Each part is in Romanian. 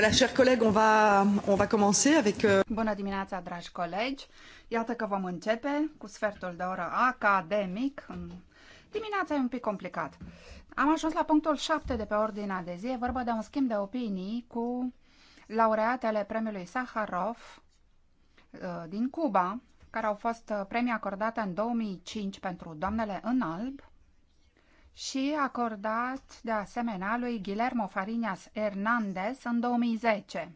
Voilà, chers collègues, on va, on va commencer avec... Euh, Bună dimineața, dragi colegi! Iată că vom începe cu sfertul de oră academic. Dimineața e un pic complicat. Am ajuns la punctul 7 de pe ordinea de zi. E vorba de un schimb de opinii cu laureatele premiului Saharov uh, din Cuba, care au fost uh, premii acordate în 2005 pentru Doamnele în alb și acordat de asemenea lui Guillermo Farinas Hernandez în 2010.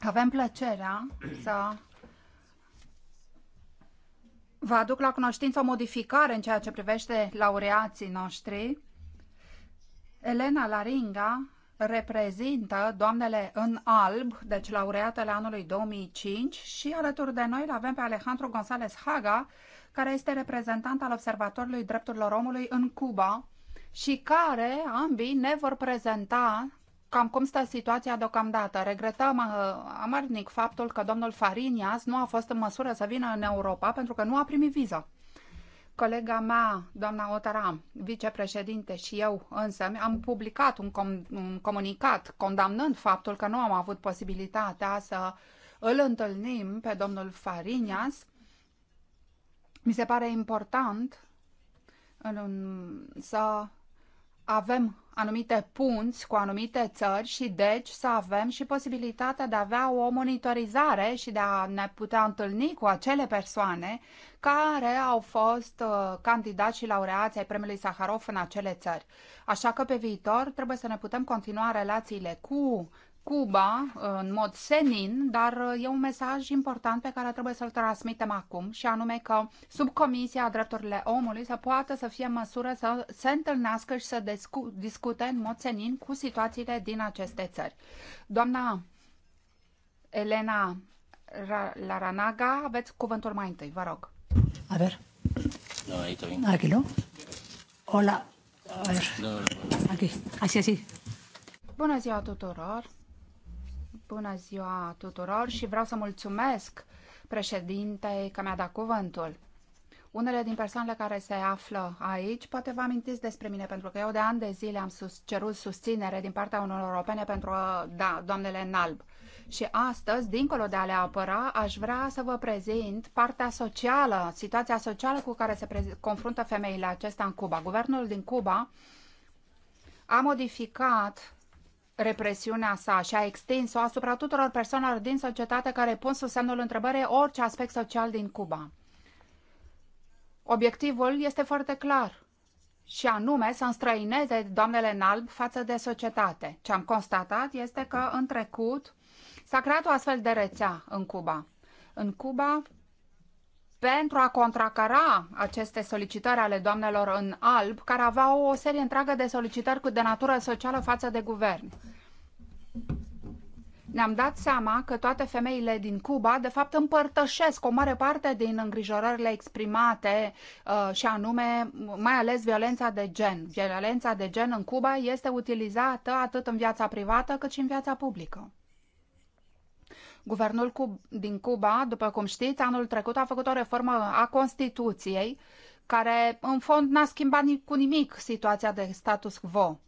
Avem plăcerea să vă aduc la cunoștință o modificare în ceea ce privește laureații noștri. Elena Laringa reprezintă doamnele în alb, deci laureatele anului 2005 și alături de noi îl avem pe Alejandro González Haga, care este reprezentant al Observatorului Drepturilor Omului în Cuba și care ambii ne vor prezenta cam cum stă situația deocamdată. Regretăm uh, amarnic faptul că domnul Farinias nu a fost în măsură să vină în Europa pentru că nu a primit viză. Colega mea, doamna Otaram, vicepreședinte și eu însă, am publicat un, com- un comunicat condamnând faptul că nu am avut posibilitatea să îl întâlnim pe domnul Farinias mi se pare important în, să avem anumite punți cu anumite țări și deci să avem și posibilitatea de a avea o monitorizare și de a ne putea întâlni cu acele persoane care au fost uh, candidați și laureați ai premiului Saharov în acele țări. Așa că pe viitor trebuie să ne putem continua relațiile cu Cuba în mod senin, dar uh, e un mesaj important pe care trebuie să-l transmitem acum și anume că subcomisia drepturile omului să poată să fie măsură să se întâlnească și să discu discute în mod senin cu situațiile din aceste țări. Doamna Elena Laranaga, aveți cuvântul mai întâi, vă rog. A ver. No, ahí ¿no? Hola. A ver. Aquí. Así, así. Bună ziua tuturor! Bună ziua tuturor și vreau să mulțumesc președintei că mi-a dat cuvântul. Unele din persoanele care se află aici poate vă amintiți despre mine, pentru că eu de ani de zile am sus, cerut susținere din partea unor europene pentru da, doamnele în alb. Și astăzi, dincolo de a le apăra, aș vrea să vă prezint partea socială, situația socială cu care se confruntă femeile acestea în Cuba. Guvernul din Cuba a modificat represiunea sa și a extins-o asupra tuturor persoanelor din societate care pun sub semnul întrebării orice aspect social din Cuba. Obiectivul este foarte clar și anume să înstrăineze doamnele în alb față de societate. Ce am constatat este că în trecut s-a creat o astfel de rețea în Cuba. În Cuba pentru a contracara aceste solicitări ale doamnelor în alb, care aveau o serie întreagă de solicitări cu de natură socială față de guvern. Ne-am dat seama că toate femeile din Cuba, de fapt, împărtășesc o mare parte din îngrijorările exprimate uh, și anume, mai ales violența de gen. Violența de gen în Cuba este utilizată atât în viața privată cât și în viața publică. Guvernul Cub- din Cuba, după cum știți, anul trecut a făcut o reformă a Constituției care, în fond, n-a schimbat cu nimic situația de status quo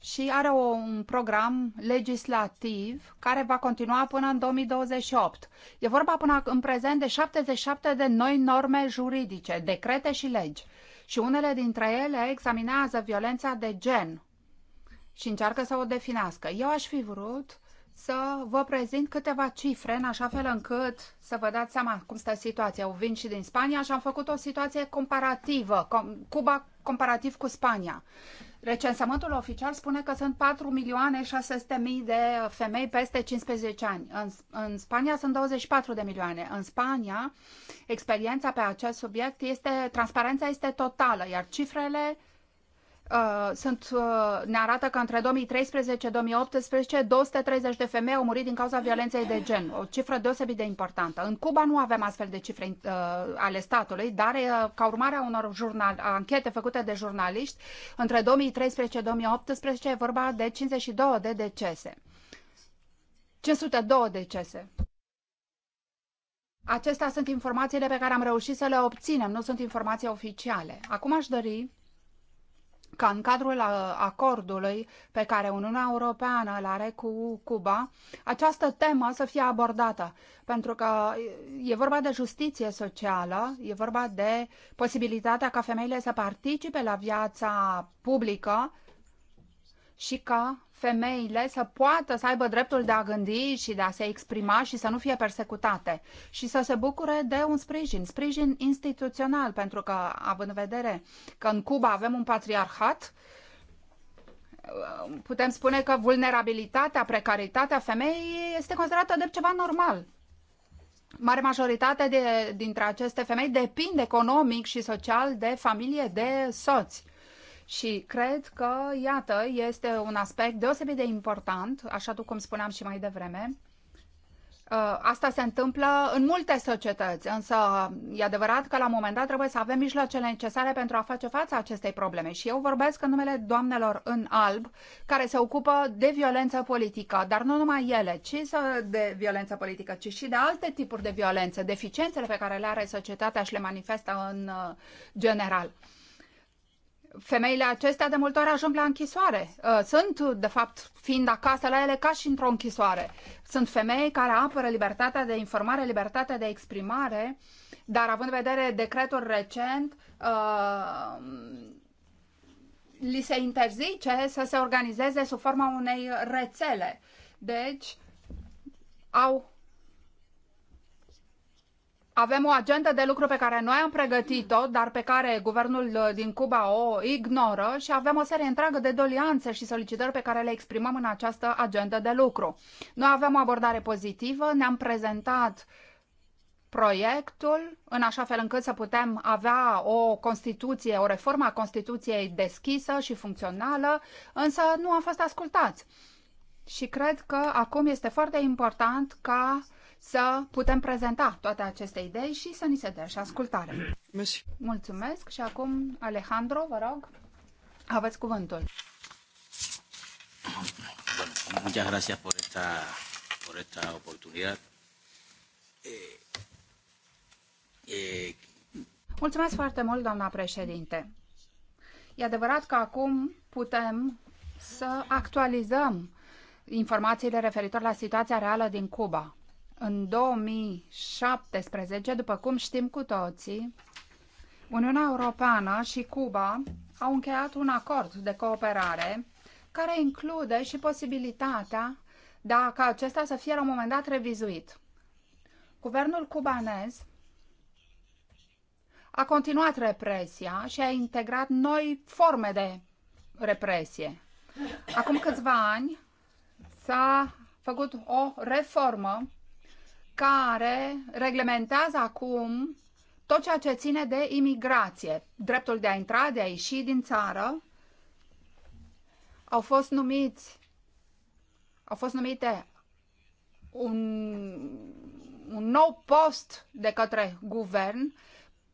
și are o, un program legislativ care va continua până în 2028. E vorba până în prezent de 77 de noi norme juridice, decrete și legi. Și unele dintre ele examinează violența de gen și încearcă să o definească. Eu aș fi vrut să vă prezint câteva cifre în așa fel încât să vă dați seama cum stă situația. Eu vin și din Spania și am făcut o situație comparativă, Cuba comparativ cu Spania. Recensământul oficial spune că sunt 4 milioane 600 mii de femei peste 15 ani. În, în Spania sunt 24 de milioane. În Spania, experiența pe acest subiect este, transparența este totală, iar cifrele Uh, sunt, uh, ne arată că între 2013-2018 230 de femei au murit din cauza violenței de gen, o cifră deosebit de importantă. În Cuba nu avem astfel de cifre uh, ale statului, dar uh, ca urmare a unor jurnal, anchete făcute de jurnaliști, între 2013-2018 e vorba de 52 de decese. 502 decese. Acestea sunt informațiile pe care am reușit să le obținem, nu sunt informații oficiale. Acum aș dori ca în cadrul uh, acordului pe care Uniunea Europeană îl are cu Cuba, această temă să fie abordată. Pentru că uh, e vorba de justiție socială, e vorba de posibilitatea ca femeile să participe la viața publică și ca femeile să poată să aibă dreptul de a gândi și de a se exprima și să nu fie persecutate și să se bucure de un sprijin, sprijin instituțional, pentru că, având în vedere că în Cuba avem un patriarhat, putem spune că vulnerabilitatea, precaritatea femeii este considerată de ceva normal. Mare majoritate de, dintre aceste femei depind economic și social de familie, de soți. Și cred că, iată, este un aspect deosebit de important, așa cum spuneam și mai devreme, uh, Asta se întâmplă în multe societăți, însă e adevărat că la un moment dat trebuie să avem mijloacele necesare pentru a face față acestei probleme. Și eu vorbesc în numele doamnelor în alb, care se ocupă de violență politică, dar nu numai ele, ci de violență politică, ci și de alte tipuri de violență, deficiențele pe care le are societatea și le manifestă în uh, general femeile acestea de multe ori ajung la închisoare. Uh, sunt, de fapt, fiind acasă la ele ca și într-o închisoare. Sunt femei care apără libertatea de informare, libertatea de exprimare, dar având în vedere decretul recent, uh, li se interzice să se organizeze sub forma unei rețele. Deci, au avem o agendă de lucru pe care noi am pregătit-o, dar pe care guvernul uh, din Cuba o ignoră și avem o serie întreagă de dolianțe și solicitări pe care le exprimăm în această agendă de lucru. Noi avem o abordare pozitivă, ne-am prezentat proiectul în așa fel încât să putem avea o Constituție, o reformă a Constituției deschisă și funcțională, însă nu am fost ascultați. Și cred că acum este foarte important ca uh, să putem prezenta toate aceste idei și să ni se dea și ascultare. Merci. Mulțumesc și acum, Alejandro, vă rog, aveți cuvântul. muchas gracias por esta, por esta oportunidad. Eh, eh... Mulțumesc foarte mult, doamna președinte. E adevărat că acum putem să actualizăm informațiile referitor la situația reală din Cuba. În 2017, după cum știm cu toții, Uniunea Europeană și Cuba au încheiat un acord de cooperare care include și posibilitatea dacă ca acesta să fie la un moment dat revizuit. Guvernul cubanez a continuat represia și a integrat noi forme de represie. Acum câțiva ani s-a făcut o reformă care reglementează acum tot ceea ce ține de imigrație, dreptul de a intra, de a ieși din țară. Au fost numiți au fost numite un, un nou post de către guvern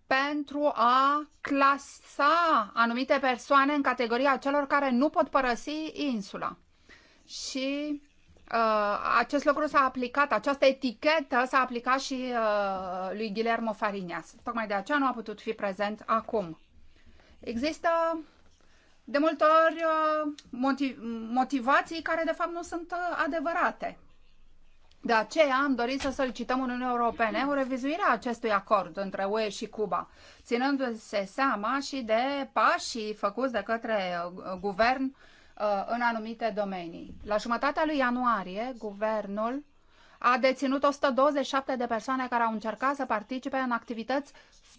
pentru a clasa anumite persoane în categoria celor care nu pot părăsi insula. Și Uh, acest lucru s-a aplicat, această etichetă s-a aplicat și uh, lui Guillermo Farinias. Tocmai de aceea nu a putut fi prezent acum. Există de multe ori uh, motivații care de fapt nu sunt adevărate. De aceea am dorit să solicităm Uniunii Europene o revizuire a acestui acord între UE și Cuba, ținându-se seama și de pașii făcuți de către guvern uh, Uh, în anumite domenii. La jumătatea lui ianuarie, guvernul a deținut 127 de persoane care au încercat să participe în activități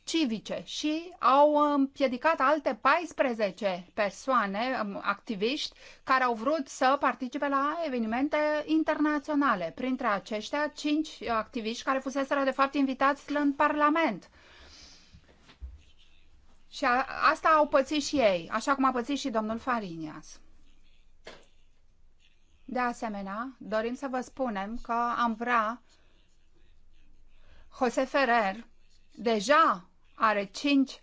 civice și au împiedicat alte 14 persoane, um, activiști, care au vrut să participe la evenimente internaționale. Printre aceștia, 5 activiști care fuseseră de fapt invitați în Parlament. Și a, asta au pățit și ei, așa cum a pățit și domnul Farinias. De asemenea, dorim să vă spunem că am vrea Jose Ferrer deja are 5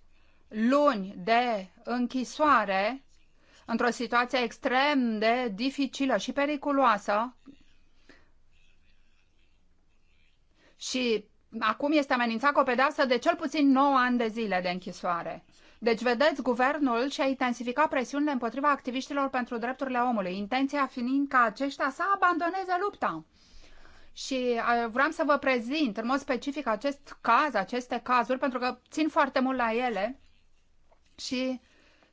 luni de închisoare într-o situație extrem de dificilă și periculoasă și acum este amenințat cu o pedeapsă de cel puțin 9 ani de zile de închisoare. Deci, vedeți, guvernul și-a intensificat presiunile împotriva activiștilor pentru drepturile omului, intenția fiind ca aceștia să abandoneze lupta. Și vreau să vă prezint în mod specific acest caz, aceste cazuri, pentru că țin foarte mult la ele și,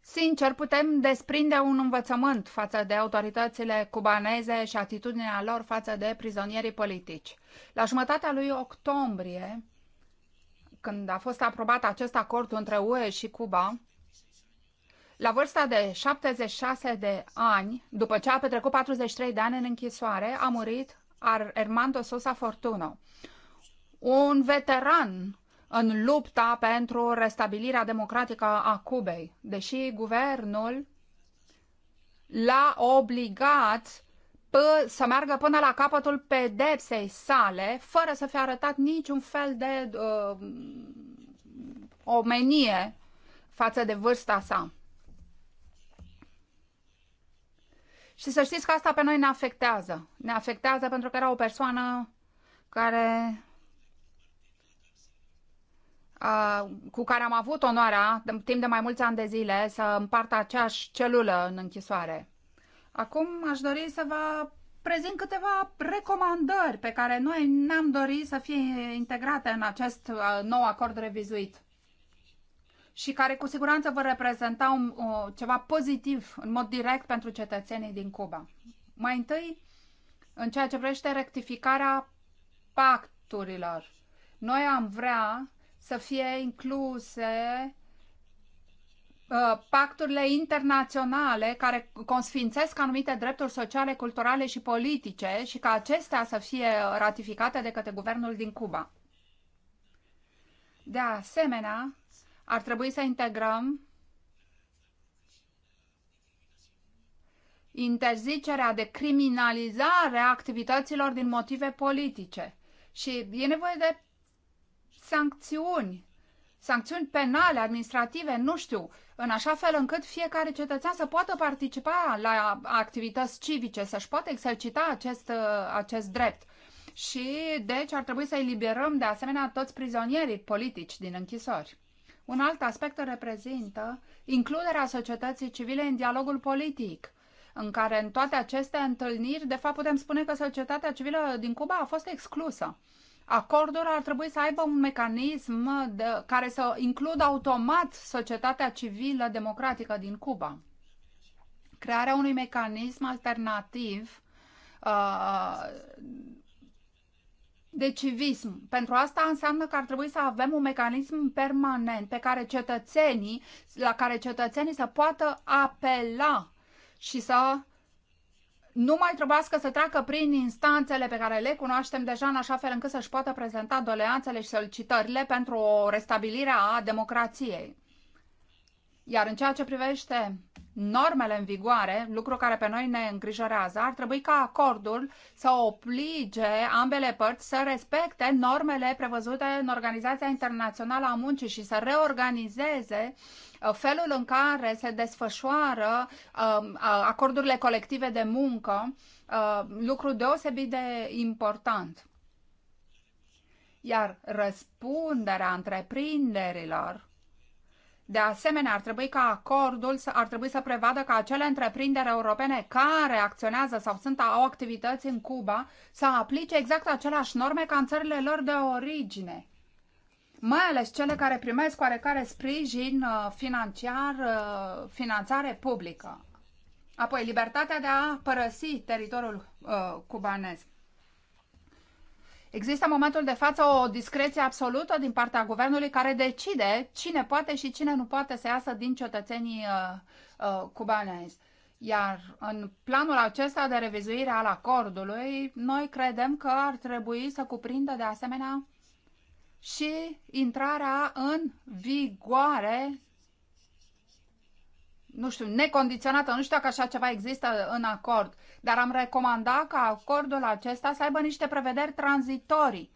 sincer, putem desprinde un învățământ față de autoritățile cubaneze și atitudinea lor față de prizonierii politici. La jumătatea lui octombrie, când a fost aprobat acest acord între UE și Cuba, la vârsta de 76 de ani, după ce a petrecut 43 de ani în închisoare, a murit Armando Sosa Fortuno, un veteran în lupta pentru restabilirea democratică a Cubei, deși guvernul l-a obligat să meargă până la capătul pedepsei sale, fără să fie arătat niciun fel de uh, omenie față de vârsta sa. Și să știți că asta pe noi ne afectează. Ne afectează pentru că era o persoană care uh, cu care am avut onoarea timp de mai mulți ani de zile să împartă aceeași celulă în închisoare. Acum aș dori să vă prezint câteva recomandări pe care noi ne-am dorit să fie integrate în acest uh, nou acord revizuit și care cu siguranță vor reprezenta un, o, ceva pozitiv în mod direct pentru cetățenii din Cuba. Mai întâi, în ceea ce privește rectificarea pacturilor. Noi am vrea să fie incluse Uh, pacturile internaționale care consfințesc anumite drepturi sociale, culturale și politice și ca acestea să fie ratificate de către guvernul din Cuba. De asemenea, ar trebui să integrăm interzicerea de criminalizare a activităților din motive politice. Și e nevoie de sancțiuni, sancțiuni penale, administrative, nu știu, în așa fel încât fiecare cetățean să poată participa la activități civice, să-și poată exercita acest, uh, acest drept. Și deci ar trebui să eliberăm de asemenea toți prizonierii politici din închisori. Un alt aspect reprezintă includerea societății civile în dialogul politic, în care în toate aceste întâlniri, de fapt, putem spune că societatea civilă din Cuba a fost exclusă. Acordul ar trebui să aibă un mecanism de, care să includă automat societatea civilă democratică din Cuba. Crearea unui mecanism alternativ uh, de civism. Pentru asta înseamnă că ar trebui să avem un mecanism permanent pe care cetățenii, la care cetățenii să poată apela și să nu mai trebuiască să treacă prin instanțele pe care le cunoaștem deja în așa fel încât să-și poată prezenta doleanțele și solicitările pentru o restabilire a democrației. Iar în ceea ce privește normele în vigoare, lucru care pe noi ne îngrijorează, ar trebui ca acordul să oblige ambele părți să respecte normele prevăzute în Organizația Internațională a Muncii și să reorganizeze uh, Uh, felul în care se desfășoară um, uh, acordurile colective de muncă, uh, lucru deosebit de important. Iar răspunderea întreprinderilor de asemenea, ar trebui ca acordul să, ar trebui să prevadă că acele întreprinderi europene care acționează sau sunt au activități în Cuba să aplice exact aceleași norme ca în țările lor de origine mai ales cele care primesc oarecare sprijin uh, financiar, uh, finanțare publică. Apoi, libertatea de a părăsi teritoriul uh, cubanez. Există în momentul de față o discreție absolută din partea guvernului care decide cine poate și cine nu poate să iasă din cetățenii uh, uh, cubanezi. Iar în planul acesta de revizuire al acordului, noi credem că ar trebui să cuprindă de asemenea și intrarea în vigoare nu știu, necondiționată, nu știu dacă așa ceva există în acord, dar am recomandat ca acordul acesta să aibă niște prevederi tranzitorii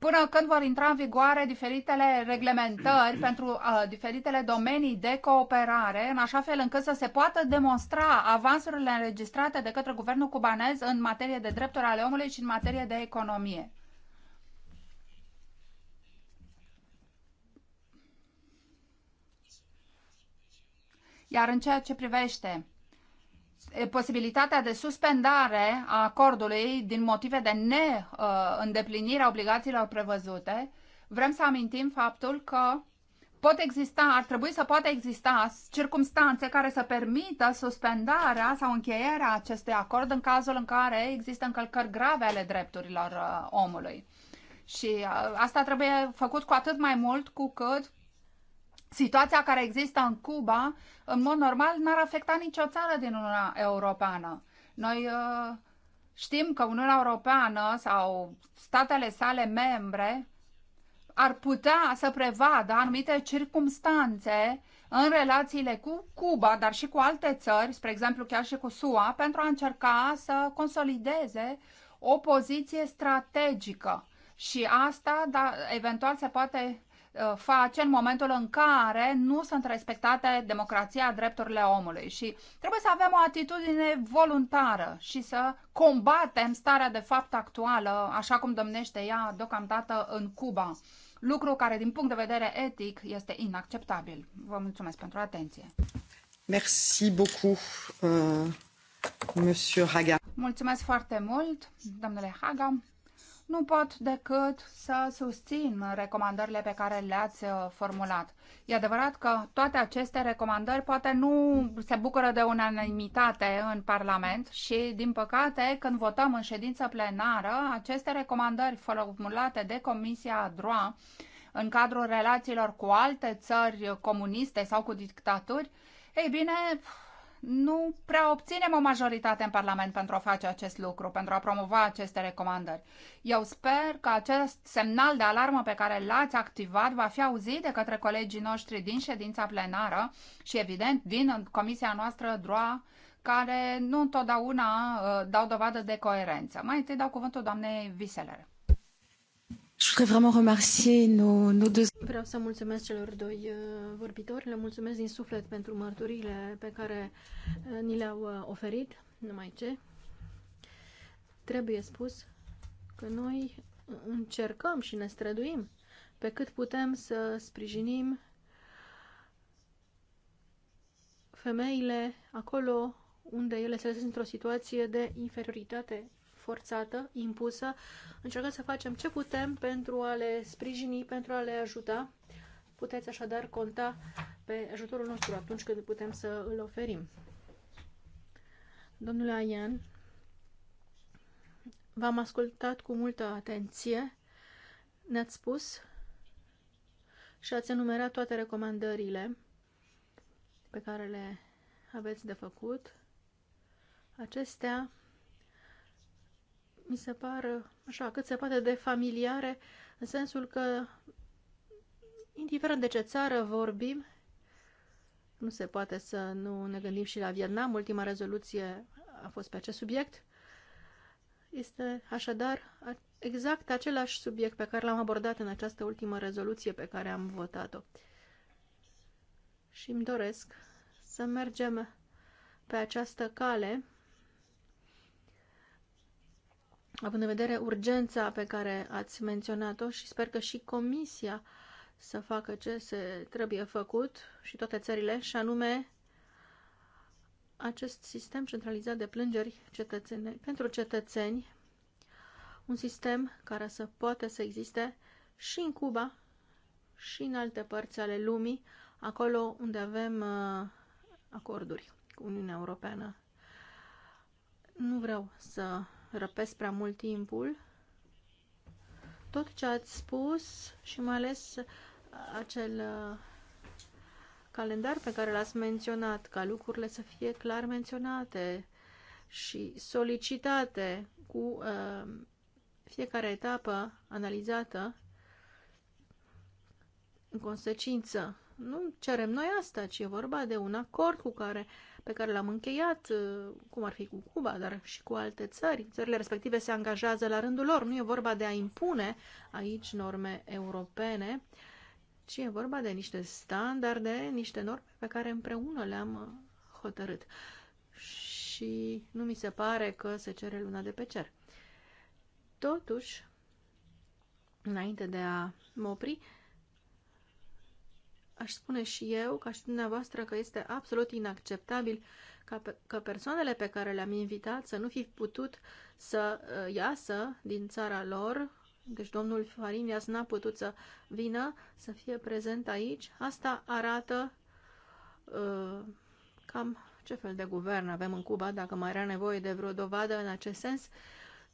până când vor intra în vigoare diferitele reglementări pentru uh, diferitele domenii de cooperare, în așa fel încât să se poată demonstra avansurile înregistrate de către guvernul cubanez în materie de drepturi ale omului și în materie de economie. Iar în ceea ce privește posibilitatea de suspendare a acordului din motive de neîndeplinire a obligațiilor prevăzute, vrem să amintim faptul că pot exista, ar trebui să poată exista circumstanțe care să permită suspendarea sau încheierea acestui acord în cazul în care există încălcări grave ale drepturilor uh, omului. Și uh, asta trebuie făcut cu atât mai mult cu cât Situația care există în Cuba, în mod normal, n-ar afecta nicio țară din Uniunea Europeană. Noi uh, știm că Uniunea Europeană sau statele sale membre ar putea să prevadă anumite circumstanțe în relațiile cu Cuba, dar și cu alte țări, spre exemplu chiar și cu SUA, pentru a încerca să consolideze o poziție strategică. Și asta, da, eventual, se poate Uh, face în momentul în care nu sunt respectate democrația, drepturile omului. Și trebuie să avem o atitudine voluntară și să combatem starea de fapt actuală, așa cum domnește ea deocamdată în Cuba. Lucru care, din punct de vedere etic, este inacceptabil. Vă mulțumesc pentru atenție. Merci beaucoup, uh, Monsieur Haga. Mulțumesc foarte mult, domnule Haga nu pot decât să susțin recomandările pe care le-ați uh, formulat. E adevărat că toate aceste recomandări poate nu se bucură de unanimitate în Parlament și, din păcate, când votăm în ședință plenară, aceste recomandări formulate de Comisia DROA în cadrul relațiilor cu alte țări comuniste sau cu dictaturi, ei bine, nu prea obținem o majoritate în Parlament pentru a face acest lucru, pentru a promova aceste recomandări. Eu sper că acest semnal de alarmă pe care l-ați activat va fi auzit de către colegii noștri din ședința plenară și, evident, din comisia noastră DROA, care nu întotdeauna uh, dau dovadă de coerență. Mai întâi dau cuvântul doamnei Viselere. Je voudrais vraiment remercier nos, nos deux... Vreau să mulțumesc celor doi uh, vorbitori, le mulțumesc din suflet pentru mărturile pe care uh, ni le-au uh, oferit, numai ce. Trebuie spus că noi încercăm și ne străduim pe cât putem să sprijinim femeile acolo unde ele se găsesc într-o situație de inferioritate forțată, impusă. Încercăm să facem ce putem pentru a le sprijini, pentru a le ajuta. Puteți așadar conta pe ajutorul nostru atunci când putem să îl oferim. Domnule Aian, v-am ascultat cu multă atenție, ne-ați spus și ați enumerat toate recomandările pe care le aveți de făcut. Acestea mi se par așa cât se poate de familiare, în sensul că, indiferent de ce țară vorbim, nu se poate să nu ne gândim și la Vietnam. Ultima rezoluție a fost pe acest subiect. Este așadar exact același subiect pe care l-am abordat în această ultimă rezoluție pe care am votat-o. Și îmi doresc să mergem pe această cale având în vedere urgența pe care ați menționat-o și sper că și Comisia să facă ce se trebuie făcut și toate țările, și anume acest sistem centralizat de plângeri cetățene, pentru cetățeni, un sistem care să poată să existe și în Cuba și în alte părți ale lumii, acolo unde avem uh, acorduri cu Uniunea Europeană. Nu vreau să răpesc prea mult timpul. Tot ce ați spus și mai ales acel uh, calendar pe care l-ați menționat, ca lucrurile să fie clar menționate și solicitate cu uh, fiecare etapă analizată în consecință. Nu cerem noi asta, ci e vorba de un acord cu care pe care l-am încheiat, uh, cum ar fi cu Cuba, dar și cu alte țări. Țările respective se angajează la rândul lor. Nu e vorba de a impune aici norme europene, ci e vorba de niște standarde, niște norme pe care împreună le-am uh, hotărât. Și nu mi se pare că se cere luna de pe cer. Totuși, înainte de a mă opri, aș spune și eu, ca și dumneavoastră, că este absolut inacceptabil ca pe, că persoanele pe care le-am invitat să nu fi putut să uh, iasă din țara lor, deci domnul Farinias n-a putut să vină, să fie prezent aici. Asta arată uh, cam ce fel de guvern avem în Cuba, dacă mai era nevoie de vreo dovadă în acest sens.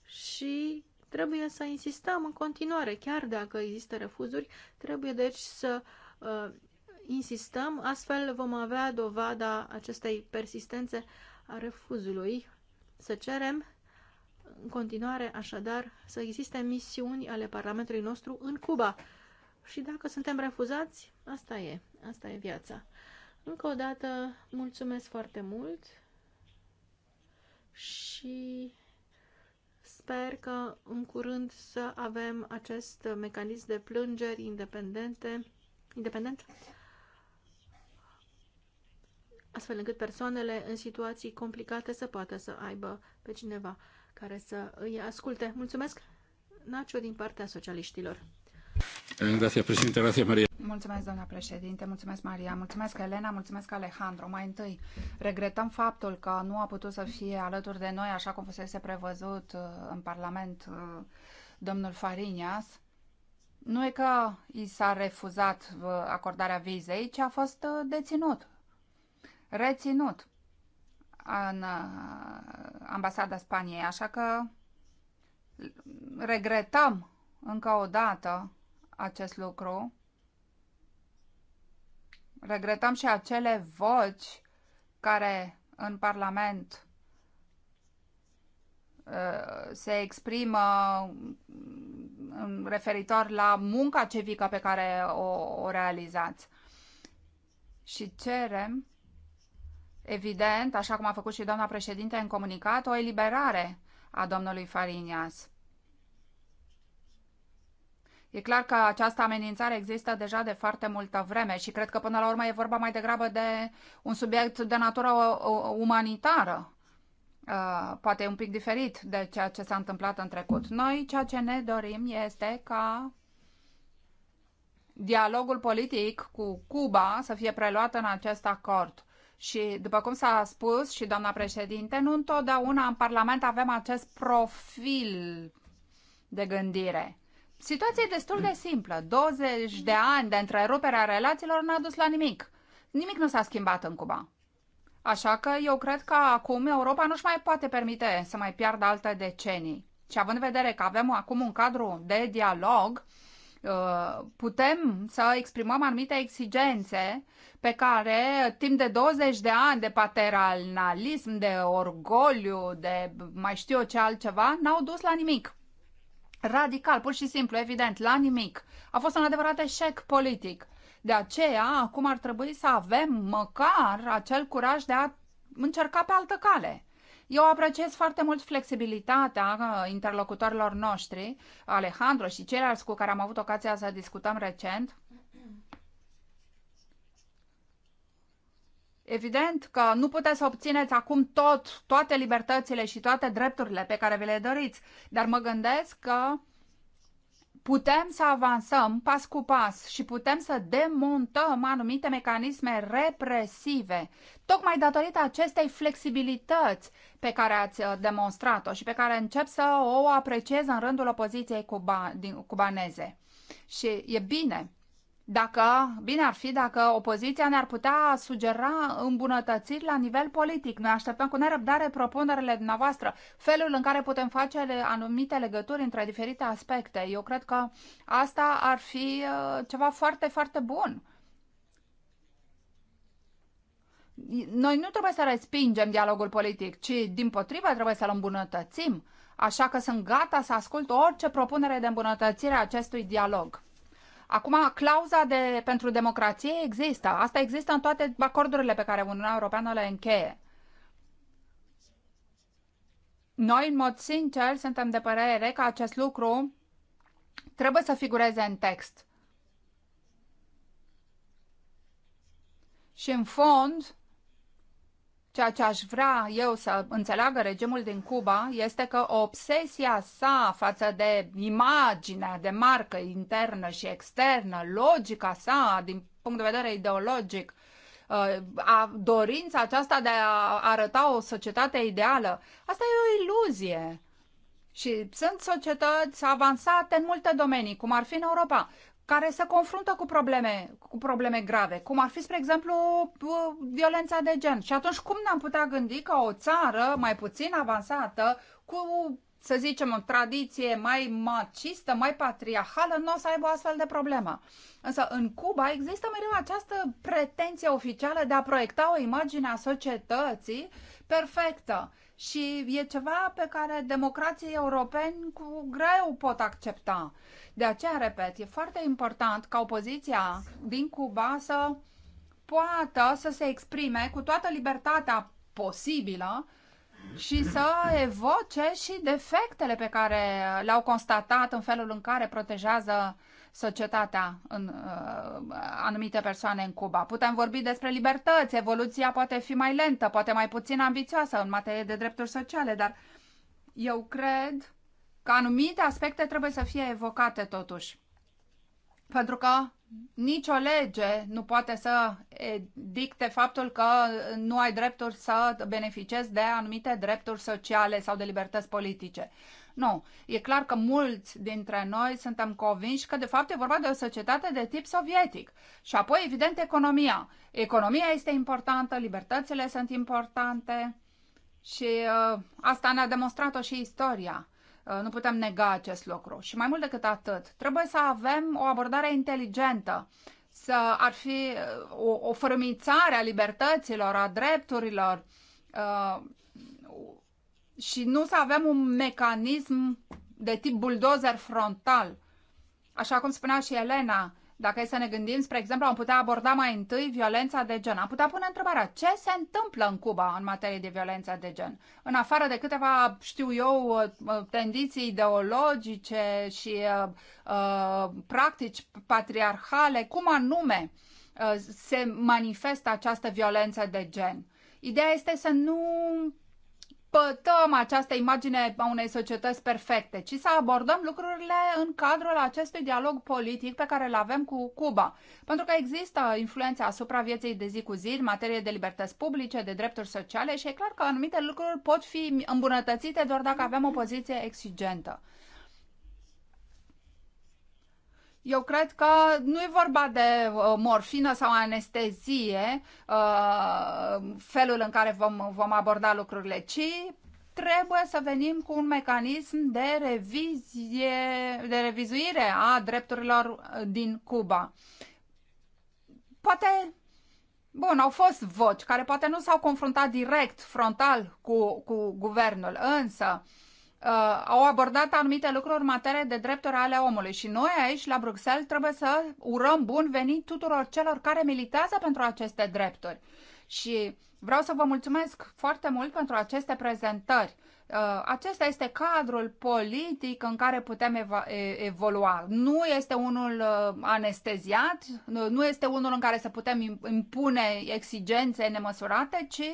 Și trebuie să insistăm în continuare, chiar dacă există refuzuri, trebuie deci să uh, insistăm, astfel vom avea dovada acestei persistențe a refuzului să cerem în continuare, așadar, să existe misiuni ale Parlamentului nostru în Cuba. Și dacă suntem refuzați, asta e, asta e viața. Încă o dată, mulțumesc foarte mult și sper că în curând să avem acest mecanism de plângeri independente, independent astfel încât persoanele în situații complicate să poată să aibă pe cineva care să îi asculte. Mulțumesc, Nacio, din partea socialiștilor. Mulțumesc, doamna președinte. Mulțumesc, Maria. Mulțumesc, Elena. Mulțumesc, Alejandro. Mai întâi, regretăm faptul că nu a putut să fie alături de noi, așa cum fusese prevăzut uh, în Parlament uh, domnul Farinias. Nu e că i s-a refuzat uh, acordarea vizei, ci a fost deținut reținut în uh, ambasada Spaniei, așa că regretăm încă o dată acest lucru. Regretăm și acele voci care în Parlament uh, se exprimă uh, referitor la munca civică pe care o, o realizați. Și cerem evident, așa cum a făcut și doamna președinte în comunicat, o eliberare a domnului Farinias. E clar că această amenințare există deja de foarte multă vreme și cred că până la urmă e vorba mai degrabă de un subiect de natură uh, uh, umanitară, uh, poate un pic diferit de ceea ce s-a întâmplat în trecut. Noi ceea ce ne dorim este ca dialogul politic cu Cuba să fie preluat în acest acord și, după cum s-a spus și doamna președinte, nu întotdeauna în Parlament avem acest profil de gândire. Situația e destul de simplă. 20 de ani de întrerupere a relațiilor n-a dus la nimic. Nimic nu s-a schimbat în Cuba. Așa că eu cred că acum Europa nu-și mai poate permite să mai piardă alte decenii. Și având în vedere că avem acum un cadru de dialog, Uh, putem să exprimăm anumite exigențe pe care timp de 20 de ani de paternalism, de orgoliu, de mai știu eu ce altceva, n-au dus la nimic. Radical, pur și simplu, evident, la nimic. A fost un adevărat eșec politic. De aceea, acum ar trebui să avem măcar acel curaj de a încerca pe altă cale. Eu apreciez foarte mult flexibilitatea uh, interlocutorilor noștri, Alejandro și ceilalți cu care am avut ocazia să discutăm recent. Evident că nu puteți să obțineți acum tot, toate libertățile și toate drepturile pe care vi le doriți, dar mă gândesc că uh, putem să avansăm pas cu pas și putem să demontăm anumite mecanisme represive, tocmai datorită acestei flexibilități pe care ați uh, demonstrat-o și pe care încep să o apreciez în rândul opoziției cuba, din, cubaneze. Și e bine dacă, bine ar fi dacă opoziția ne-ar putea sugera îmbunătățiri la nivel politic. Noi așteptăm cu nerăbdare propunerile dumneavoastră, felul în care putem face anumite legături între diferite aspecte. Eu cred că asta ar fi uh, ceva foarte, foarte bun. Noi nu trebuie să respingem dialogul politic, ci din potrivă trebuie să-l îmbunătățim. Așa că sunt gata să ascult orice propunere de îmbunătățire a acestui dialog. Acum, clauza de, pentru democrație există. Asta există în toate acordurile pe care Uniunea Europeană le încheie. Noi, în mod sincer, suntem de părere că acest lucru trebuie să figureze în text. Și, în fond, Ceea ce aș vrea eu să înțeleagă regimul din Cuba este că obsesia sa față de imaginea de marcă internă și externă, logica sa din punct de vedere ideologic, uh, a, dorința aceasta de a arăta o societate ideală, asta e o iluzie. Și sunt societăți avansate în multe domenii, cum ar fi în Europa, care se confruntă cu probleme, cu probleme grave, cum ar fi, spre exemplu, uh, violența de gen. Și atunci cum ne-am putea gândi că o țară mai puțin avansată, cu, să zicem, o tradiție mai macistă, mai patriarhală, nu o să aibă o astfel de problemă. Însă în Cuba există mereu această pretenție oficială de a proiecta o imagine a societății perfectă și e ceva pe care democrații europeni cu greu pot accepta. De aceea, repet, e foarte important ca opoziția din Cuba să poată să se exprime cu toată libertatea posibilă și să evoce și defectele pe care le-au constatat în felul în care protejează societatea în uh, anumite persoane în Cuba. Putem vorbi despre libertăți, evoluția poate fi mai lentă, poate mai puțin ambițioasă în materie de drepturi sociale, dar eu cred că anumite aspecte trebuie să fie evocate totuși. Pentru că nicio lege nu poate să dicte faptul că nu ai dreptul să beneficiezi de anumite drepturi sociale sau de libertăți politice. Nu. E clar că mulți dintre noi suntem convinși că, de fapt, e vorba de o societate de tip sovietic. Și apoi, evident, economia. Economia este importantă, libertățile sunt importante și uh, asta ne-a demonstrat-o și istoria. Uh, nu putem nega acest lucru. Și mai mult decât atât, trebuie să avem o abordare inteligentă să ar fi uh, o, o frămițare a libertăților, a drepturilor, uh, și nu să avem un mecanism de tip buldozer frontal. Așa cum spunea și Elena, dacă e să ne gândim, spre exemplu, am putea aborda mai întâi violența de gen. Am putea pune întrebarea ce se întâmplă în Cuba în materie de violența de gen. În afară de câteva, știu eu, uh, uh, tendiții ideologice și uh, uh, practici patriarhale, cum anume uh, se manifestă această violență de gen. Ideea este să nu repătăm această imagine a unei societăți perfecte, ci să abordăm lucrurile în cadrul acestui dialog politic pe care îl avem cu Cuba. Pentru că există influența asupra vieții de zi cu zi în materie de libertăți publice, de drepturi sociale și e clar că anumite lucruri pot fi îmbunătățite doar dacă avem o poziție exigentă. Eu cred că nu e vorba de uh, morfină sau anestezie, uh, felul în care vom, vom aborda lucrurile, ci trebuie să venim cu un mecanism de, revizie, de revizuire a drepturilor uh, din Cuba. Poate Bun, au fost voci care poate nu s-au confruntat direct, frontal cu, cu guvernul, însă uh, uh, au abordat anumite lucruri în materie de drepturi ale omului și noi aici, la Bruxelles, trebuie să urăm bun venit tuturor celor care militează pentru aceste drepturi. Și vreau să vă mulțumesc foarte mult pentru aceste prezentări. Uh, acesta este cadrul politic în care putem evolua. Nu este unul uh, anesteziat, nu este unul în care să putem impune exigențe nemăsurate, ci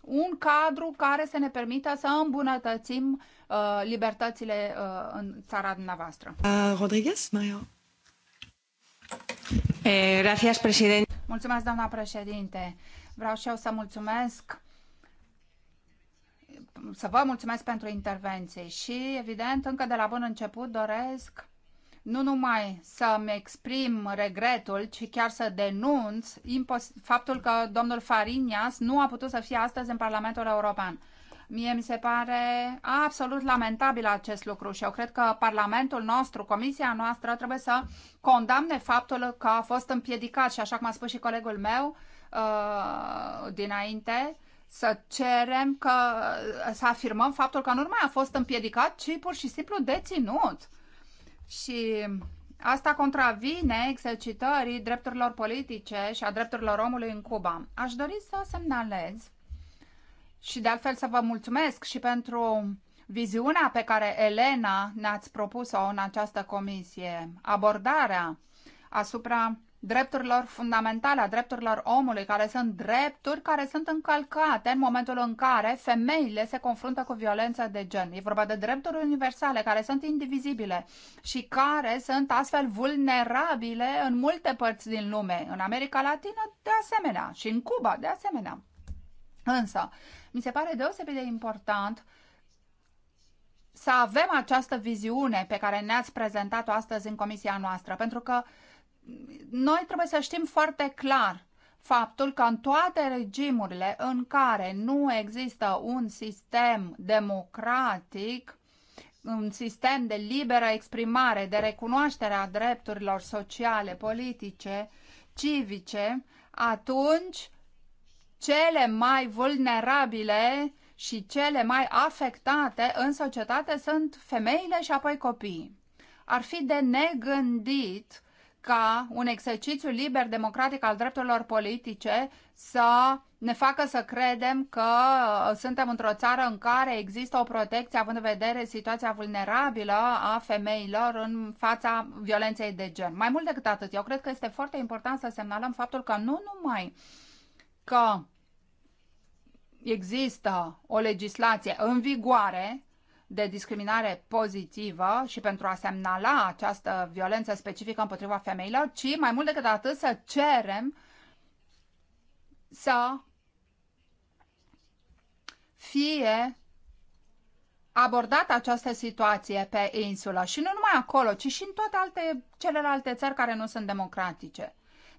un cadru care să ne permită să îmbunătățim uh, libertățile în țara dumneavoastră. Rodriguez, Mario. Eh, gracias, președinte. Mulțumesc, doamna președinte. Vreau și eu să mulțumesc să vă mulțumesc pentru intervenție și, evident, încă de la bun început doresc nu numai să-mi exprim regretul, ci chiar să denunț faptul că domnul Farinias nu a putut să fie astăzi în Parlamentul European. Mie mi se pare absolut lamentabil acest lucru și eu cred că Parlamentul nostru, Comisia noastră, trebuie să condamne faptul că a fost împiedicat și, așa cum a spus și colegul meu uh, dinainte, uh, să cerem că, să afirmăm faptul că nu mai a fost împiedicat, ci pur și simplu deținut. Și asta contravine exercitării drepturilor politice și a drepturilor omului în Cuba. Aș dori să semnalez și de altfel să vă mulțumesc și pentru viziunea pe care Elena ne-ați propus-o în această comisie, abordarea asupra drepturilor fundamentale, a drepturilor omului, care sunt drepturi care sunt încălcate în momentul în care femeile se confruntă cu violența de gen. E vorba de drepturi universale care sunt indivizibile și care sunt astfel vulnerabile în multe părți din lume, în America Latină de asemenea și în Cuba de asemenea. Însă, mi se pare deosebit de important să avem această viziune pe care ne-ați prezentat-o astăzi în comisia noastră, pentru că uh, noi trebuie să știm foarte clar faptul că în toate regimurile în care nu există un sistem democratic, un sistem de liberă exprimare, de recunoaștere a drepturilor sociale, politice, civice, atunci cele mai vulnerabile și cele mai afectate în societate sunt femeile și apoi copiii. Ar fi de negândit ca un exercițiu liber democratic al drepturilor politice să ne facă să credem că suntem într-o țară în care există o protecție având în vedere situația vulnerabilă a femeilor în fața violenței de gen. Mai mult decât atât, eu cred că este foarte important să semnalăm faptul că nu numai că există o legislație în vigoare de discriminare pozitivă și pentru a semnala această violență specifică împotriva femeilor, ci mai mult decât atât să cerem să fie abordată această situație pe insulă și nu numai acolo, ci și în toate alte, celelalte țări care nu sunt democratice.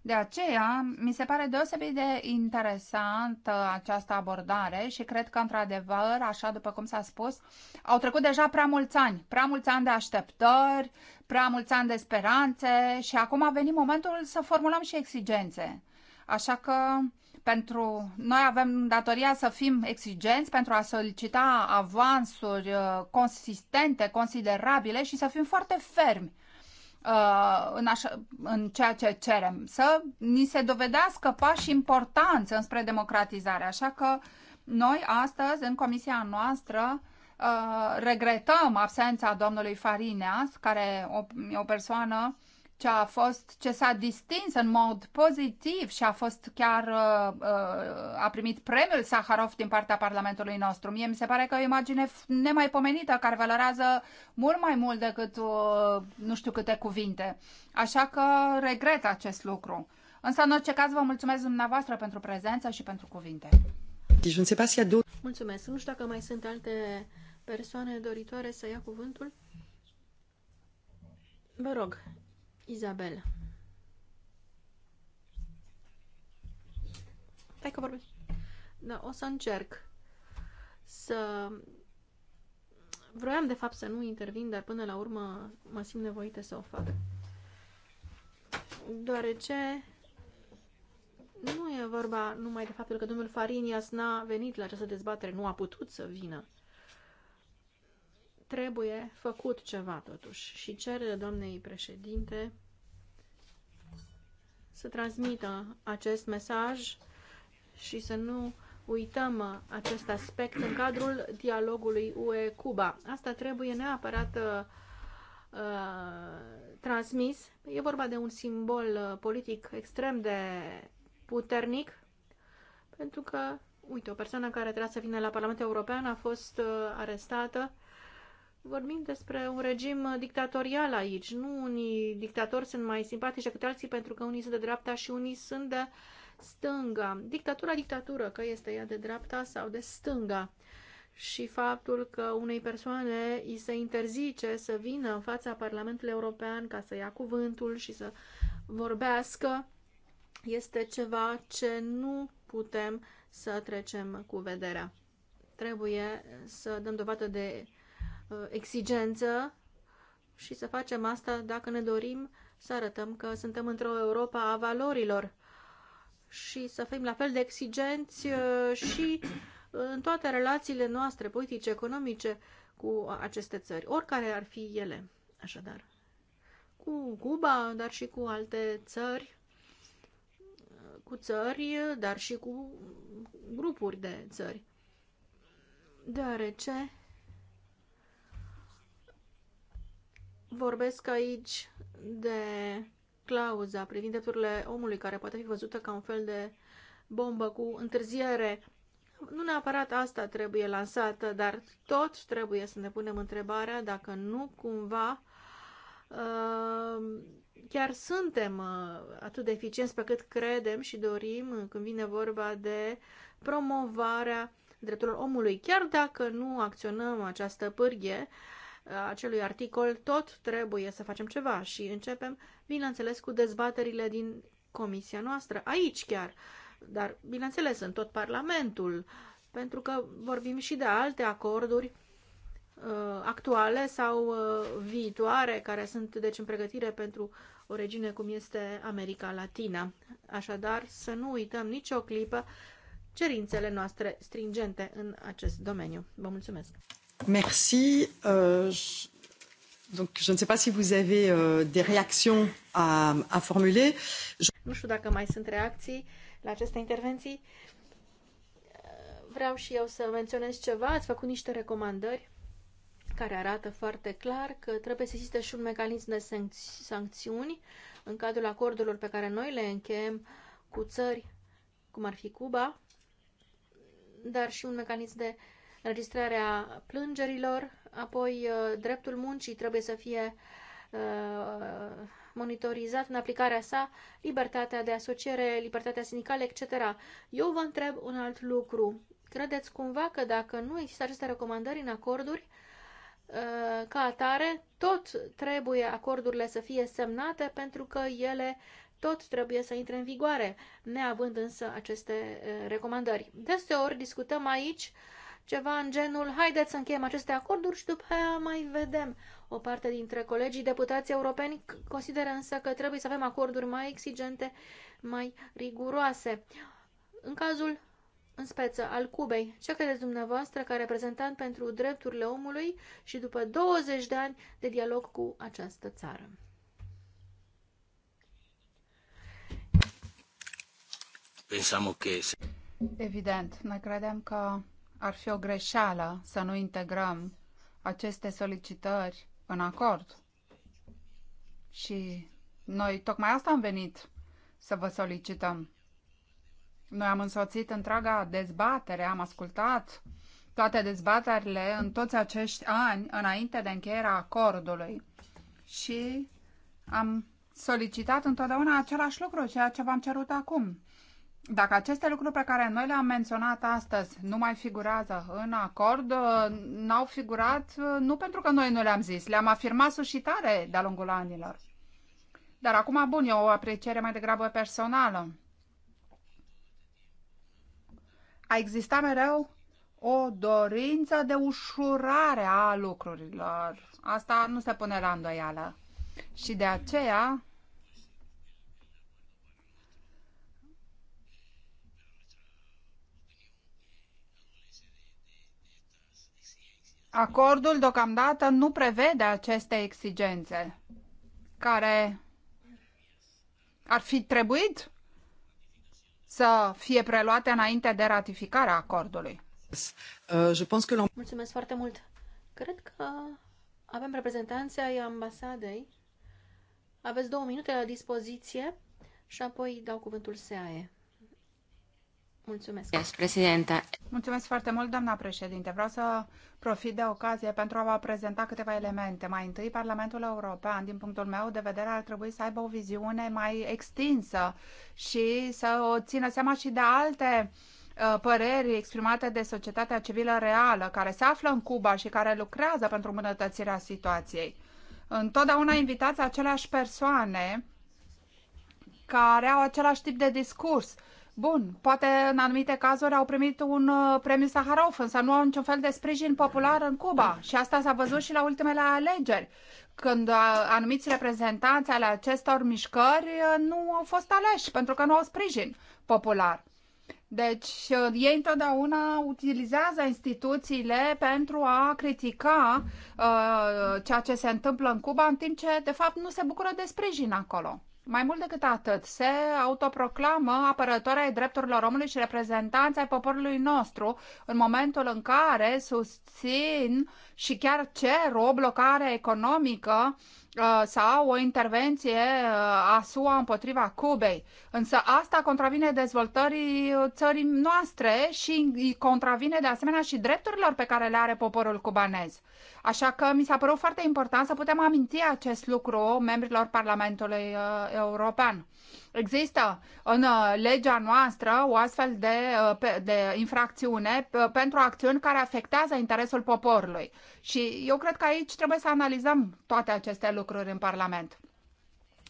De aceea, mi se pare deosebit de interesantă această abordare și cred că, într-adevăr, așa după cum s-a spus, au trecut deja prea mulți ani, prea mulți ani de așteptări, prea mulți ani de speranțe și acum a venit momentul să formulăm și exigențe. Așa că pentru noi avem datoria să fim exigenți pentru a solicita avansuri uh, consistente, considerabile și să fim foarte fermi Uh, în, așa, în ceea ce cerem, să ni se dovedească pași importanți înspre democratizare. Așa că noi astăzi, în comisia noastră, uh, regretăm absența domnului Farineas, care e o persoană ce a fost, ce s-a distins în mod pozitiv și a fost chiar, uh, uh, a primit premiul Saharov din partea Parlamentului nostru. Mie mi se pare că e o imagine nemaipomenită, care valorează mult mai mult decât uh, nu știu câte cuvinte. Așa că regret acest lucru. Însă, în orice caz, vă mulțumesc dumneavoastră pentru prezență și pentru cuvinte. Deci, mulțumesc. Nu știu dacă mai sunt alte persoane doritoare să ia cuvântul. Vă rog, Isabel. Hai că vorbim. Da, o să încerc să... Vroiam, de fapt, să nu intervin, dar până la urmă mă simt nevoită să o fac. Deoarece nu e vorba numai de faptul că domnul Farinias n-a venit la această dezbatere, nu a putut să vină trebuie făcut ceva totuși și cer doamnei președinte să transmită acest mesaj și să nu uităm acest aspect în cadrul dialogului UE-Cuba. Asta trebuie neapărat uh, transmis. E vorba de un simbol uh, politic extrem de puternic, pentru că, uite, o persoană care trebuia să vină la Parlamentul European a fost uh, arestată vorbim despre un regim dictatorial aici. Nu unii dictatori sunt mai simpatici decât alții pentru că unii sunt de dreapta și unii sunt de stânga. Dictatura, dictatură, că este ea de dreapta sau de stânga. Și faptul că unei persoane îi se interzice să vină în fața Parlamentului European ca să ia cuvântul și să vorbească este ceva ce nu putem să trecem cu vederea. Trebuie să dăm dovadă de Uh, exigență și să facem asta dacă ne dorim să arătăm că suntem într-o Europa a valorilor și să fim la fel de exigenți uh, și uh, în toate relațiile noastre politice, economice cu aceste țări, oricare ar fi ele, așadar. Cu Cuba, dar și cu alte țări, cu țări, dar și cu grupuri de țări. Deoarece Vorbesc aici de clauza privind drepturile omului, care poate fi văzută ca un fel de bombă cu întârziere. Nu neapărat asta trebuie lansată, dar tot trebuie să ne punem întrebarea dacă nu cumva uh, chiar suntem uh, atât de eficienți pe cât credem și dorim când vine vorba de promovarea drepturilor omului, chiar dacă nu acționăm această pârghie acelui articol, tot trebuie să facem ceva și începem, bineînțeles, cu dezbaterile din comisia noastră, aici chiar, dar, bineînțeles, în tot Parlamentul, pentru că vorbim și de alte acorduri uh, actuale sau uh, viitoare, care sunt, deci, în pregătire pentru o regiune cum este America Latina. Așadar, să nu uităm nicio clipă cerințele noastre stringente în acest domeniu. Vă mulțumesc! Merci. Euh, donc, je ne sais pas si vous avez euh, des réactions à, à formuler. Je... Nu știu dacă mai sunt reacții la aceste intervenții. Uh, vreau și eu să menționez ceva. Ați făcut niște recomandări care arată foarte clar că trebuie să existe și un mecanism de sancțiuni în cadrul acordurilor pe care noi le încheiem cu țări cum ar fi Cuba, dar și un mecanism de uh, înregistrarea plângerilor, apoi uh, dreptul muncii trebuie să fie uh, monitorizat în aplicarea sa, libertatea de asociere, libertatea sindicală, etc. Eu vă întreb un alt lucru. Credeți cumva că dacă nu există aceste recomandări în acorduri, uh, ca atare, tot trebuie acordurile să fie semnate pentru că ele tot trebuie să intre în vigoare, neavând însă aceste recomandări. Deseori discutăm aici uh, ceva în genul haideți să încheiem aceste acorduri și după aia mai vedem. O parte dintre colegii deputați europeni consideră însă că trebuie să avem acorduri mai exigente, mai riguroase. În cazul în speță al Cubei. Ce credeți dumneavoastră ca reprezentant pentru drepturile omului și după 20 de ani de dialog cu această țară? Pensam că... Evident, noi credem că ar fi o greșeală să nu integrăm aceste solicitări în acord. Și noi tocmai asta am venit să vă solicităm. Noi am însoțit întreaga dezbatere, am ascultat toate dezbaterile în toți acești ani înainte de încheierea acordului și am solicitat întotdeauna același lucru, ceea ce v-am cerut acum. Dacă aceste lucruri pe care noi le-am menționat astăzi nu mai figurează în acord, uh, n-au figurat uh, nu pentru că noi nu le-am zis, le-am afirmat sușitare de-a lungul anilor. Dar acum, bun, e o apreciere mai degrabă personală. A existat mereu o dorință de ușurare a lucrurilor. Asta nu se pune la îndoială. Și de aceea Acordul deocamdată nu prevede aceste exigențe care ar fi trebuit să fie preluate înainte de ratificarea acordului. Uh, Mulțumesc foarte mult. Cred că avem reprezentanții ai ambasadei. Aveți două minute la dispoziție și apoi dau cuvântul SAE. Mulțumesc. Yes, președinte. Mulțumesc foarte mult, doamna președinte. Vreau să profit de ocazie pentru a vă prezenta câteva elemente. Mai întâi, Parlamentul European, din punctul meu de vedere, ar trebui să aibă o viziune mai extinsă și să o țină seama și de alte uh, păreri exprimate de societatea civilă reală, care se află în Cuba și care lucrează pentru îmbunătățirea situației. Întotdeauna invitați aceleași persoane care au același tip de discurs Bun, poate în anumite cazuri au primit un uh, premiu Saharov, însă nu au niciun fel de sprijin popular în Cuba. Și asta s-a văzut și la ultimele alegeri, când uh, anumiți reprezentanți ale acestor mișcări uh, nu au fost aleși, pentru că nu au sprijin popular. Deci uh, ei întotdeauna utilizează instituțiile pentru a critica uh, ceea ce se întâmplă în Cuba, în timp ce, de fapt, nu se bucură de sprijin acolo. Mai mult decât atât, se autoproclamă apărătoare ai drepturilor omului și reprezentanța ai poporului nostru în momentul în care susțin și chiar cer o blocare economică Uh, sau o intervenție uh, a SUA împotriva Cubei. Însă asta contravine dezvoltării uh, țării noastre și contravine de asemenea și drepturilor pe care le are poporul cubanez. Așa că mi s-a părut foarte important să putem aminti acest lucru membrilor Parlamentului European. Există în uh, legea noastră o astfel de, uh, de infracțiune uh, pentru acțiuni care afectează interesul poporului. Și eu cred că aici trebuie să analizăm toate aceste lucruri în Parlament.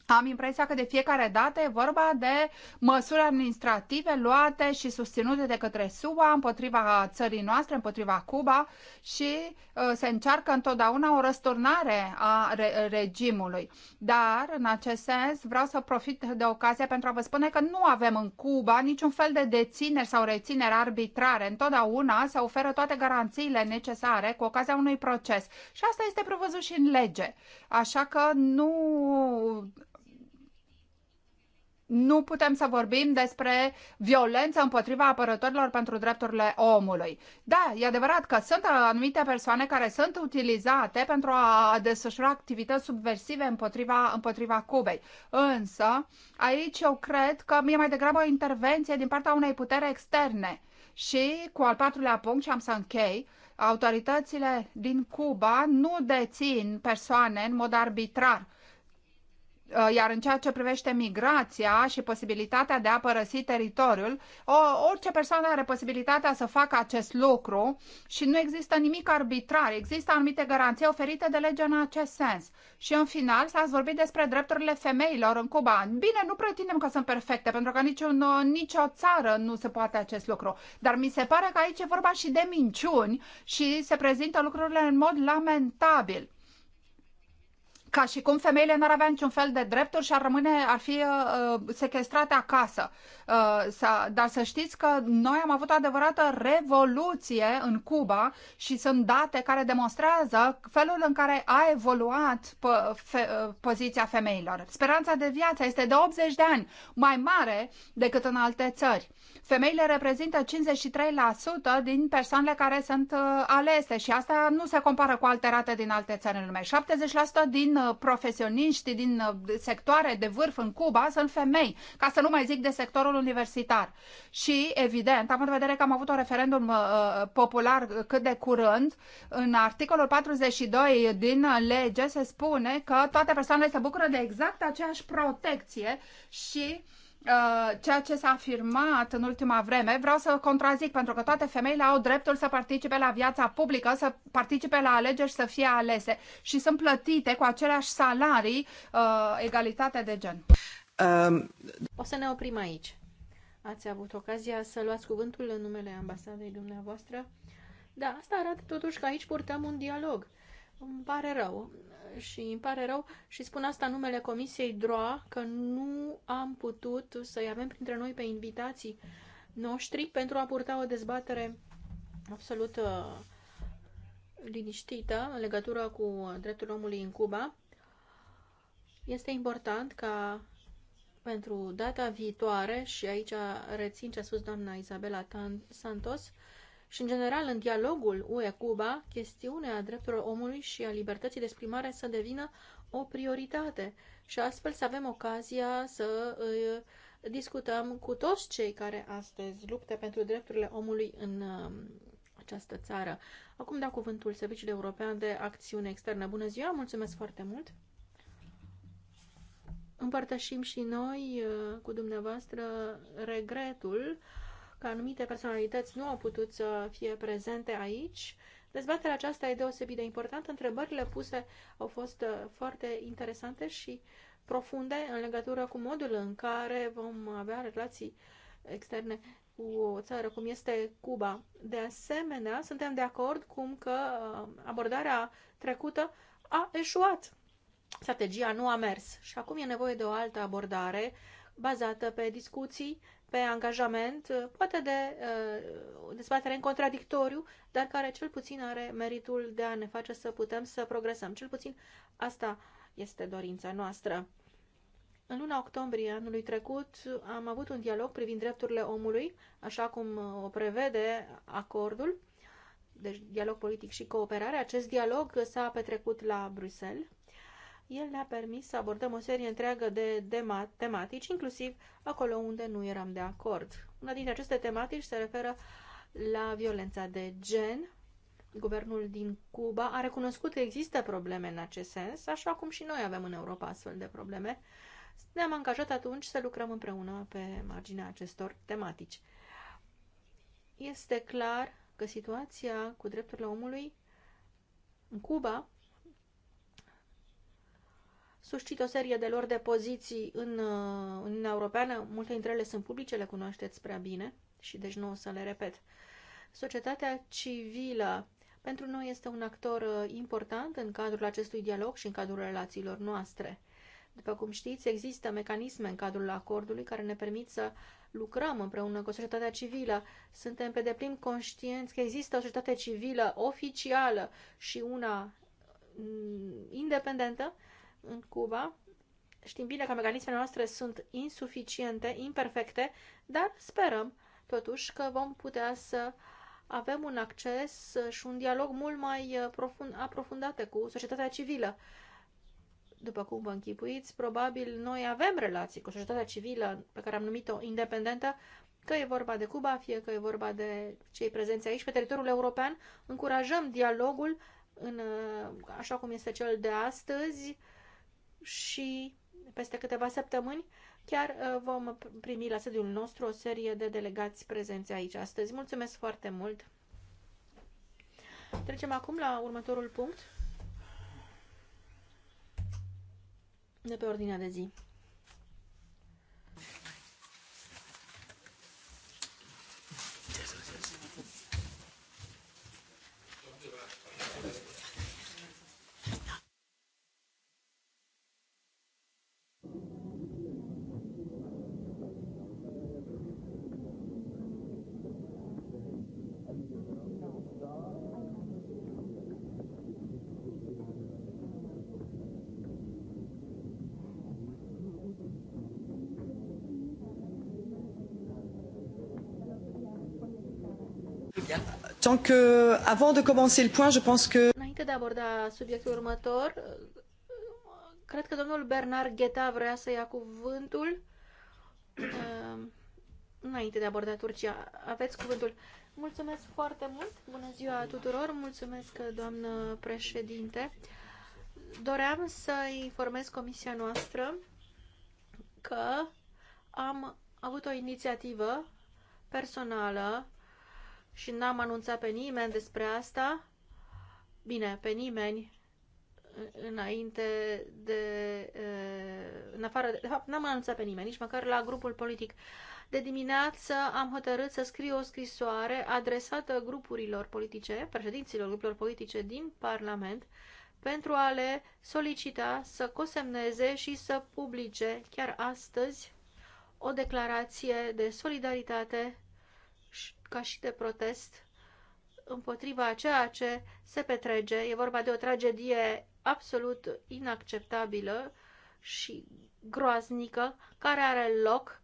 Am impresia că de fiecare dată e vorba de măsuri administrative luate și susținute de către SUA împotriva țării noastre, împotriva Cuba și uh, se încearcă întotdeauna o răsturnare a re- regimului. Dar, în acest sens, vreau să profit de ocazie pentru a vă spune că nu avem în Cuba niciun fel de dețineri sau rețineri arbitrare. Întotdeauna se oferă toate garanțiile necesare cu ocazia unui proces. Și asta este prevăzut și în lege. Așa că nu nu putem să vorbim despre violență împotriva apărătorilor pentru drepturile omului. Da, e adevărat că sunt anumite persoane care sunt utilizate pentru a desfășura activități subversive împotriva, împotriva Cubei. Însă, aici eu cred că e mai degrabă o intervenție din partea unei putere externe. Și cu al patrulea punct, și am să închei, autoritățile din Cuba nu dețin persoane în mod arbitrar Uh, iar în ceea ce privește migrația și posibilitatea de a părăsi teritoriul, orice persoană are posibilitatea să facă acest lucru și nu există nimic arbitrar. Există anumite garanții oferite de lege în acest sens. Și în final s a vorbit despre drepturile femeilor în Cuba. Bine, nu pretindem că sunt perfecte, pentru că niciun, nicio țară nu se poate acest lucru. Dar mi se pare că aici e vorba și de minciuni și se prezintă lucrurile în mod lamentabil ca și cum femeile n-ar avea niciun fel de drepturi și ar rămâne, ar fi uh, sequestrate acasă. Uh, dar să știți că noi am avut o adevărată revoluție în Cuba și sunt date care demonstrează felul în care a evoluat uh, poziția femeilor. Speranța de viață este de 80 de ani, mai mare decât în alte țări. Femeile reprezintă 53% din persoanele care sunt uh, alese și asta nu se compară cu alte rate din alte țări în lume. 70% din profesioniști din sectoare de vârf în Cuba sunt femei, ca să nu mai zic de sectorul sistemul universitar. Și, evident, am în vedere că am avut un referendum uh, popular cât de curând, în articolul 42 din lege se spune că toate persoanele se bucură de exact aceeași protecție și uh, ceea ce s-a afirmat în ultima vreme, vreau să contrazic, pentru că toate femeile au dreptul să participe la viața publică, să participe la alegeri și să fie alese și sunt plătite cu aceleași salarii, uh, egalitate de gen. Um... O să ne oprim aici ați avut ocazia să luați cuvântul în numele ambasadei dumneavoastră. Da, asta arată totuși că aici purtăm un dialog. Îmi pare rău și îmi pare rău și spun asta numele Comisiei DROA că nu am putut să-i avem printre noi pe invitații noștri pentru a purta o dezbatere absolut uh, liniștită în legătură cu dreptul omului în Cuba. Este important ca pentru data viitoare și aici rețin ce a spus doamna Isabela Santos și în general în dialogul UE-Cuba, chestiunea drepturilor omului și a libertății de exprimare să devină o prioritate și astfel să avem ocazia să uh, discutăm cu toți cei care astăzi luptă pentru drepturile omului în um, această țară. Acum dau cuvântul Serviciului European de Acțiune Externă. Bună ziua, mulțumesc foarte mult! Împărtășim și noi uh, cu dumneavoastră regretul că anumite personalități nu au putut să fie prezente aici. Dezbaterea aceasta e deosebit de importantă. Întrebările puse au fost uh, foarte interesante și profunde în legătură cu modul în care vom avea relații externe cu o țară cum este Cuba. De asemenea, suntem de acord cum că uh, abordarea trecută a eșuat strategia nu a mers și acum e nevoie de o altă abordare bazată pe discuții, pe angajament, poate de uh, dezbatere în contradictoriu, dar care cel puțin are meritul de a ne face să putem să progresăm. Cel puțin asta este dorința noastră. În luna octombrie anului trecut am avut un dialog privind drepturile omului, așa cum uh, o prevede acordul, deci dialog politic și cooperare. Acest dialog s-a petrecut la Bruxelles el ne-a permis să abordăm o serie întreagă de tematici, inclusiv acolo unde nu eram de acord. Una dintre aceste tematici se referă la violența de gen. Guvernul din Cuba a recunoscut că există probleme în acest sens, așa cum și noi avem în Europa astfel de probleme. Ne-am angajat atunci să lucrăm împreună pe marginea acestor tematici. Este clar că situația cu drepturile omului în Cuba suscită o serie de lor de poziții uh, în Uniunea Europeană. Multe dintre ele sunt publice, le cunoașteți prea bine și deci nu o să le repet. Societatea civilă pentru noi este un actor uh, important în cadrul acestui dialog și în cadrul relațiilor noastre. După cum știți, există mecanisme în cadrul acordului care ne permit să lucrăm împreună cu societatea civilă. Suntem pe deplin conștienți că există o societate civilă oficială și una mm, independentă în Cuba. Știm bine că mecanismele noastre sunt insuficiente, imperfecte, dar sperăm totuși că vom putea să avem un acces și un dialog mult mai uh, profund, aprofundate cu societatea civilă. După cum vă închipuiți, probabil noi avem relații cu societatea civilă pe care am numit-o independentă, că e vorba de Cuba, fie că e vorba de cei prezenți aici pe teritoriul european, încurajăm dialogul în, uh, așa cum este cel de astăzi, și peste câteva săptămâni chiar uh, vom primi la sediul nostru o serie de delegați prezenți aici astăzi. Mulțumesc foarte mult! Trecem acum la următorul punct de pe ordinea de zi. Euh, avant de commencer le point, je pense que... Înainte de a aborda subiectul următor, uh, cred că domnul Bernard Gheta vrea să ia cuvântul. Uh, înainte de a aborda Turcia, aveți cuvântul. Mulțumesc foarte mult, bună ziua tuturor, mulțumesc doamnă președinte. Doream să informez comisia noastră că am avut o inițiativă personală și n-am anunțat pe nimeni despre asta. Bine, pe nimeni înainte de... Eh, în afară de... de fapt, n-am anunțat pe nimeni, nici măcar la grupul politic. De dimineață am hotărât să scriu o scrisoare adresată grupurilor politice, președinților grupurilor politice din Parlament, pentru a le solicita să cosemneze și să publice chiar astăzi o declarație de solidaritate ca și de protest împotriva ceea ce se petrece. E vorba de o tragedie absolut inacceptabilă și groaznică care are loc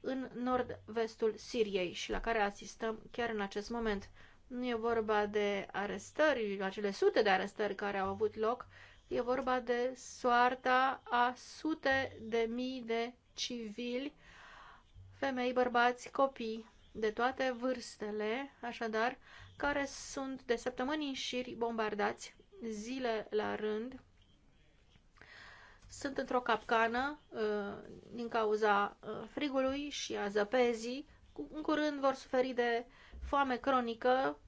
în nord-vestul Siriei și la care asistăm chiar în acest moment. Nu e vorba de arestări, acele sute de arestări care au avut loc, e vorba de soarta a sute de mii de civili, femei, bărbați, copii, de toate vârstele, așadar, care sunt de săptămâni în șiri bombardați zile la rând, sunt într-o capcană uh, din cauza uh, frigului și a zăpezii. În curând vor suferi de foame cronică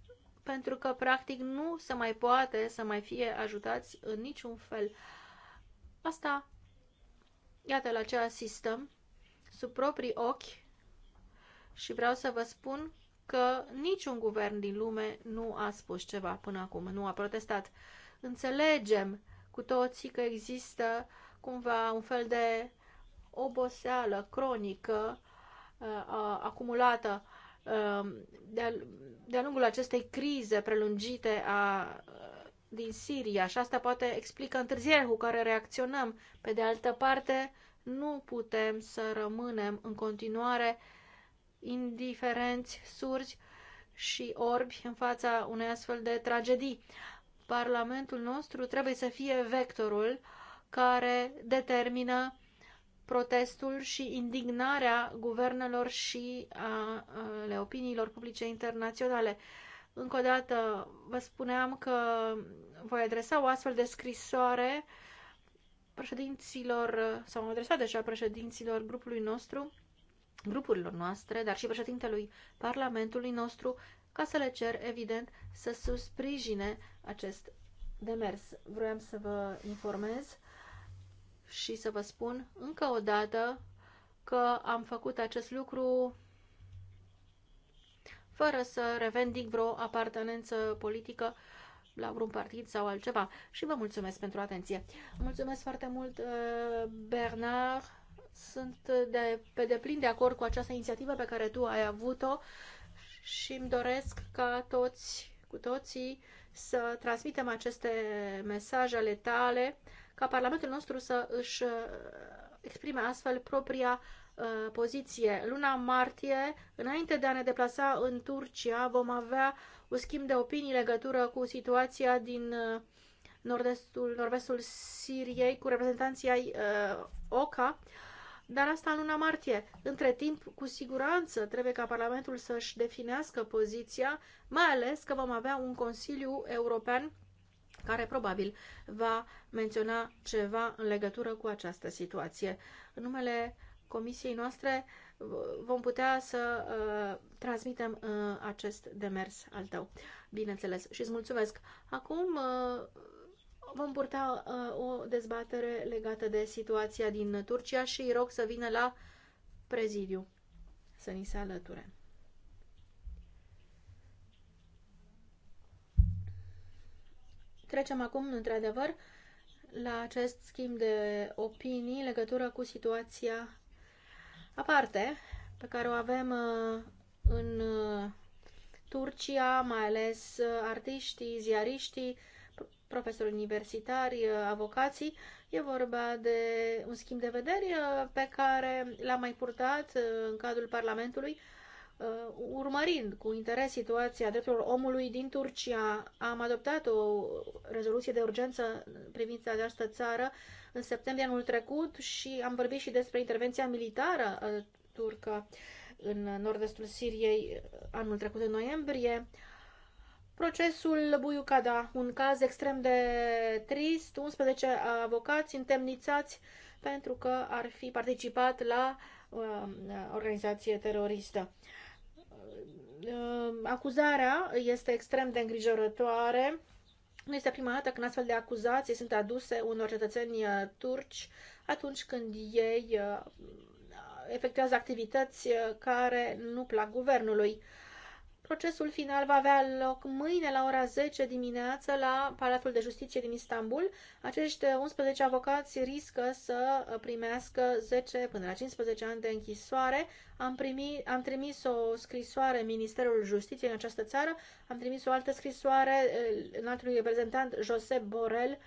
pentru că practic nu se mai poate să mai fie ajutați în niciun fel. Asta, iată la ce asistăm, sub proprii ochi și vreau să vă spun că niciun guvern din lume nu a spus ceva până acum, nu a protestat. Înțelegem cu toții că există cumva un fel de oboseală cronică uh, acumulată uh, de-a lungul acestei crize prelungite a, uh, din Siria și asta poate explică întârzierea cu care reacționăm. Pe de altă parte, nu putem să rămânem în continuare uh, indiferenți, surzi și orbi în fața unei astfel de tragedii. Parlamentul nostru trebuie să fie vectorul care determină protestul și indignarea guvernelor și a, ale opiniilor publice internaționale. Încă o dată vă spuneam că voi adresa o astfel de scrisoare președinților, sau am adresat deja președinților grupului nostru, grupurilor noastre, dar și președintelui Parlamentului nostru, ca să le cer, evident, să susprijine acest demers. Vroiam să vă informez și să vă spun încă o dată că am făcut acest lucru fără să revendic vreo apartenență politică la vreun partid sau altceva. Și vă mulțumesc pentru atenție. Mulțumesc foarte mult, uh, Bernard. Sunt de, pe deplin de acord cu această inițiativă pe care tu ai avut-o și îmi doresc ca toți, cu toții, să transmitem aceste mesaje ale tale, ca Parlamentul nostru să își uh, exprime astfel propria uh, poziție. Luna martie, înainte de a ne deplasa în Turcia, vom avea un schimb de opinii legătură cu situația din uh, nord-estul, nord-vestul Siriei cu reprezentanții ai uh, OCA dar asta în luna martie. Între timp, cu siguranță, trebuie ca Parlamentul să-și definească poziția, mai ales că vom avea un Consiliu European care probabil va menționa ceva în legătură cu această situație. În numele comisiei noastre vom putea să uh, transmitem uh, acest demers al tău, bineînțeles, și îți mulțumesc. Acum uh, vom purta uh, o dezbatere legată de situația din Turcia și îi rog să vină la prezidiu să ni se alăture. Trecem acum, într-adevăr, la acest schimb de opinii legătură cu situația aparte pe care o avem uh, în uh, Turcia, mai ales artiștii, ziariștii, profesori universitari, avocații. E vorba de un schimb de vederi uh, pe care l-am mai purtat uh, în cadrul Parlamentului, uh, urmărind cu interes situația drepturilor omului din Turcia. Am adoptat o rezoluție de urgență privind această țară în septembrie anul trecut și am vorbit și despre intervenția militară turcă în nord-estul Siriei anul trecut în noiembrie. Procesul Buiucada, un caz extrem de trist, 11 avocați întemnițați pentru că ar fi participat la uh, organizație teroristă. Uh, acuzarea este extrem de îngrijorătoare. Nu este prima dată când astfel de acuzații sunt aduse unor cetățeni uh, turci atunci când ei uh, efectuează activități uh, care nu plac guvernului. Procesul final va avea loc mâine la ora 10 dimineață la Palatul de Justiție din Istanbul. Acești 11 avocați riscă să primească 10 până la 15 ani de închisoare. Am, primit, am trimis o scrisoare Ministerul Justiției în această țară, am trimis o altă scrisoare eh, în altului reprezentant Josep Borel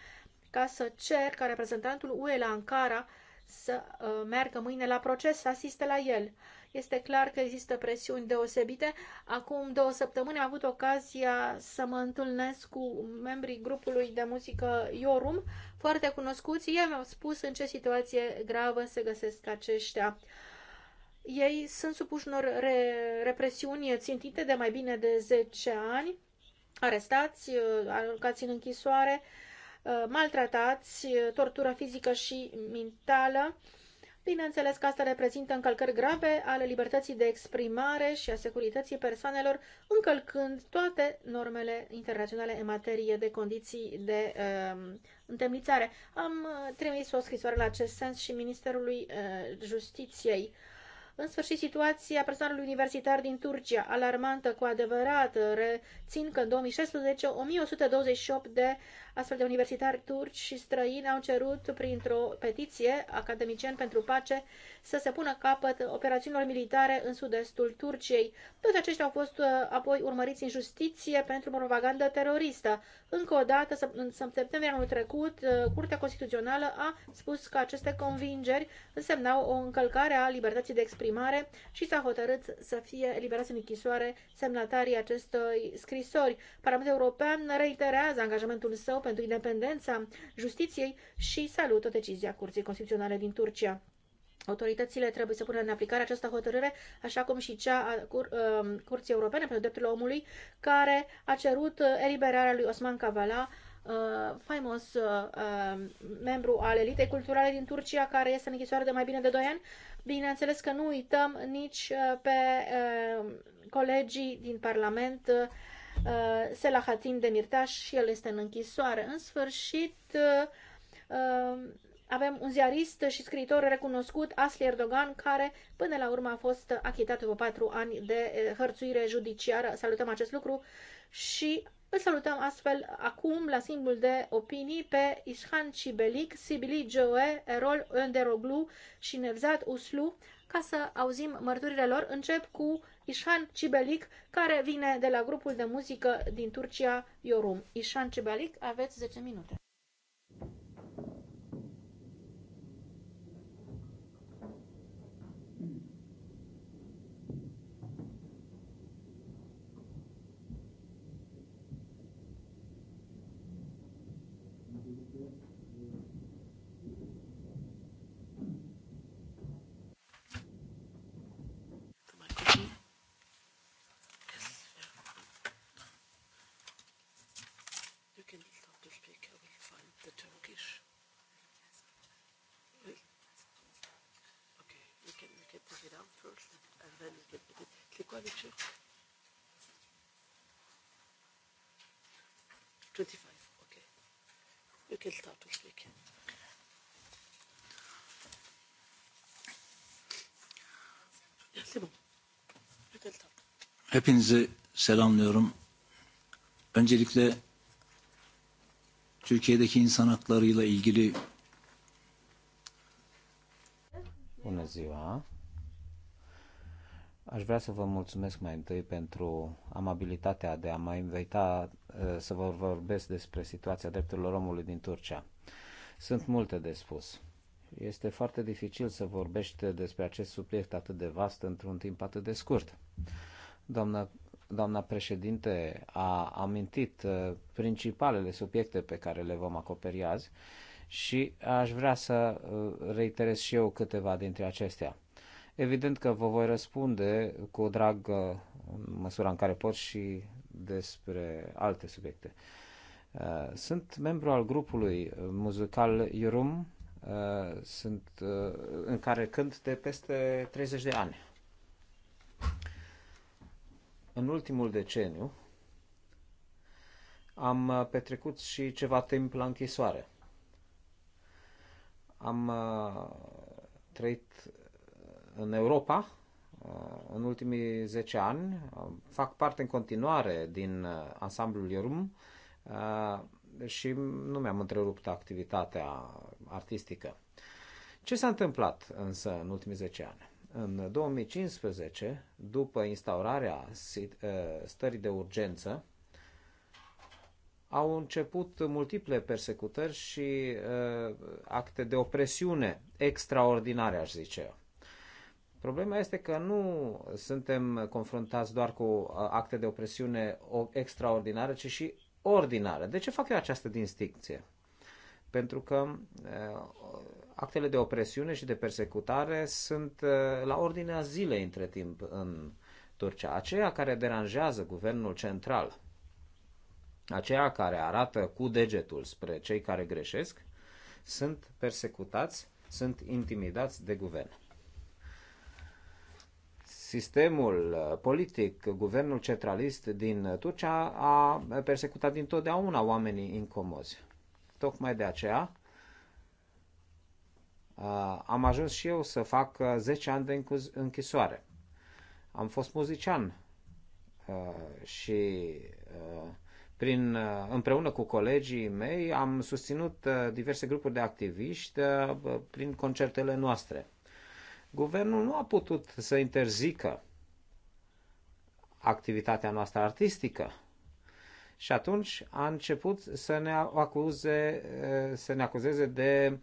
ca să cer ca reprezentantul UE la Ankara să eh, meargă mâine la proces, să asiste la el. Este clar că există presiuni deosebite. Acum două săptămâni am avut ocazia să mă întâlnesc cu membrii grupului de muzică Iorum, foarte cunoscuți. Ei mi-au spus în ce situație gravă se găsesc aceștia. Ei sunt supuși unor re- represiuni țintite de mai bine de 10 ani, arestați, aruncați în închisoare, maltratați, tortură fizică și mentală Bineînțeles că asta reprezintă încălcări grave ale libertății de exprimare și a securității persoanelor, încălcând toate normele internaționale în materie de condiții de uh, întemnițare. Am uh, trimis o scrisoare la acest sens și Ministerului uh, Justiției. În sfârșit, situația persoanelor universitar din Turcia, alarmantă cu adevărat, rețin că în 2016 1128 de Astfel de universitari turci și străini au cerut printr-o petiție academicieni pentru pace să se pună capăt operațiunilor militare în sud-estul Turciei. Toți aceștia au fost uh, apoi urmăriți în justiție pentru propagandă teroristă. Încă o dată, în septembrie anul trecut, uh, Curtea Constituțională a spus că aceste convingeri însemnau o încălcare a libertății de exprimare și s-a hotărât să fie eliberați în închisoare semnatarii acestei scrisori. Parlamentul European reiterează angajamentul său pentru independența justiției și salută decizia Curții Constituționale din Turcia. Autoritățile trebuie să pună în aplicare această hotărâre, așa cum și cea a Cur um, Curții Europene pentru Drepturile Omului, care a cerut uh, eliberarea lui Osman Kavala, uh, faimos uh, um, membru al elitei culturale din Turcia, care este în închisoare de mai bine de 2 ani. Bineînțeles că nu uităm nici uh, pe uh, colegii din Parlament Uh, Selahatin Mirtaș și el este în închisoare. În sfârșit, uh, uh, avem un ziarist și scriitor recunoscut, Asli Erdogan, care până la urmă a fost achitat după patru ani de hărțuire judiciară. Salutăm acest lucru și îl salutăm astfel acum la simbol de opinii pe Ishan Cibelic, Sibili Joe, Erol Önderoglu și Nevzat Uslu, ca să auzim mărturile lor. Încep cu Ișan Cibelic, care vine de la grupul de muzică din Turcia, Yorum. Ișan Cibelic, aveți 10 minute. riżultat hux dik. Hepinizi selamlıyorum. Öncelikle Türkiye'deki insan haklarıyla ilgili Bună ziua! Aș vrea să vă mulțumesc mai întâi pentru amabilitatea de a mă invita uh, să vă vorbesc despre situația drepturilor omului din Turcia. Sunt multe de spus. Este foarte dificil să vorbești despre acest subiect atât de vast într-un timp atât de scurt. Doamna, doamna președinte a amintit uh, principalele subiecte pe care le vom acoperi azi și aș vrea să uh, reiterez și eu câteva dintre acestea. Evident că vă voi răspunde cu dragă în măsura în care pot și despre alte subiecte. Uh, sunt membru al grupului muzical Yurum, uh, sunt, uh, în care cânt de peste 30 de ani. În ultimul deceniu am petrecut și ceva timp la închisoare. Am trăit în Europa uh, în ultimii 10 ani. Uh, fac parte în continuare din uh, ansamblul IRUM și nu mi-am întrerupt activitatea artistică. Ce s-a întâmplat însă în ultimii 10 ani? În 2015, după instaurarea stării de urgență, au început multiple persecutări și acte de opresiune extraordinare, aș zice eu Problema este că nu suntem confruntați doar cu uh, acte de opresiune extraordinare, ci și ordinare. De ce fac eu această distincție? Pentru că uh, actele de opresiune și de persecutare sunt uh, la ordinea zilei între timp în Turcia. Aceea care deranjează guvernul central, aceea care arată cu degetul spre cei care greșesc, sunt persecutați, sunt intimidați de guvern sistemul uh, politic, guvernul centralist din Turcia a persecutat dintotdeauna oamenii incomozi. Tocmai de aceea uh, am ajuns și eu să fac 10 uh, ani de închisoare. Am fost muzician și prin, împreună cu colegii mei am susținut diverse grupuri de activiști prin concertele noastre guvernul nu a putut să interzică activitatea noastră artistică. Și atunci a început să ne, acuze, să ne acuzeze de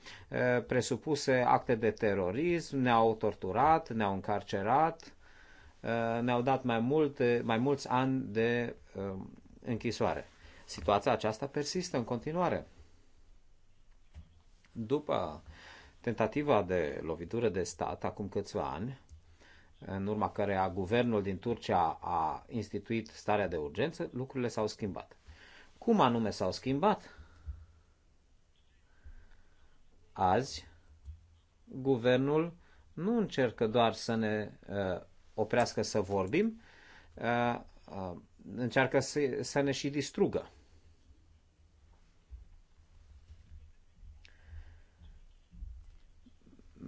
presupuse acte de terorism, ne-au torturat, ne-au încarcerat, ne-au dat mai, multe, mai mulți ani de închisoare. Situația aceasta persistă în continuare. După Tentativa de lovitură de stat acum câțiva ani, în urma care a guvernul din Turcia a instituit starea de urgență, lucrurile s-au schimbat. Cum anume s-au schimbat? Azi, guvernul nu încercă doar să ne uh, oprească să vorbim, uh, uh, încearcă să, să ne și distrugă.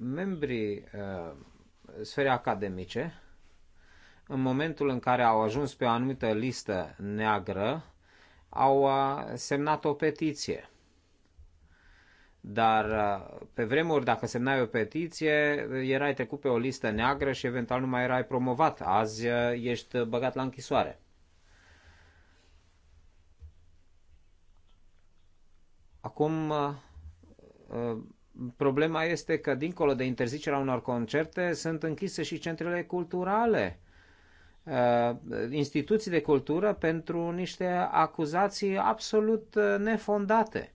membrii uh, sferei academice, în momentul în care au ajuns pe o anumită listă neagră, au uh, semnat o petiție. Dar uh, pe vremuri, dacă semnai o petiție, erai trecut pe o listă neagră și eventual nu mai erai promovat. Azi ești băgat la închisoare. Acum, Problema este că, dincolo de interzicerea unor concerte, sunt închise și centrele culturale, uh, instituții de cultură pentru niște acuzații absolut uh, nefondate.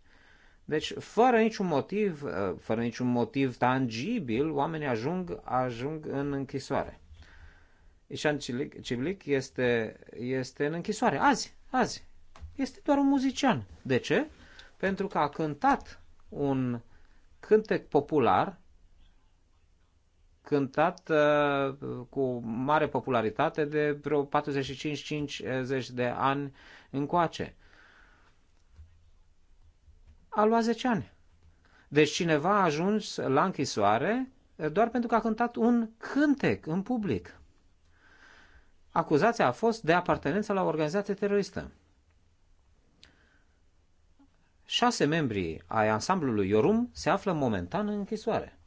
Deci, fără niciun motiv, uh, fără niciun motiv tangibil, oamenii ajung, ajung în închisoare. Ișan Civlic este, este în închisoare. Azi, azi. Este doar un muzician. De ce? Pentru că a cântat un uh, cântec popular, cântat uh, cu mare popularitate de vreo 45-50 de ani încoace. A luat 10 ani. Deci cineva a ajuns la închisoare uh, doar pentru că a cântat un cântec în public. Acuzația a fost de apartenență la o organizație teroristă șase membri ai ansamblului Iorum se află momentan în închisoare.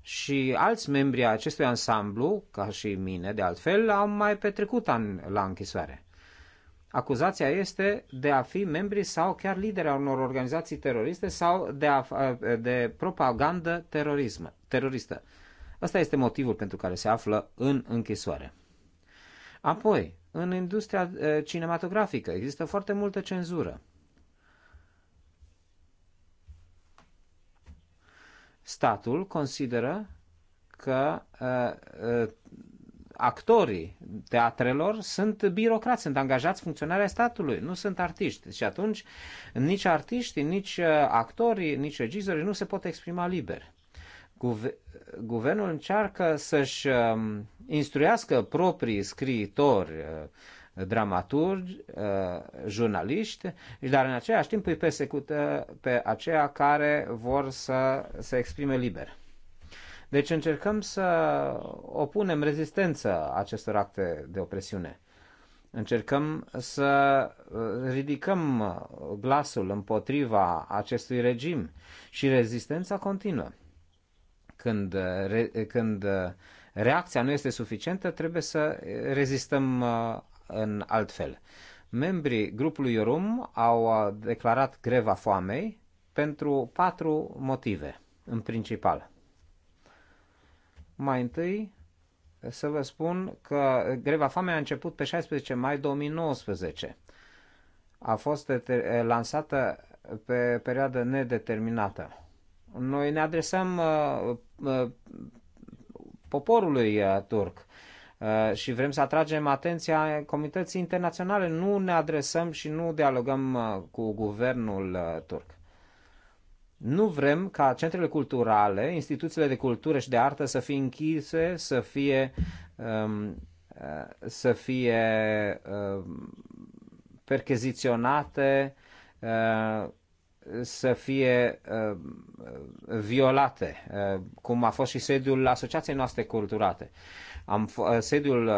Și alți membri ai acestui ansamblu, ca și mine de altfel, au mai petrecut an la închisoare. Acuzația este de a fi membri sau chiar lideri a unor organizații teroriste sau de, a, de propagandă terorism, teroristă. Ăsta este motivul pentru care se află în închisoare. Apoi, în industria eh, cinematografică există foarte multă cenzură. Statul consideră că uh, uh, actorii teatrelor sunt birocrați, sunt angajați funcționarea statului, nu sunt artiști. Și atunci nici artiștii, nici actorii, nici regizorii nu se pot exprima liber. Guvernul încearcă să-și um, instruiască proprii scriitori, uh, dramaturgi, uh, jurnaliști, dar în același timp îi persecută pe aceia care vor să se exprime liber. Deci încercăm să opunem rezistență acestor acte de opresiune. Încercăm să uh, ridicăm glasul împotriva acestui regim și rezistența continuă. Când, re, când uh, reacția nu este suficientă, trebuie să rezistăm uh, în alt fel. Membrii grupului Iorum au uh, declarat greva foamei pentru patru motive, în principal. Mai întâi, să vă spun că greva foamei a început pe 16 mai 2019. A fost eh, lansată pe perioadă nedeterminată. Noi ne adresăm uh, uh, poporului uh, turc și vrem să atragem atenția comunității internaționale. Nu ne adresăm și nu dialogăm cu guvernul turc. Nu vrem ca centrele culturale, instituțiile de cultură și de artă să fie închise, să fie, um, să fie um, percheziționate să fie uh, violate, uh, cum a fost și sediul asociației noastre culturate. Am, uh, sediul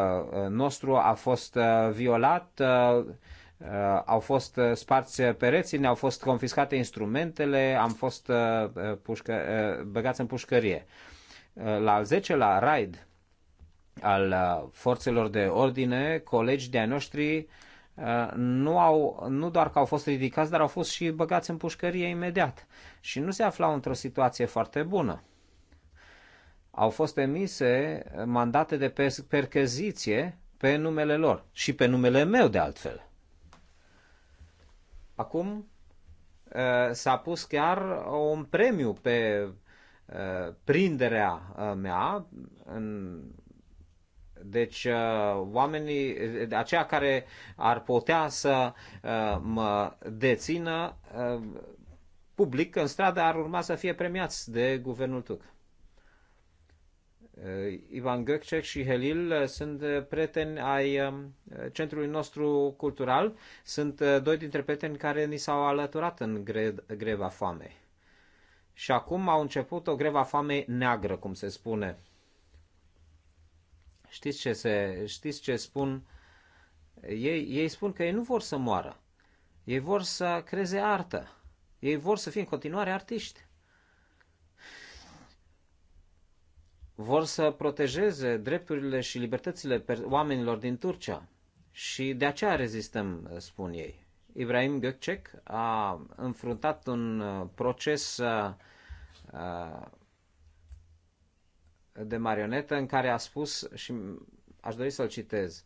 nostru a fost violat, au fost sparți pereții, ne-au fost confiscate instrumentele, am fost pușcă, băgați în pușcărie. la al 10 la raid al forțelor de ordine, colegi de-ai noștri uh, nu, au, nu doar că au fost ridicați, dar au fost și băgați în pușcărie imediat și nu se aflau într-o situație foarte bună. Au fost emise mandate de percheziție pe numele lor și pe numele meu de altfel. Acum uh, s-a pus chiar un premiu pe uh, prinderea uh, mea în deci, uh, oamenii, aceia care ar putea să uh, mă dețină uh, public în stradă ar urma să fie premiați de guvernul turc. Ivan Gökcek și Helil sunt prieteni ai um, centrului nostru cultural. Sunt doi dintre prieteni care ni s-au alăturat în gre greva foamei. Și acum au început o greva foamei neagră, cum se spune Știți ce, se, știți ce spun? Ei, ei spun că ei nu vor să moară. Ei vor să creeze artă. Ei vor să fie în continuare artiști. Vor să protejeze drepturile și libertățile oamenilor din Turcia. Și de aceea rezistăm, spun ei. Ibrahim Gökçek a înfruntat un uh, proces uh, uh de marionetă în care a spus, și aș dori să-l citez,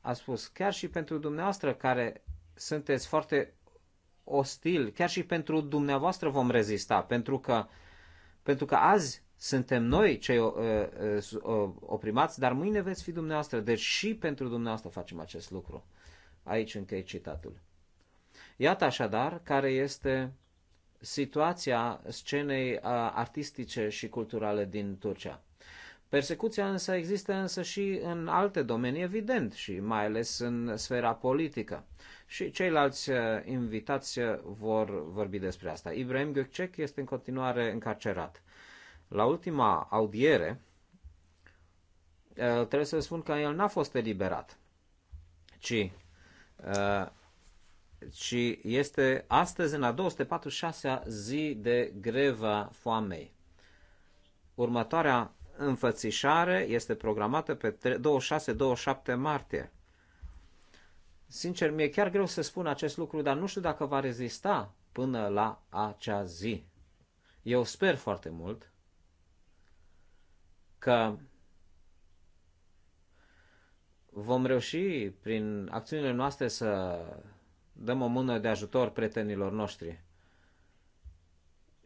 a spus, chiar și pentru dumneavoastră care sunteți foarte ostil, chiar și pentru dumneavoastră vom rezista, pentru că, pentru că azi suntem noi cei uh, uh, uh, oprimați, dar mâine veți fi dumneavoastră. Deci și pentru dumneavoastră facem acest lucru. Aici închei citatul. Iată așadar care este situația scenei artistice și culturale din Turcia. Persecuția însă există însă și în alte domenii, evident, și mai ales în sfera politică. Și ceilalți invitați vor vorbi despre asta. Ibrahim Gökçek este în continuare încarcerat. La ultima audiere, trebuie să spun că el n-a fost eliberat, ci și este astăzi în a 246-a zi de greva foamei. Următoarea înfățișare este programată pe 26-27 martie. Sincer, mi-e chiar greu să spun acest lucru, dar nu știu dacă va rezista până la acea zi. Eu sper foarte mult că vom reuși prin acțiunile noastre să dăm o mână de ajutor prietenilor noștri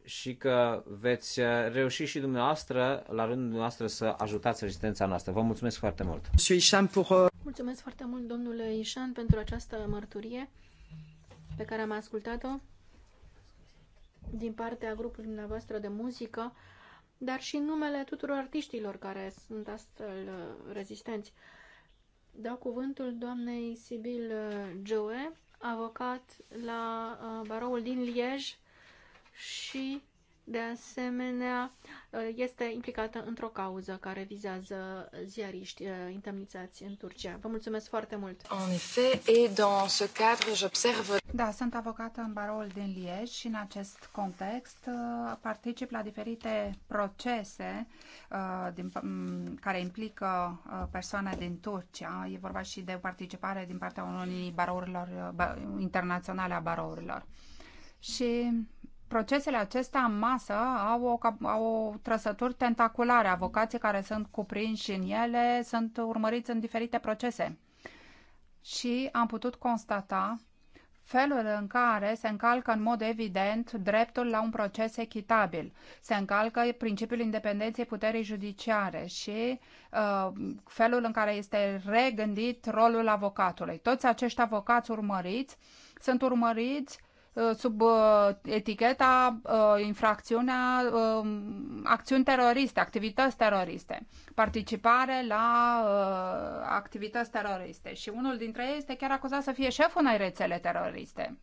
și că veți uh, reuși și dumneavoastră, la rândul dumneavoastră, să ajutați rezistența noastră. Vă mulțumesc foarte mult! Uh, mulțumesc foarte mult, domnule Ișan, pentru această mărturie pe care am ascultat-o din partea grupului dumneavoastră de muzică, dar și numele tuturor artiștilor care sunt astfel uh, rezistenți. Dau cuvântul doamnei Sibil Joe, avocat la uh, baroul din Liege și de asemenea, uh, este implicată într-o cauză care vizează ziariști uh, intemnițați în Turcia. Vă mulțumesc foarte mult! En effet, et dans ce cadre, j'observe... Da, sunt avocată în baroul din Liege și în acest context uh, particip la diferite procese din, care implică persoane din Turcia. E vorba și de participare din partea unui barourilor, internaționale a barourilor. Și procesele acestea în masă au o, au o trăsături tentaculare. Avocații care sunt cuprinși în ele sunt urmăriți în diferite procese. Și am putut constata felul în care se încalcă în mod evident dreptul la un proces echitabil. Se încalcă principiul independenței puterii judiciare și uh, felul în care este regândit rolul avocatului. Toți acești avocați urmăriți sunt urmăriți Uh, sub uh, eticheta, uh, infracțiunea, um, acțiuni teroriste, activități teroriste, participare la activități teroriste. Și unul dintre ei este chiar acuzat să fie șeful unei rețele teroriste.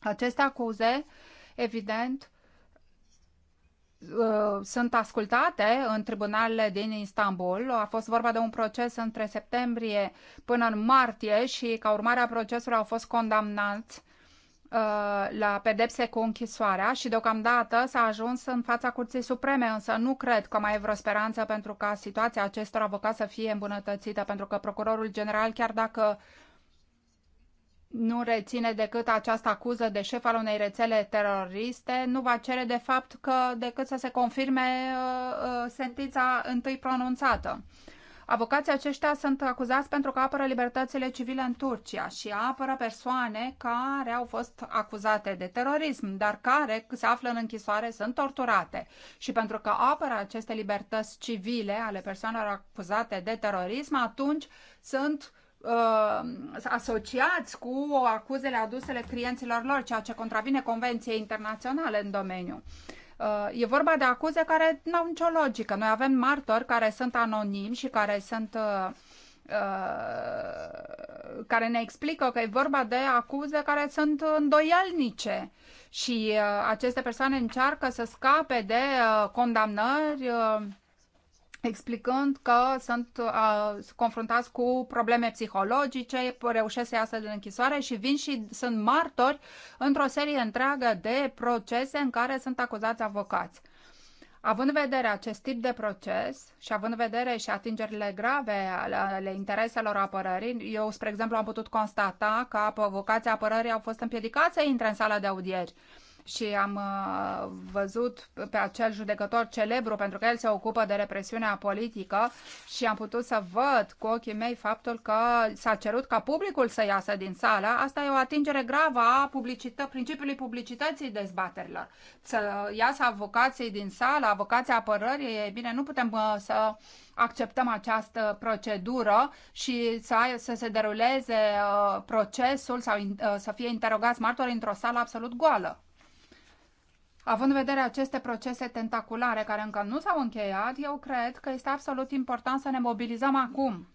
Aceste acuze, evident, sunt ascultate în tribunalele din Istanbul. A fost vorba de un proces între septembrie până în martie și ca urmare a procesului au fost condamnați Uh, la pedepse cu închisoarea și deocamdată s-a ajuns în fața Curții Supreme, însă nu cred că mai e vreo speranță pentru ca situația acestor avocați să fie îmbunătățită, pentru că procurorul general, chiar dacă nu reține decât această acuză de șef al unei rețele teroriste, nu va cere de fapt că decât să se confirme uh, uh sentința întâi pronunțată. Uh, Avocații aceștia sunt acuzați pentru că apără libertățile civile în Turcia și apără persoane care au fost acuzate de terorism, dar care se află în închisoare, sunt torturate. Și pentru că apără aceste libertăți civile ale persoanelor acuzate de terorism, atunci sunt uh, asociați cu acuzele adusele clienților lor, ceea ce contravine Convenției Internaționale în domeniu. Uh, Uh, e vorba de acuze care nu au nicio logică. Noi avem martori care sunt anonimi și care sunt uh, uh, care ne explică că e vorba de acuze care sunt îndoielnice și aceste persoane încearcă să scape de condamnări explicând că sunt uh, confruntați cu probleme psihologice, reușesc să iasă din închisoare și vin și sunt martori într-o serie întreagă de procese în care sunt acuzați avocați. Având în vedere acest tip de proces și având în vedere și atingerile grave ale, ale intereselor apărării, eu, spre exemplu, am putut constata că avocații apărării au fost împiedicați să intre în sala de audieri și am uh, văzut pe acel judecător celebru pentru că el se ocupă de represiunea politică și am putut să văd cu ochii mei faptul că s-a cerut ca publicul să iasă din sală. Asta e o atingere gravă a publicită, principiului publicității dezbaterilor. Să iasă avocații din sală, avocații apărării, e bine, nu putem uh, să acceptăm această procedură și să, să se deruleze uh, procesul sau să fie interogați martori într-o sală absolut goală. Având în vedere aceste procese tentaculare care încă nu s-au încheiat, eu cred că este absolut important să ne mobilizăm acum.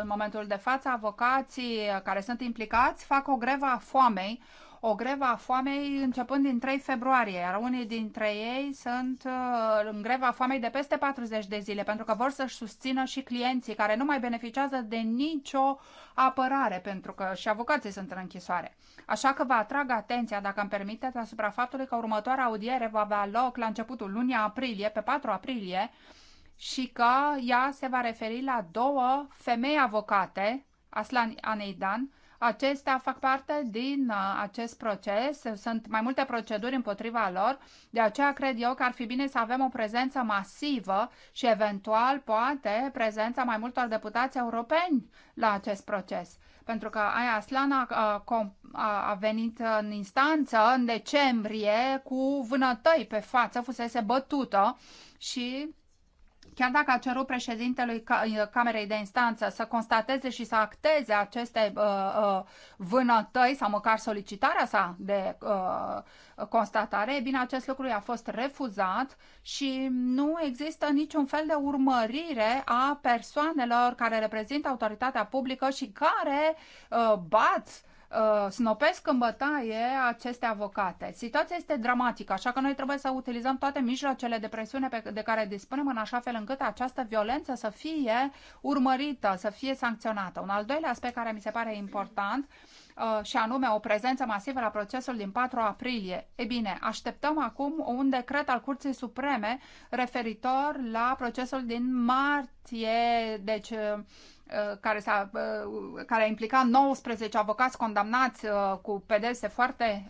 În momentul de față, avocații care sunt implicați fac o grevă a foamei, o greva a foamei începând din 3 februarie, iar unii dintre ei sunt uh, în greva foamei de peste 40 de zile, pentru că vor să-și susțină și clienții care nu mai beneficiază de nicio apărare, pentru că și avocații sunt în închisoare. Așa că vă atrag atenția, dacă îmi permiteți, asupra faptului că următoarea audiere va avea loc la începutul lunii aprilie, pe 4 aprilie, și că ea se va referi la două femei avocate, Aslan Aneidan acestea fac parte din uh, acest proces, sunt mai multe proceduri împotriva lor, de aceea cred eu că ar fi bine să avem o prezență masivă și eventual poate prezența mai multor deputați europeni la acest proces. Pentru că Aia Aslan a, uh, a, a venit în instanță în decembrie cu vânătăi pe față, fusese bătută și Chiar dacă a cerut președintelui Camerei de Instanță să constateze și să acteze aceste uh, uh, vânătăi sau măcar solicitarea sa de uh, constatare, bine, acest lucru i-a fost refuzat și nu există niciun fel de urmărire a persoanelor care reprezintă autoritatea publică și care uh, bat uh, uh, snopesc în bătaie aceste avocate. Situația este dramatică, așa că noi trebuie să utilizăm toate mijloacele de presiune pe, de care dispunem în așa fel încât această violență să fie urmărită, să fie sancționată. Un al doilea aspect care mi se pare important uh, Uh, și anume o prezență masivă la procesul din 4 aprilie. E bine, așteptăm acum un decret al Curții Supreme referitor la procesul din martie, deci uh, uh, care, s-a, care a implicat 19 avocați condamnați cu pedepse foarte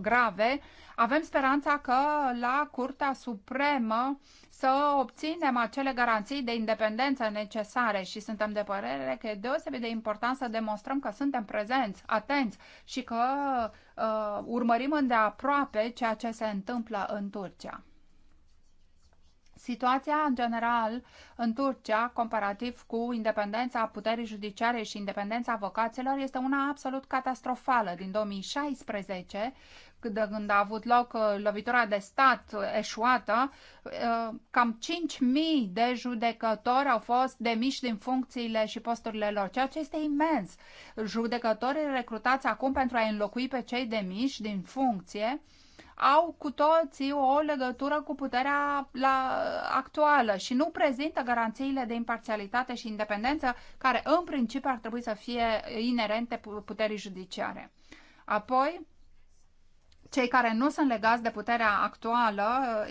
grave, avem speranța că la Curtea Supremă să obținem acele garanții de independență necesare și suntem de părere că e deosebit de important să demonstrăm că suntem prezenți, atenți și că uh, urmărim îndeaproape ceea ce se întâmplă în Turcia. Situația în general în Turcia, comparativ cu independența puterii judiciare și independența avocaților, este una absolut catastrofală. Din 2016, de când a avut loc uh, lovitura de stat eșuată, uh, cam 5.000 de judecători au fost demiși din funcțiile și posturile lor, ceea ce este imens. Judecătorii recrutați acum pentru a înlocui pe cei demiși din funcție au cu toții o legătură cu puterea la, actuală și nu prezintă garanțiile de imparțialitate și independență care în principiu ar trebui să fie inerente puterii judiciare. Apoi, cei care nu sunt legați de puterea actuală,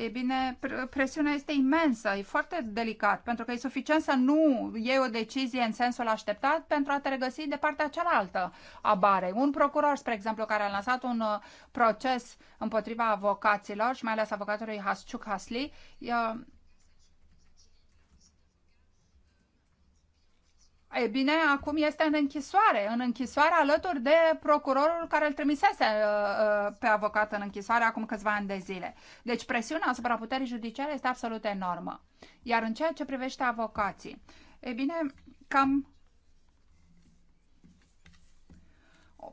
e bine, presiunea este imensă, e foarte delicat, pentru că e suficient să nu iei o decizie în sensul așteptat pentru a te regăsi de partea cealaltă a barei. Un procuror, spre exemplu, care a lansat un uh, proces împotriva avocaților și mai ales avocatului Hasciuc Hasli, uh, E bine, acum este în închisoare, în închisoare alături de procurorul care îl trimisese uh, uh, pe avocat în închisoare acum câțiva ani de zile. Deci presiunea asupra puterii judiciare este absolut enormă. Iar în ceea ce privește avocații, e bine, cam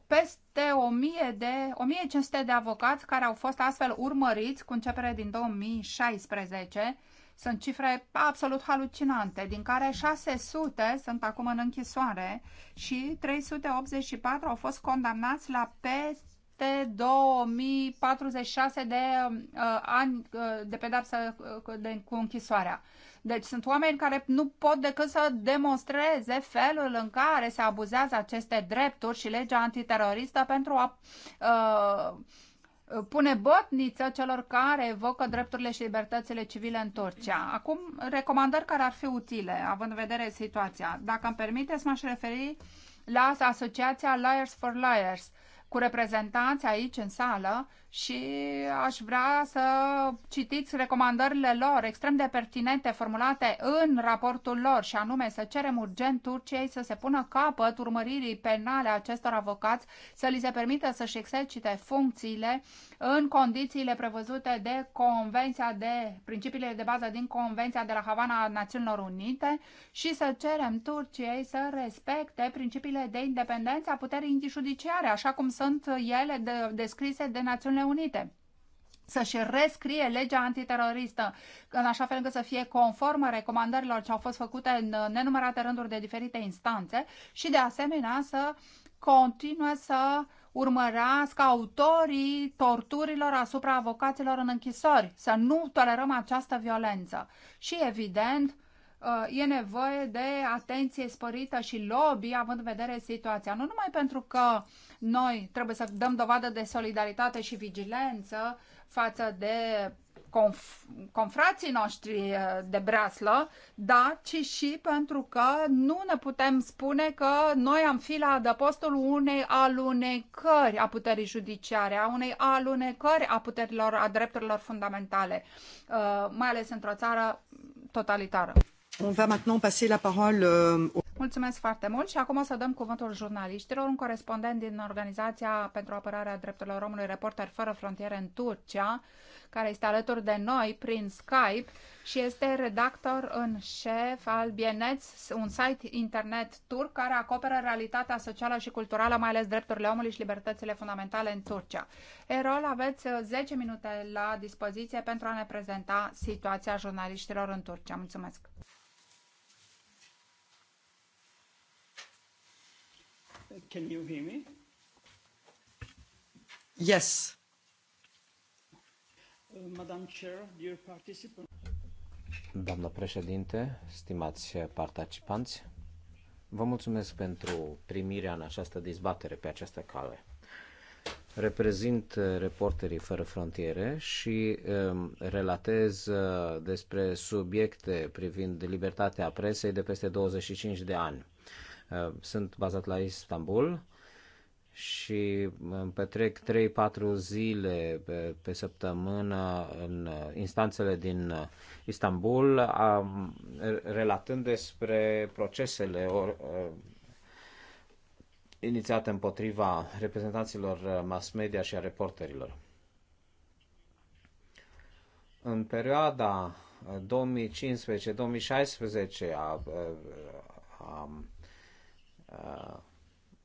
peste 1000 de, 1500 de avocați care au fost astfel urmăriți cu începere din 2016 sunt cifre absolut halucinante, din care 600 sunt acum în închisoare și 384 au fost condamnați la peste 2046 de uh, ani uh, de pedapsă uh, de, cu închisoarea. Deci sunt oameni care nu pot decât să demonstreze felul în care se abuzează aceste drepturi și legea antiteroristă pentru a uh, Uh, pune botnița celor care evocă drepturile și libertățile civile în Turcia. Acum, recomandări care ar fi utile, având în vedere situația. Dacă îmi permiteți, m-aș referi la asociația Liars for Liars, cu reprezentanți aici în sală și aș vrea să citiți recomandările lor extrem de pertinente formulate în raportul lor și anume să cerem urgent Turciei să se pună capăt urmăririi penale acestor avocați, să li se permită să-și exercite funcțiile în condițiile prevăzute de Convenția de principiile de bază din Convenția de la Havana a Națiunilor Unite și să cerem Turciei să respecte principiile de independență a puterii judiciare, așa cum sunt ele de, descrise de Națiunile Națiunile Unite să-și rescrie legea antiteroristă în așa fel încât să fie conformă recomandărilor ce au fost făcute în nenumărate rânduri de diferite instanțe și de asemenea să continue să urmărească autorii torturilor asupra avocaților în închisori, să nu tolerăm această violență. Și evident, Uh, e nevoie de atenție sporită și lobby, având în vedere situația. Nu numai pentru că noi trebuie să dăm dovadă de solidaritate și vigilență față de conf- confrații noștri uh, de breaslă, dar ci și pentru că nu ne putem spune că noi am fi la adăpostul unei alunecări a puterii judiciare, a unei alunecări a puterilor, a drepturilor fundamentale, uh, mai ales într-o țară totalitară. On va maintenant passer la parole euh, au... Mulțumesc foarte mult și acum o să dăm cuvântul jurnaliștilor, un corespondent din Organizația pentru Apărarea Drepturilor Omului, Reporter Fără Frontiere în Turcia, care este alături de noi prin Skype și este redactor în șef al Bieneț, un site internet turc care acoperă realitatea socială și culturală, mai ales drepturile omului și libertățile fundamentale în Turcia. Erol, aveți 10 uh, minute la dispoziție pentru a ne prezenta situația jurnaliștilor în Turcia. Mulțumesc! Can you hear me? Yes. Uh, Doamnă președinte, stimați participanți, vă mulțumesc pentru primirea în această dezbatere pe această cale. Reprezint uh, Reporterii Fără Frontiere și um, relatez uh, despre subiecte privind libertatea presei de peste 25 de ani Uh, sunt bazat la Istanbul și îmi petrec 3-4 zile pe, pe săptămână în uh, instanțele din uh, Istanbul, am, relatând despre procesele or, uh, inițiate împotriva reprezentanților mass media și a reporterilor. În perioada 2015-2016 a, a, a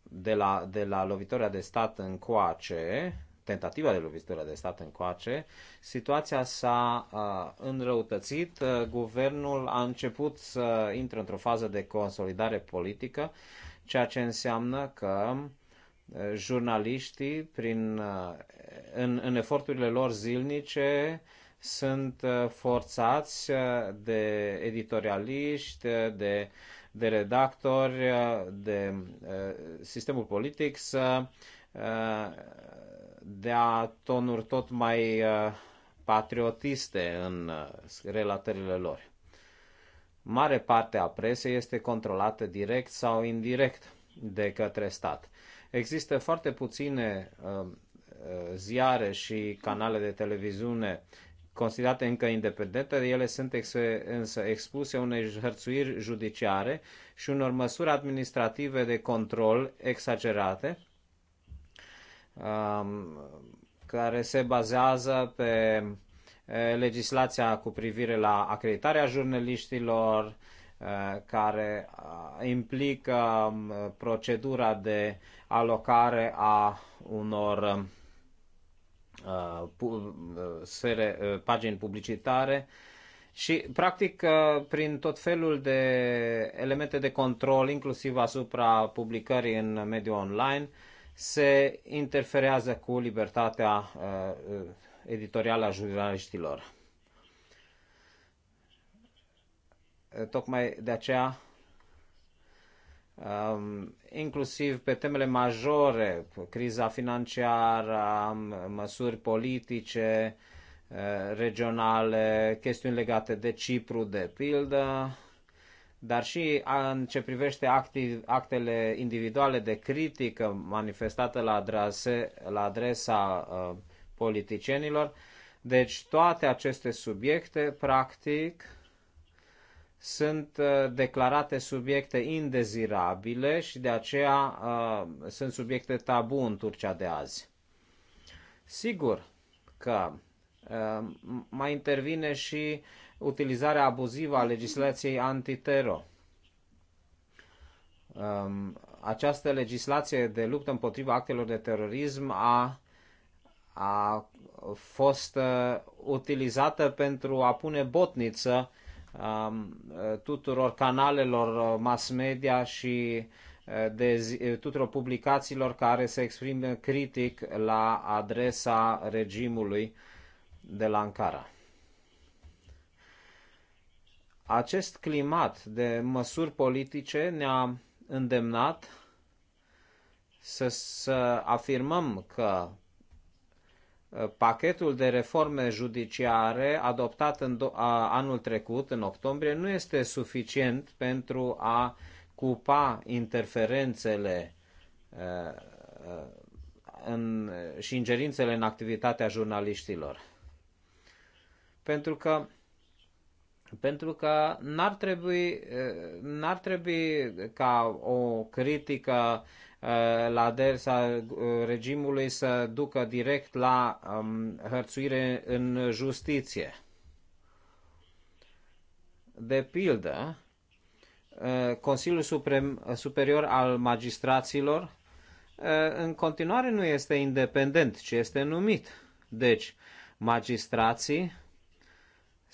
de la, de la lovitoria de stat încoace, tentativa de lovitură de stat încoace, situația s-a uh, înrăutățit, uh, guvernul a început să intre într-o fază de consolidare politică, ceea ce înseamnă că uh, jurnaliștii, prin, uh, în, în eforturile lor zilnice, sunt uh, forțați uh, de editorialiști, uh, de uh, de redactori, uh, de uh, sistemul politic să uh, dea tonuri tot mai patriotiste în relatările lor. Mare parte a presei este controlată direct sau indirect de către stat. Există foarte puține ziare și canale de televiziune considerate încă independente, ele sunt ex- însă expuse unei hărțuiri judiciare și unor măsuri administrative de control exagerate, um, care se bazează pe legislația cu privire la acreditarea jurnaliștilor, care implică um, procedura de alocare a unor um, Uh, uh, sfere, uh, pagini publicitare și, practic, prin tot felul de elemente de control, inclusiv asupra publicării în mediul online, se interferează cu libertatea editorială a jurnaliștilor. Tocmai de aceea Um, inclusiv pe temele majore, criza financiară, măsuri politice, uh, regionale, chestiuni legate de Cipru, de pildă, dar și în ce privește actele individuale de critică manifestate la, adrese, la adresa uh, politicienilor. Deci toate aceste subiecte, practic, sunt uh, declarate subiecte indezirabile și de aceea uh, sunt subiecte tabu în Turcia de azi. Sigur că uh, mai intervine și utilizarea abuzivă a legislației antitero. Uh, această legislație de luptă împotriva actelor de terorism a, a fost uh, utilizată pentru a pune botniță Eh, tuturor canalelor eh, mass media și eh, de zi, tuturor publicațiilor care se exprimă critic la adresa regimului de la Ankara. Acest climat de măsuri politice ne-a îndemnat să, să afirmăm că Uh, pachetul de reforme judiciare adoptat în do- a, anul trecut, în octombrie, nu este suficient pentru a cupa interferențele uh, uh în, și ingerințele în activitatea jurnaliștilor. Pentru că pentru că n-ar trebui, uh, n-ar trebui ca o critică Uh, la adresa uh, regimului să ducă direct la um, hărțuire în justiție. De pildă, uh, Consiliul Suprem, Superior al Magistraților în continuare nu este independent, ci este numit. Deci, magistrații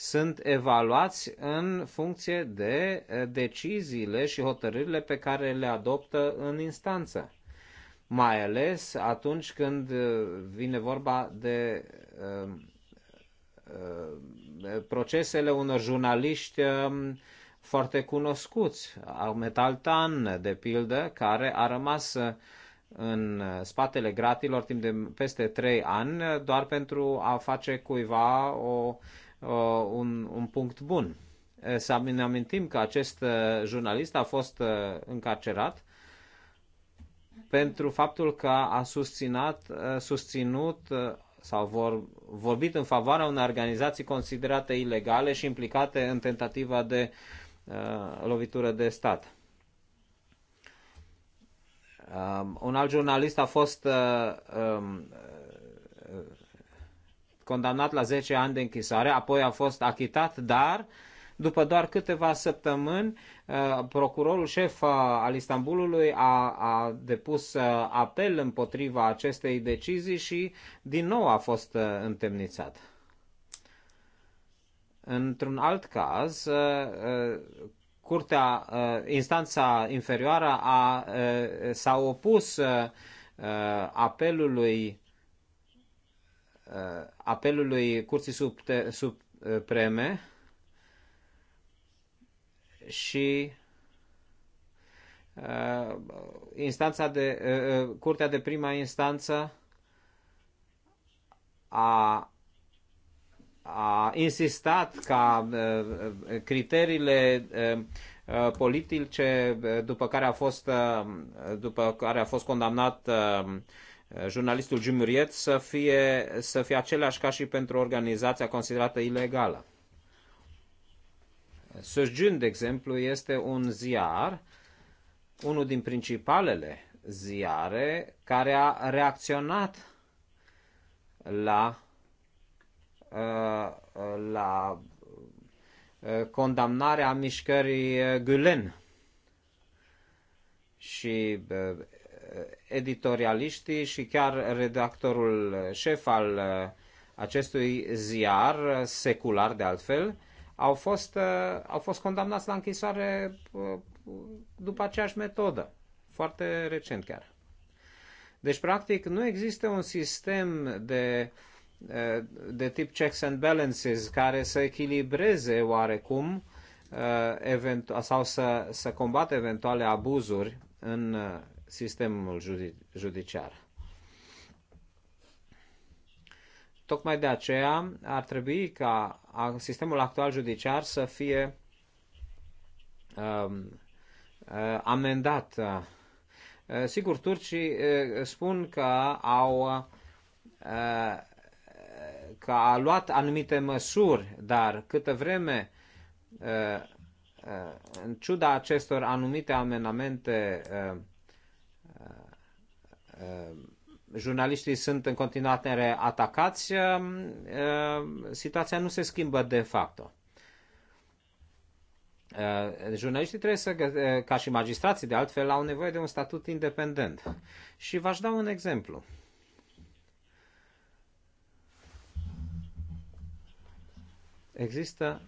sunt evaluați în funcție de eh, deciziile și hotărârile pe care le adoptă în instanță. Mai ales atunci când eh, vine vorba de uh, uh, procesele unor jurnaliști uh, foarte cunoscuți, Ahmet Tan, de pildă, care a rămas în spatele gratilor timp de peste trei ani doar pentru a face cuiva o uh, Uh, un, un punct bun. Să ne amintim că acest uh, jurnalist a fost uh, încarcerat pentru faptul că a susținat, susținut sau vor, vorbit în favoarea unei organizații considerate ilegale și implicate în tentativa de uh, lovitură de stat. Um, un alt jurnalist a fost uh, um, condamnat la 10 ani de închisoare, apoi a fost achitat, dar după doar câteva săptămâni, uh, procurorul șef uh, al Istanbulului a, a depus uh, apel împotriva acestei decizii și din nou a fost întemnițat. Într-un alt caz, curtea, instanța inferioară a, s-a opus apelului Uh, apelului Curții Supreme și uh, instanța de, uh, Curtea de prima instanță a a insistat ca criteriile politice după care a fost, după care a fost condamnat jurnalistul Jumuriet să fie, să fie aceleași ca și pentru organizația considerată ilegală. Sojun, de exemplu, este un ziar, unul din principalele ziare, care a reacționat la, uh, la uh, condamnarea mișcării Gülen. Și uh, editorialiștii și chiar redactorul șef al uh, acestui ziar, secular de altfel, au fost, uh, au fost condamnați la închisoare uh, după aceeași metodă, foarte recent chiar. Deci, practic, nu există un sistem de, de tip checks and balances care să echilibreze oarecum sau să, să combate eventuale abuzuri în sistemul judiciar. Tocmai de aceea ar trebui ca sistemul actual judiciar să fie um, uh, amendat. Uh, sigur, turcii uh, spun că au că a luat anumite măsuri, dar câtă vreme în ciuda acestor anumite amenamente Ehm, jurnaliștii sunt în continuare atacați, ehm, ehm, situația nu se schimbă de facto. Jurnaliștii trebuie să, ca și magistrații de altfel, au nevoie de un statut independent. Și v-aș da un exemplu. Există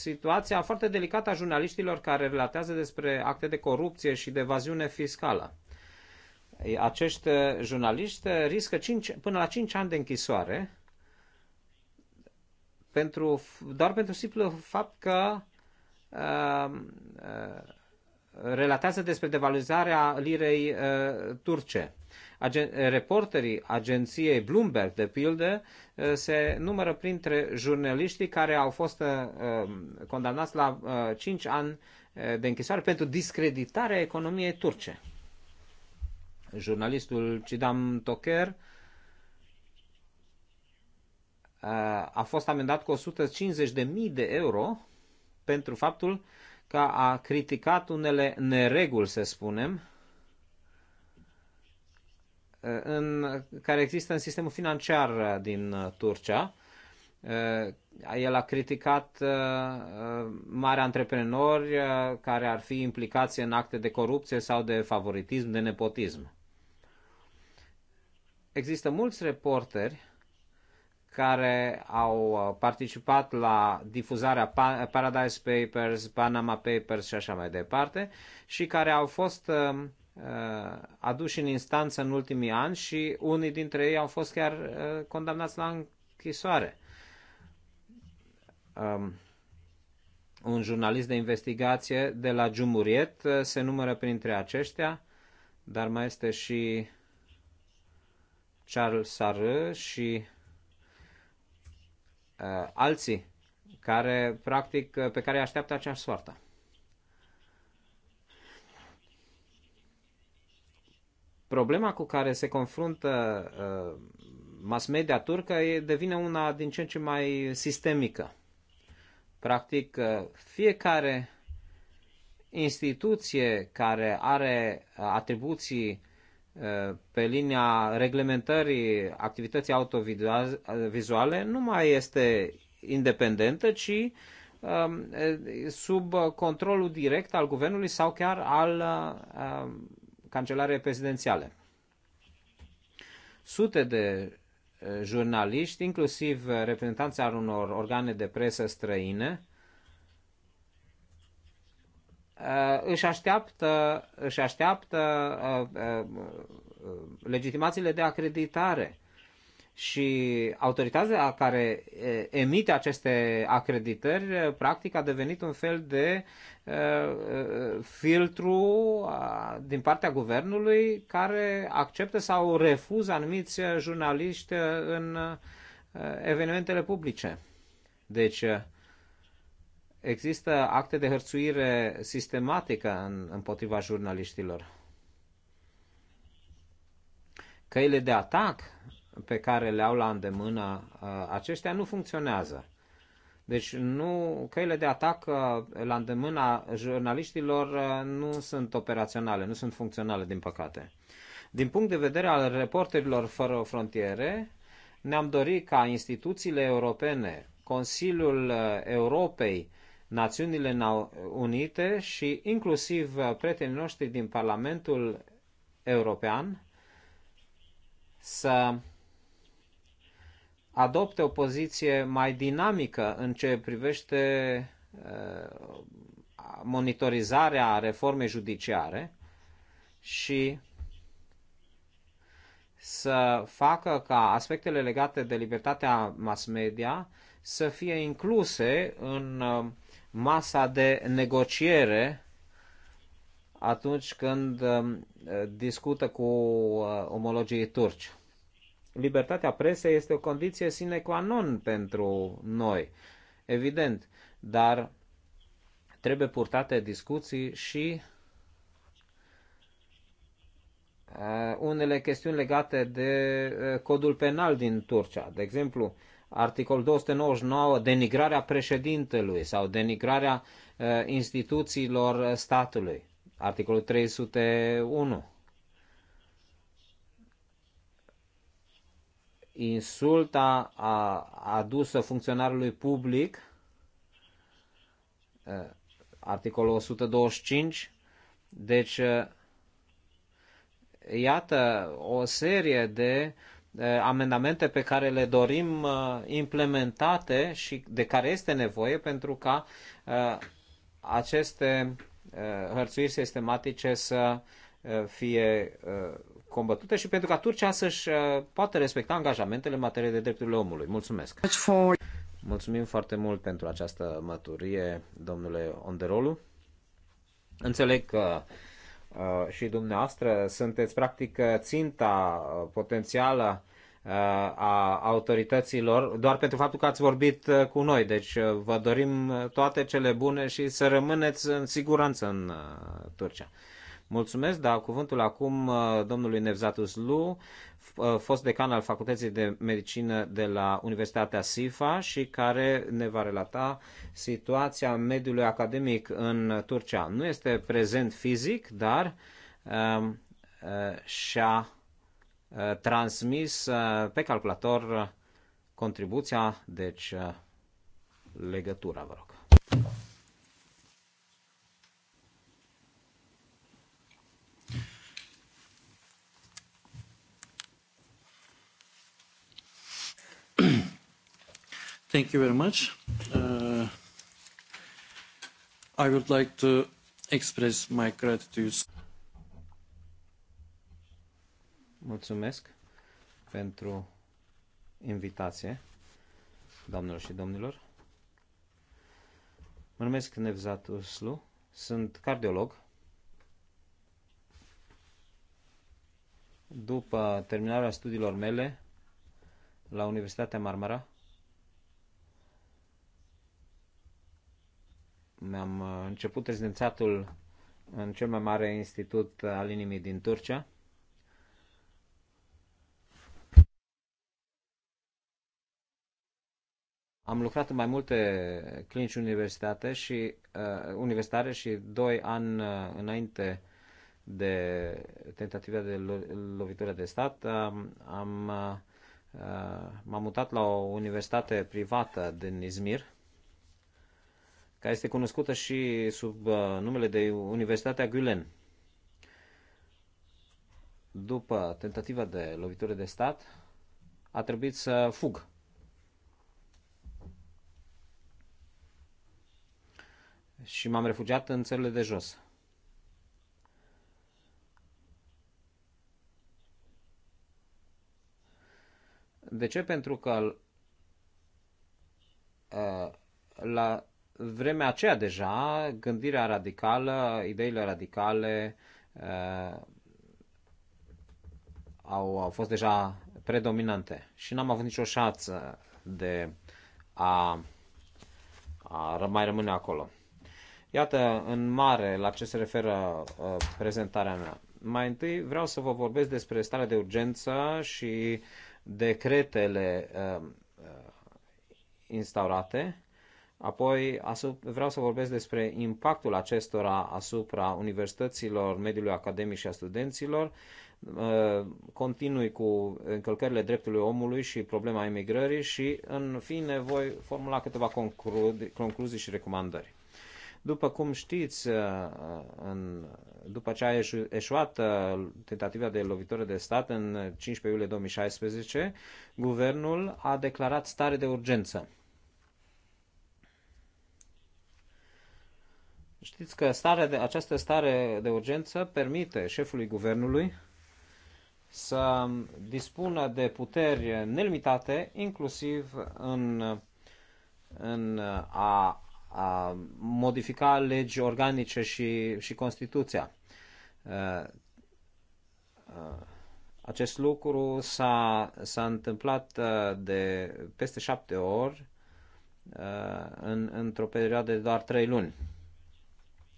situația foarte delicată a jurnaliștilor care relatează despre acte de corupție și de evaziune fiscală acești uh, jurnaliști uh, riscă 5, până la 5 ani de închisoare pentru, doar pentru simplu fapt că uh, uh, relatează despre devalorizarea lirei uh, turce. Agen- reporterii agenției Bloomberg, de pildă, uh, se numără printre jurnaliștii care au fost uh, condamnați la uh, 5 ani uh, de închisoare pentru discreditarea economiei turce. Jurnalistul Cidam Toker a fost amendat cu 150.000 de euro pentru faptul că a criticat unele nereguli, să spunem, în, care există în sistemul financiar din Turcia. El a criticat mari antreprenori care ar fi implicați în acte de corupție sau de favoritism, de nepotism există mulți reporteri care au uh, participat la difuzarea Paradise Papers, Panama Papers și așa mai departe și care au fost uh, uh, aduși în instanță în ultimii ani și unii dintre ei au fost chiar condamnați la închisoare. Um, un jurnalist de investigație de la Jumuriet se numără printre aceștia, dar mai este și uh, Charles Sarre și uh, alții care, practic, uh, pe care îi așteaptă aceeași soartă. Problema cu care se confruntă uh, mass media turcă devine una din ce în ce mai sistemică. Practic, uh, fiecare instituție care are uh, atribuții uh, pe linia reglementării activității autovizuale nu mai este independentă, ci um, sub controlul direct al guvernului sau chiar al um, cancelarei prezidențiale. Sute de uh, jurnaliști, inclusiv reprezentanții al unor organe de presă străine, Uh, își așteaptă, își așteaptă uh, uh, legitimațiile de acreditare și autoritatea care emite aceste acreditări, practic, a devenit un fel de filtru din partea guvernului care acceptă sau refuză anumiți jurnaliști în evenimentele publice. Deci, Există acte de hărțuire sistematică în, împotriva jurnaliștilor. Căile de atac pe care le au la îndemână uh, aceștia nu funcționează. Deci nu, căile de atac uh, la îndemâna jurnaliștilor uh, nu sunt operaționale, nu sunt funcționale, din păcate. Din punct de vedere al reporterilor fără frontiere, ne-am dorit ca instituțiile europene, Consiliul Europei, Națiunile Unite și inclusiv prietenii noștri din Parlamentul European să adopte o poziție mai dinamică în ce privește uh, monitorizarea reformei judiciare și să facă ca aspectele legate de libertatea mass media să fie incluse în uh, masa de negociere atunci când um, discută cu uh, omologii turci. Libertatea presei este o condiție sine qua non pentru noi, evident, dar trebuie purtate discuții și uh, unele chestiuni legate de uh, codul penal din Turcia. De exemplu, Articol 299, denigrarea președintelui sau denigrarea uh, instituțiilor statului. Articolul 301. Insulta adusă funcționarului public. articolul 125. Deci, iată o serie de uh, Eh, amendamente pe care le dorim eh, implementate și de care este nevoie pentru ca eh, aceste hărțuiri sistematice să fie combătute și pentru ca Turcia să-și poată respecta angajamentele în materie de drepturile omului. Mulțumesc! Mulțumim foarte mult pentru această măturie, domnule Onderolu. Înțeleg că uh, Uh, și dumneavoastră sunteți practic ținta uh, potențială uh, a autorităților doar pentru faptul că ați vorbit cu noi. Deci vă dorim toate cele bune și să rămâneți în siguranță în Turcia. Mulțumesc, dar cuvântul acum uh, domnului Nevzatus Lu, uh, fost decan al Facultății de Medicină de la Universitatea SIFA și care ne va relata situația mediului academic în Turcia. Nu este prezent fizic, dar uh, uh, și-a uh, transmis uh, pe calculator contribuția, deci uh, legătura, vă rog. Thank you very much. Uh, I would like to express my gratitude. Mulțumesc pentru invitație, doamnelor și domnilor. Mă numesc Nevzat Uslu, sunt cardiolog. După terminarea studiilor mele la Universitatea Marmara, Mi-am uh, început rezidențiatul în cel mai mare institut al inimii din Turcia. Am lucrat în mai multe clinici universitate și, uh, universitare și doi ani uh, înainte de tentativa de lo- lovitură de stat, uh, am, uh, m-am mutat la o universitate privată din Izmir care este cunoscută și sub uh, numele de Universitatea Gülen. După tentativa de lovitură de stat, a trebuit să fug. Și m-am refugiat în țările de jos. De ce? Pentru că uh, la vremea aceea deja gândirea radicală, ideile radicale uh, au, au fost deja predominante și n-am avut nicio șansă de a, a mai rămâne acolo. Iată, în mare, la ce se referă uh, prezentarea mea. Mai întâi vreau să vă vorbesc despre starea de urgență și decretele uh, instaurate Apoi vreau să vorbesc despre impactul acestora asupra universităților, mediului academic și a studenților. Uh, continui cu încălcările dreptului omului și problema emigrării și, în fine, voi formula câteva conclu concluzii și recomandări. După cum știți, uh, în, după ce a eșuat uh, tentativa de lovitură de stat în 15 iulie 2016, guvernul a declarat stare de urgență Știți că stare de, această stare de urgență permite șefului guvernului să dispună de puteri nelimitate, inclusiv în, în a, a modifica legi organice și, și Constituția. Uh, acest lucru s-a, s-a întâmplat uh, de peste șapte ori uh, în, într-o perioadă de doar trei luni.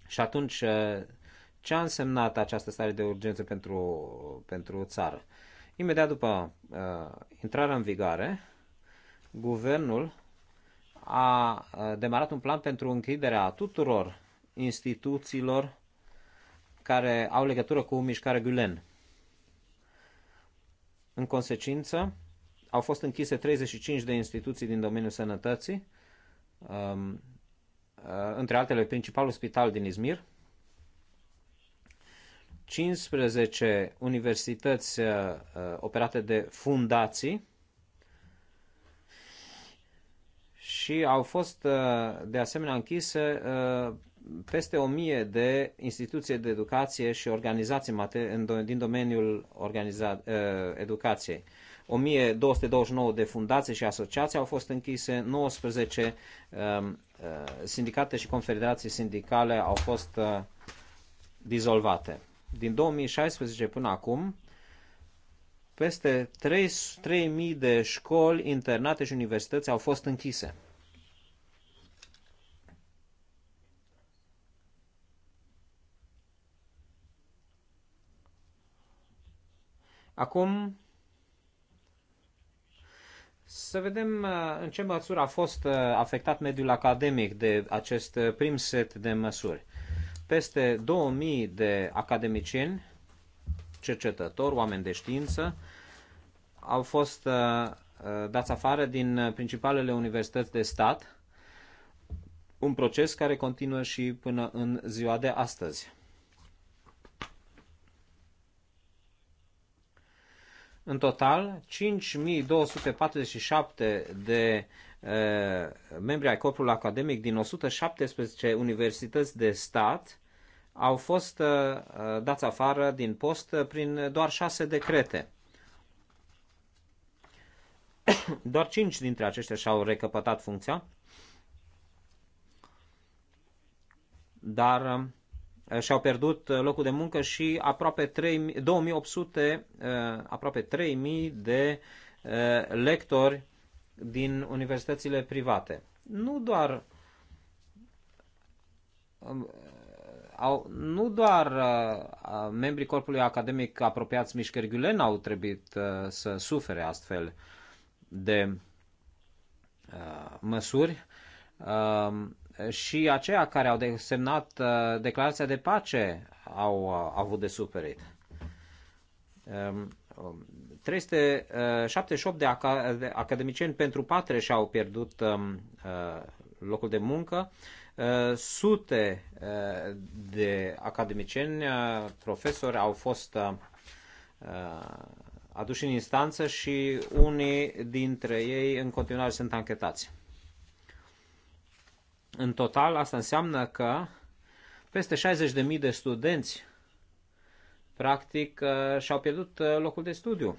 Și atunci, eh, ce a însemnat această stare de urgență pentru, pentru țară? Imediat după uh, intrarea în vigoare, guvernul a eh, demarat un plan pentru închiderea tuturor instituțiilor care au legătură cu mișcarea Gülen. În consecință, au fost închise 35 de instituții din domeniul sănătății, ehm, Uh, între altele, principalul spital din Izmir. 15 universități uh, uh, operate de fundații și au fost de asemenea închise peste o mie de instituții de educație și organizații din domeniul organiza- educației. 1229 de fundații și asociații au fost închise, 19 um, uh, sindicate și confederații sindicale au fost uh, dizolvate. Din 2016 până acum, peste 3.000 de școli, internate și universități au fost închise. Acum să vedem uh, în ce măsură a fost uh, afectat mediul academic de acest uh, prim set de măsuri. Peste 2000 de academicieni, cercetători, oameni de știință, au fost dați afară din principalele universități de stat, un proces care continuă și până în ziua de astăzi. În total, 5247 de uh, membri ai corpului academic din 117 universități de stat au fost uh, dați afară din post prin doar șase decrete. Doar cinci dintre aceștia și-au recăpătat funcția, dar Eh, și-au pierdut eh, locul de muncă și aproape 3, 2800, eh, aproape 3000 de lectori din universitățile private. Nu doar um, au, nu doar uh, membrii corpului academic apropiați Mișcherghiulen au trebuit uh, să sufere astfel de uh, măsuri, uh, și aceia care au semnat uh, declarația de pace au uh, avut de suferit. 378 um, um, de academicieni pentru patre și-au pierdut um, uh, locul de muncă, sute de academicieni, profesori au fost aduși în instanță și unii dintre ei în continuare sunt anchetați. În total, asta înseamnă că peste 60.000 de studenți practic uh, și-au pierdut uh, locul de studiu.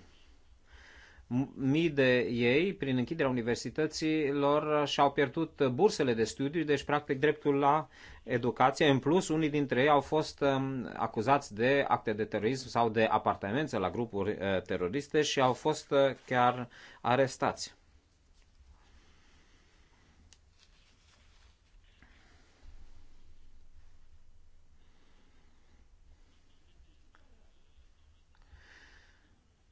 Mii de ei, prin închiderea universității lor, uh, și-au pierdut bursele de studiu, deci practic dreptul la educație. În plus, unii dintre ei au fost um, acuzați de acte de terorism sau de apartamente la grupuri teroriste și au fost chiar arestați.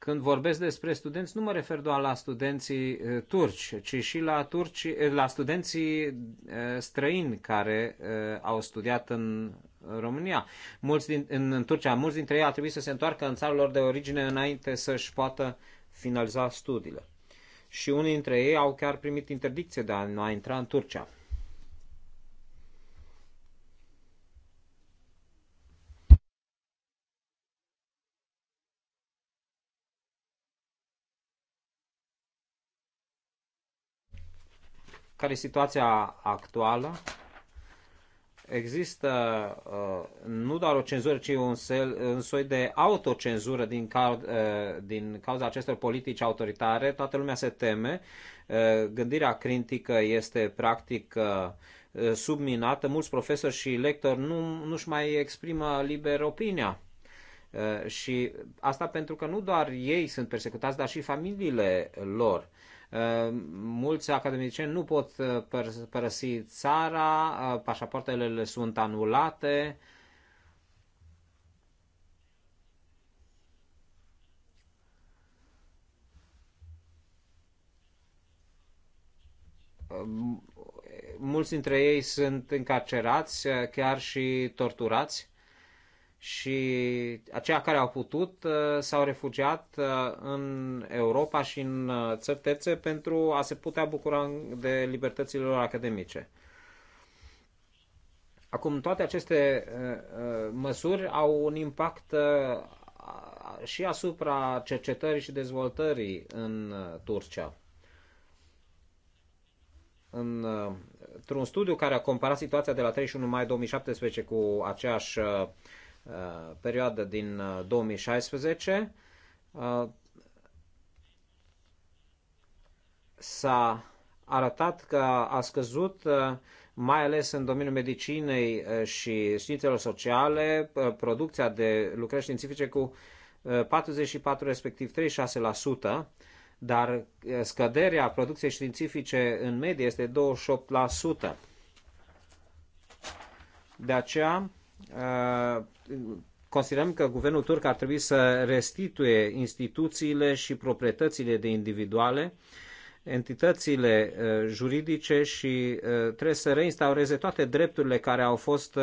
Când vorbesc despre studenți, nu mă refer doar la studenții eh, turci, ci și la, turci, eh, la studenții eh, străini care au studiat în România. Mulți din, în, în Turcia, mulți dintre ei ar trebui să se întoarcă în țara lor de origine înainte să-și poată finaliza studiile. Și unii dintre ei au chiar primit interdicție de a nu a intra în Turcia. care e situația actuală. Există uh, nu doar o cenzură, ci un, sel, un soi de autocenzură din, cau, uh, din cauza acestor politici autoritare. Toată lumea se teme. Uh, gândirea critică este practic subminată. Mulți profesori și lectori nu, nu-și mai exprimă liber opinia. Și asta pentru că nu doar ei sunt persecutați, dar și familiile lor. Uh, mulți academicieni nu pot uh, părăsi țara, uh, pașapoartele le sunt anulate. Mulți dintre ei sunt încarcerați, chiar și torturați și aceia care au putut uh, s-au refugiat uh, în Europa și în uh, țări terțe pentru a se putea bucura de libertățile lor academice. Acum, toate aceste măsuri au un impact și asupra cercetării și dezvoltării în Turcia. În, într-un studiu care a comparat situația de la 31 mai 2017 cu aceeași Uh, perioadă din 2016 uh, uh, s-a arătat că a scăzut mai ales în domeniul medicinei și științelor sociale, producția de lucrări științifice cu 44, respectiv 36%, dar scăderea producției științifice în medie este 28%. De aceea, Uh, considerăm că guvernul turc ar trebui să restituie instituțiile și proprietățile de individuale, entitățile uh, juridice și uh, trebuie să reinstaureze toate drepturile care au fost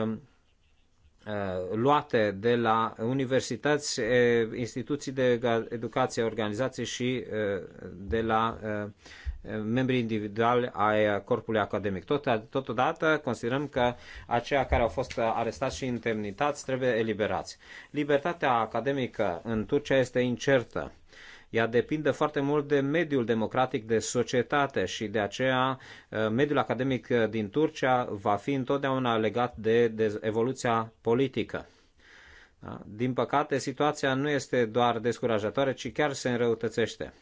um, luate de la universități, instituții de educație, organizații și de la membri individuali ai corpului academic. Tot, totodată considerăm că aceia care au fost arestați și indemnitați trebuie eliberați. Libertatea academică în Turcia este incertă. Ea depinde foarte mult de mediul democratic, de societate și de aceea uh, mediul academic din Turcia va fi întotdeauna legat de, de evoluția politică. Da? Din păcate, situația nu este doar descurajatoare, ci chiar se înrăutățește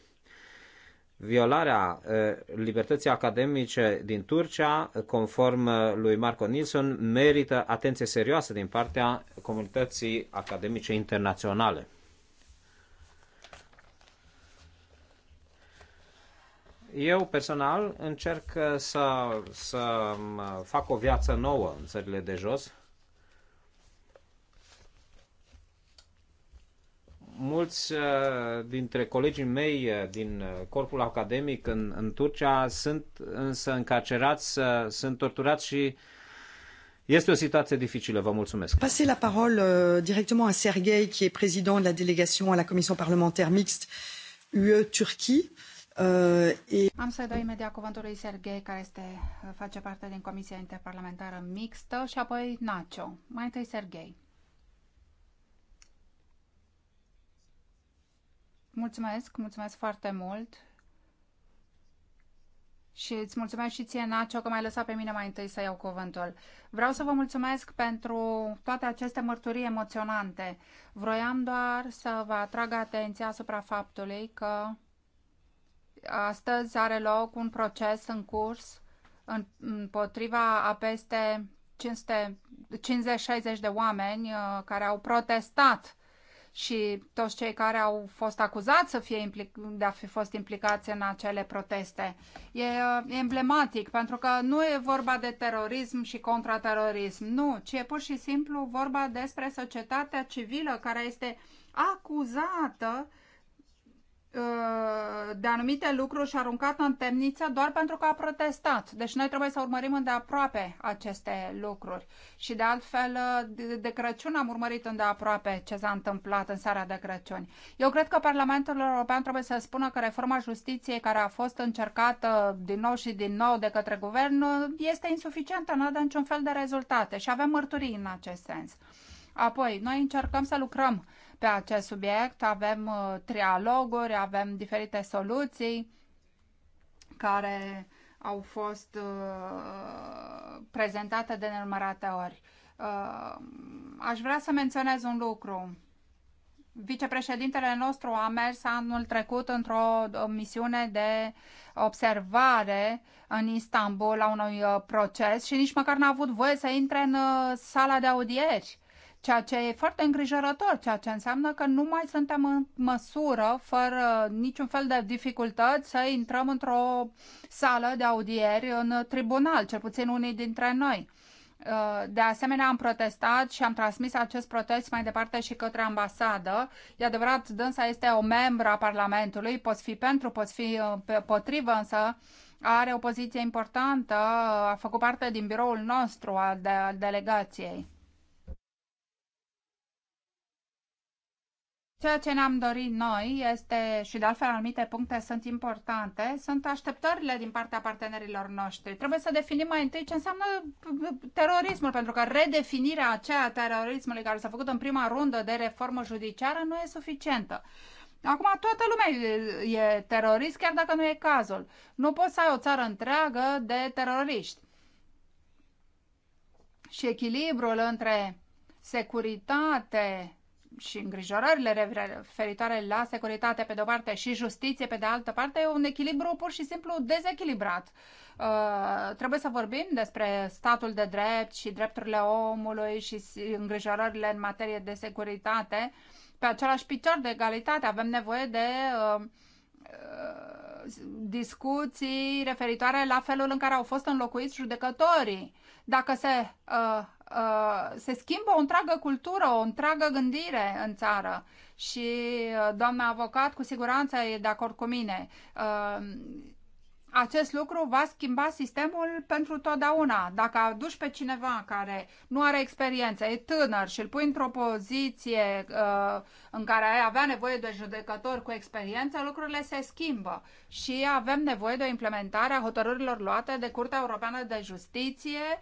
violarea eh, libertății academice din Turcia, conform eh, lui Marco Nilsson, merită atenție serioasă din partea comunității academice internaționale. Eu personal încerc eh, să, să mm, fac o viață nouă în țările de jos, mulți uh, dintre colegii mei uh, din uh, corpul academic în, în Turcia sunt însă încarcerați, sunt torturați și este o situație dificilă. Vă mulțumesc. Passez la parole euh, directement à Sergei, qui est président de la délégation à la Commission parlementaire mixte UE-Turquie. Uh, Am să dau imediat cuvântul lui Sergei, care este, face parte din Comisia Interparlamentară Mixtă, și apoi Nacio. Mai întâi Sergei. Mulțumesc, mulțumesc foarte mult. Și îți mulțumesc și ție, Nacio, că m-ai lăsat pe mine mai întâi să iau cuvântul. Vreau să vă mulțumesc pentru toate aceste mărturii emoționante. Vroiam doar să vă atrag atenția asupra faptului că astăzi are loc un proces în curs împotriva a peste 50 60 de oameni uh, care au protestat și toți cei care au fost acuzați să fie de a fi fost implicați în acele proteste. Uh, e emblematic, pentru că nu e vorba de terorism și contraterorism, nu, ci e pur și simplu vorba despre societatea civilă care este acuzată uh, Uh, de anumite lucruri și aruncat în temniță doar pentru că a protestat. Deci noi trebuie să urmărim îndeaproape aceste lucruri. Și de altfel, uh, de Crăciun am urmărit îndeaproape ce s-a întâmplat în seara de Crăciun. Eu cred că Parlamentul European trebuie să spună că reforma justiției care a fost încercată din nou și din nou de către guvern uh, este insuficientă, nu are niciun fel de rezultate și avem mărturii în acest sens. Apoi, noi încercăm să lucrăm pe acest subiect, avem uh, trialoguri, avem diferite soluții care au fost uh, prezentate de nenumărate ori. Uh, aș vrea să menționez un lucru. Vicepreședintele nostru a mers anul trecut într-o misiune de observare în Istanbul la unui proces și nici măcar n-a avut voie să intre în sala de audieri ceea ce e foarte îngrijorător, ceea ce înseamnă că nu mai suntem în măsură, fără niciun fel de dificultăți, să intrăm într-o sală de audieri în tribunal, cel puțin unii dintre noi. Uh, de asemenea, am protestat și am transmis acest protest mai departe și către ambasadă. E adevărat, dânsa este o membră a Parlamentului, poți fi pentru, poți fi uh, potrivă, însă are o poziție importantă, uh, a făcut parte din biroul nostru, al delegației. Ceea ce ne-am dorit noi este, și de altfel anumite puncte sunt importante, sunt așteptările din partea partenerilor noștri. Trebuie să definim mai întâi ce înseamnă terorismul, pentru că redefinirea aceea a terorismului care s-a făcut în prima rundă de reformă judiciară nu e suficientă. Acum toată lumea e terorist, chiar dacă nu e cazul. Nu poți să ai o țară întreagă de teroriști. Și echilibrul între securitate, și îngrijorările referitoare la securitate pe de-o parte și justiție pe de altă parte, e un echilibru pur și simplu dezechilibrat. Uh, trebuie să vorbim despre statul de drept și drepturile omului și îngrijorările în materie de securitate pe același picior de egalitate. Avem nevoie de uh, uh discuții referitoare la felul în care au fost înlocuiți judecătorii. Dacă se uh, Uh, se schimbă o întreagă cultură, o întreagă gândire în țară și uh, doamna avocat cu siguranță e de acord cu mine. Uh, acest lucru va schimba sistemul pentru totdeauna. Dacă aduci pe cineva care nu are experiență, e tânăr și îl pui într-o poziție în care ai avea nevoie de judecători cu experiență, lucrurile se schimbă și avem nevoie de o implementare a hotărârilor luate de Curtea Europeană de Justiție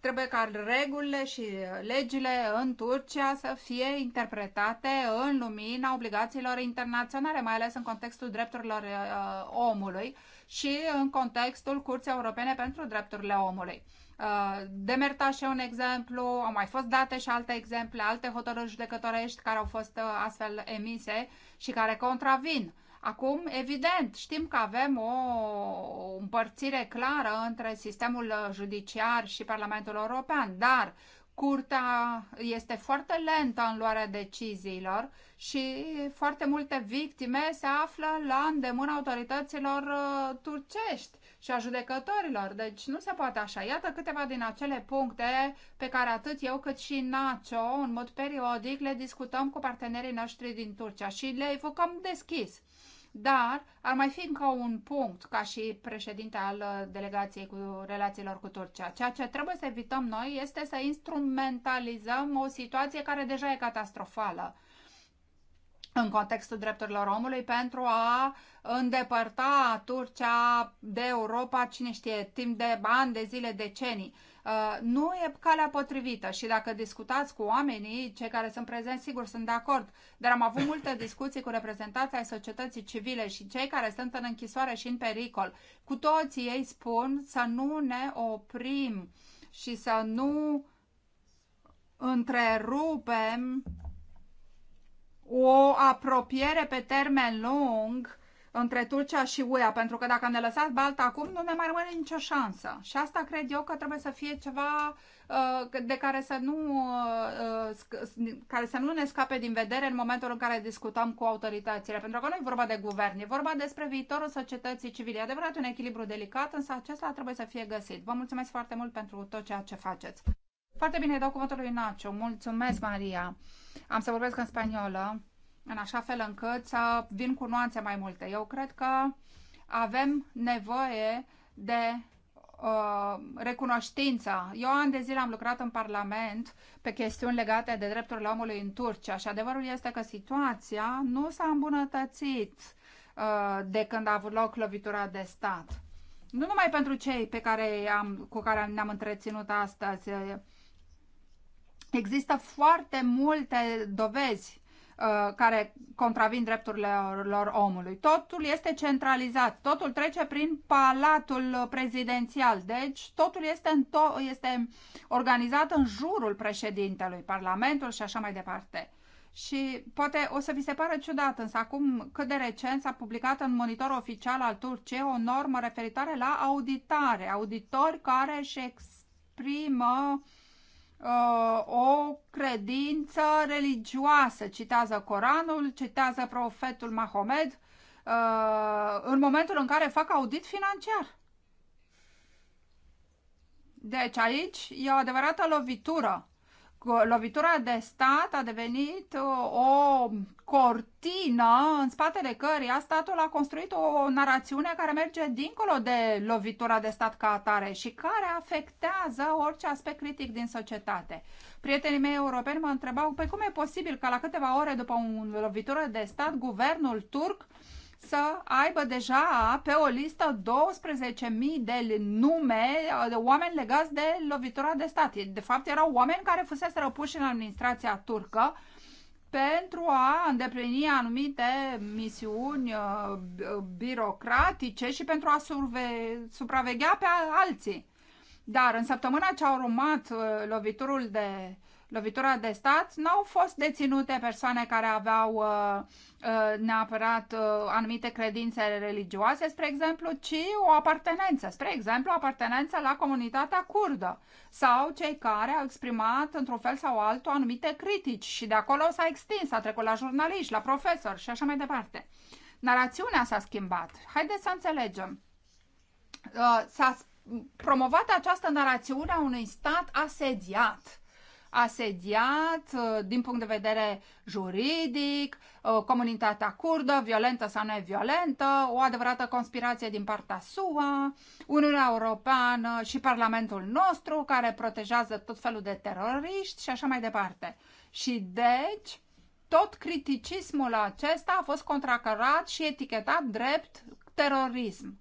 Trebuie ca regulile și legile în Turcia să fie interpretate în lumina obligațiilor internaționale, mai ales în contextul drepturilor uh, omului și în contextul Curții Europene pentru Drepturile Omului. Uh, Demertaș e un exemplu, au mai fost date și alte exemple, alte hotărâri judecătorești care au fost uh, astfel emise și care contravin uh, Acum, evident, știm că avem o împărțire clară între sistemul uh, judiciar și Parlamentul European, dar curtea este foarte lentă în luarea deciziilor și foarte multe victime se află la îndemâna autorităților uh, turcești și a judecătorilor. Deci nu se poate așa. Iată câteva din acele puncte pe care atât eu cât și Nacio, în mod periodic, le discutăm cu partenerii noștri din Turcia și le evocăm deschis. Dar ar mai fi încă un punct, ca și președinte al uh, delegației cu relațiilor cu Turcia. Ceea ce trebuie să evităm noi este să instrumentalizăm o situație care deja e catastrofală în contextul drepturilor omului pentru a îndepărta Turcia de Europa, cine știe, timp de ani, de zile, decenii. Uh, nu e calea potrivită și dacă discutați cu oamenii, cei care sunt prezenți, sigur sunt de acord, dar am avut multe discuții cu reprezentanții ai societății civile și cei care sunt în închisoare și în pericol. Cu toții ei spun să nu ne oprim și să nu întrerupem o apropiere pe termen lung între Turcia și UEA, pentru că dacă ne lăsați balta acum, nu ne mai rămâne nicio șansă. Și asta cred eu că trebuie să fie ceva uh, de care să nu, uh, care să nu ne scape din vedere în momentul în care discutăm cu autoritățile, pentru că nu e vorba de guvern, e vorba despre viitorul societății civile. E adevărat un echilibru delicat, însă acesta trebuie să fie găsit. Vă mulțumesc foarte mult pentru tot ceea ce faceți. Foarte bine, dau cuvântul lui Nacio. Mulțumesc, Maria. Am să vorbesc în spaniolă în așa fel încât să vin cu nuanțe mai multe. Eu cred că avem nevoie de uh, recunoștință. Eu ani de zile am lucrat în Parlament pe chestiuni legate de drepturile omului în Turcia și adevărul este că situația nu s-a îmbunătățit uh, de când a avut loc lovitura de stat. Nu numai pentru cei pe care am, cu care ne-am întreținut astăzi. Există foarte multe dovezi Uh, care contravin drepturilor omului. Totul este centralizat, totul trece prin palatul prezidențial, deci totul este, în to- este organizat în jurul președintelui, parlamentul și așa mai departe. Și poate o să vi se pară ciudat, însă acum cât de recent s-a publicat în monitor oficial al Turciei o normă referitoare la auditare, auditori care își exprimă uh, uh, o credință religioasă. Citează Coranul, citează profetul Mahomed uh, în momentul în care fac audit financiar. Deci aici e o adevărată lovitură. Lovitura de stat a devenit uh, o cortină în spatele căreia statul a construit o narațiune care merge dincolo de lovitura de stat ca atare și care afectează orice aspect critic din societate. Prietenii mei europeni mă întrebau, păi cum e posibil ca la câteva ore după o lovitură de stat, guvernul turc să aibă deja pe o listă 12.000 de nume de oameni legați de lovitura de stat. De fapt, erau oameni care fusese răpuși în administrația turcă, pentru a îndeplini anumite misiuni uh, uh, birocratice și pentru a surve, supraveghea pe alții. Dar în săptămâna ce a urmat uh, loviturul de lovitura de stat, n-au fost deținute persoane care aveau uh, uh, neapărat uh, anumite credințe religioase, spre exemplu, ci o apartenență, spre exemplu, apartenență la comunitatea curdă sau cei care au exprimat într-un fel sau altul anumite critici și de acolo s-a extins, a trecut la jurnaliști, la profesori și așa mai departe. Narațiunea s-a schimbat. Haideți să înțelegem. Uh, s-a promovat această narațiune a unui stat asediat asediat uh, din punct de vedere juridic, uh, comunitatea curdă, violentă sau neviolentă, o adevărată conspirație din partea SUA, Uniunea Europeană și Parlamentul nostru care protejează tot felul de teroriști și așa mai departe. Și deci, tot criticismul acesta a fost contracărat și etichetat drept terorism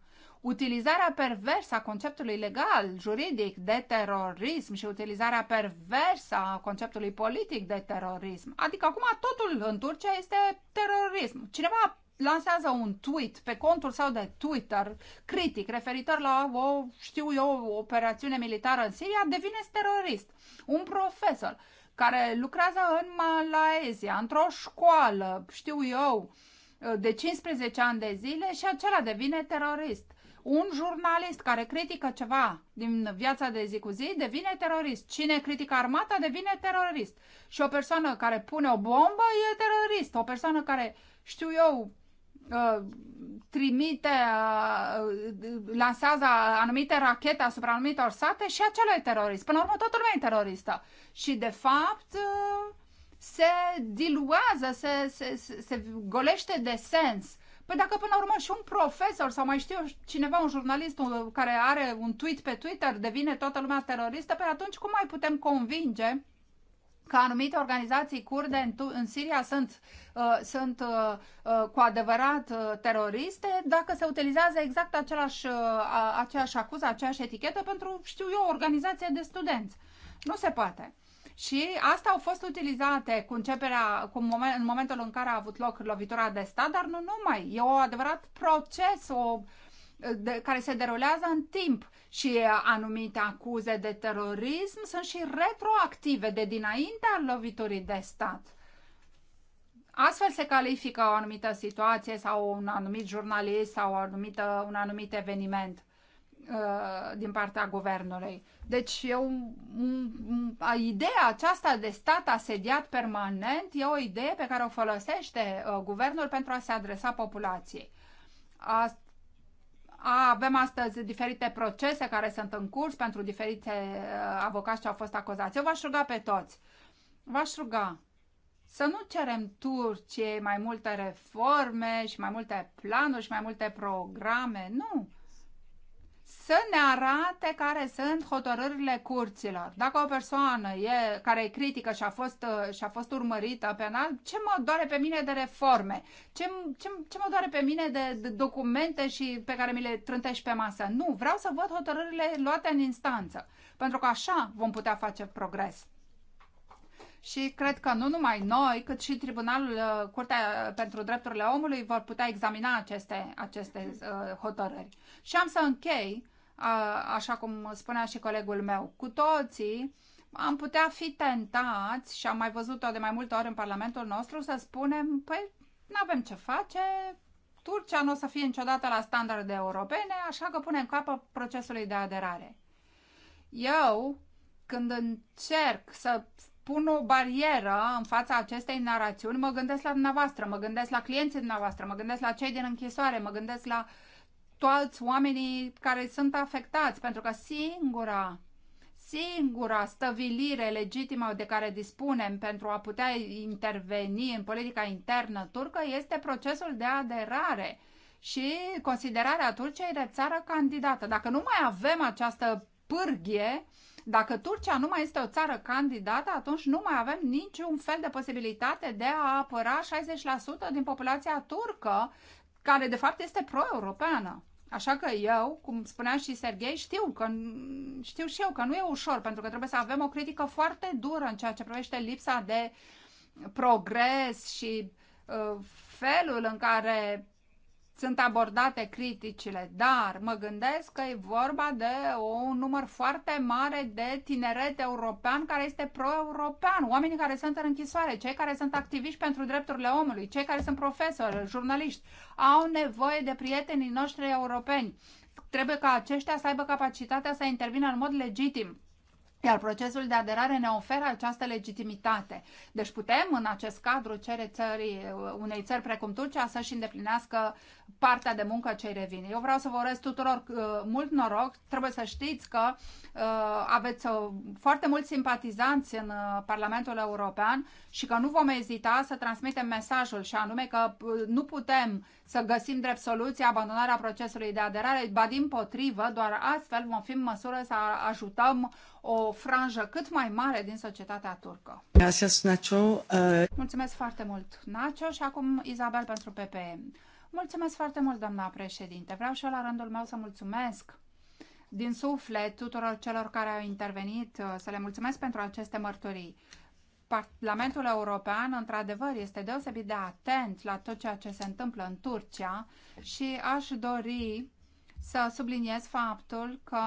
utilizarea perversă a conceptului legal, juridic de terorism și utilizarea perversă a conceptului politic de terorism. Adică acum totul în Turcia este terorism. Cineva lansează un tweet pe contul sau de Twitter critic referitor la o, știu eu, o operațiune militară în Siria, devine terorist. Un profesor care lucrează în Malaezia, într-o școală, știu eu, de 15 ani de zile și acela devine terorist un jurnalist care critică ceva din viața de zi cu zi devine terorist. Cine critică armata devine terorist. Și o persoană care pune o bombă e terorist. O persoană care, știu eu, uh, trimite, uh, lansează anumite rachete asupra anumitor sate și acela e terorist. Până la urmă, toată lumea e teroristă. Și, de fapt, uh, se diluează, se, se, se, se golește de sens Păi dacă până la urmă și un profesor sau mai știu cineva, un jurnalist un, care are un tweet pe Twitter, devine toată lumea teroristă, pe păi atunci cum mai putem convinge că anumite organizații kurde în, în Siria sunt, uh, sunt uh, uh, cu adevărat uh, teroriste dacă se utilizează exact același, uh, aceeași acuză, aceeași etichetă pentru, știu eu, o organizație de studenți. Nu se poate și astea au fost utilizate cu începerea, cu moment, în momentul în care a avut loc lovitura de stat, dar nu numai. E un adevărat proces, o, de, care se derulează în timp și anumite acuze de terorism sunt și retroactive de dinaintea loviturii de stat. Astfel se califică o anumită situație sau un anumit jurnalist sau o anumită, un anumit eveniment. Uh, din partea guvernului. Deci eu, ideea aceasta de stat asediat permanent e o idee pe care o folosește uh, guvernul pentru a se adresa populației. avem astăzi diferite procese care sunt în curs pentru diferite uh, avocați ce au fost acuzați. Eu v-aș ruga pe toți. V-aș ruga să nu cerem Turciei mai multe reforme și mai multe planuri și mai multe programe. Nu! să ne arate care sunt hotărârile curților. Dacă o persoană e, care e critică și a, fost, uh, și a fost urmărită penal, ce mă doare pe mine de reforme? Ce, ce, ce mă doare pe mine de, de documente și pe care mi le trântești pe masă? Nu, vreau să văd hotărârile luate în instanță, pentru că așa vom putea face progres și cred că nu numai noi, cât și Tribunalul uh, Curtea uh, pentru Drepturile Omului vor putea examina aceste, aceste uh, hotărâri. Și am să închei, așa cum spunea și colegul meu, cu toții am putea fi tentați, și am mai văzut-o de mai multe ori în Parlamentul nostru, să spunem, păi, nu avem ce face, Turcia nu o să fie niciodată la standarde europene, așa că punem capă procesului de aderare. Eu, când încerc să pun o barieră în fața acestei narațiuni, mă gândesc la dumneavoastră, mă gândesc la clienții dumneavoastră, mă gândesc la cei din închisoare, mă gândesc la toți oamenii care sunt afectați, pentru că singura singura stăvilire legitimă de care dispunem pentru a putea interveni în politica internă turcă este procesul de aderare și considerarea Turciei de țară candidată. Dacă nu mai avem această pârghie, uh, dacă Turcia nu mai este o țară candidată, atunci nu mai avem niciun fel de posibilitate de a apăra 60% din populația turcă, care de fapt este pro-europeană. Așa că eu, cum spunea și Serghei, știu, că, știu și eu că nu e ușor, pentru că trebuie să avem o critică foarte dură în ceea ce privește lipsa de progres și uh, felul în care sunt abordate criticile, dar mă gândesc că e vorba de un număr foarte mare de tineret european care este pro-european, oamenii care sunt în închisoare, cei care sunt activiști pentru drepturile omului, cei care sunt profesori, jurnaliști, au nevoie de prietenii noștri europeni. Trebuie ca aceștia să aibă capacitatea să intervină în mod legitim. Iar procesul de aderare ne oferă această legitimitate. Deci putem, în acest cadru, cere țării, unei țări precum Turcia să-și îndeplinească partea de muncă ce revine. Eu vreau să vă urez tuturor uh, mult noroc. Trebuie să știți că uh, aveți uh, foarte mulți simpatizanți în uh, Parlamentul European și că nu vom ezita să transmitem mesajul și anume că uh, nu putem să găsim drept soluție abandonarea procesului de aderare, ba din potrivă, doar astfel vom fi în măsură să ajutăm o franjă cât mai mare din societatea turcă. Nacho. Uh... Mulțumesc foarte mult, Nacho, și acum Izabel pentru PPM. Mulțumesc foarte mult, doamna președinte. Vreau și eu la rândul meu să mulțumesc din suflet tuturor celor care au intervenit, uh, să le mulțumesc pentru aceste mărturii. Parlamentul European, într-adevăr, este deosebit de atent la tot ceea ce se întâmplă în Turcia și aș dori să subliniez faptul că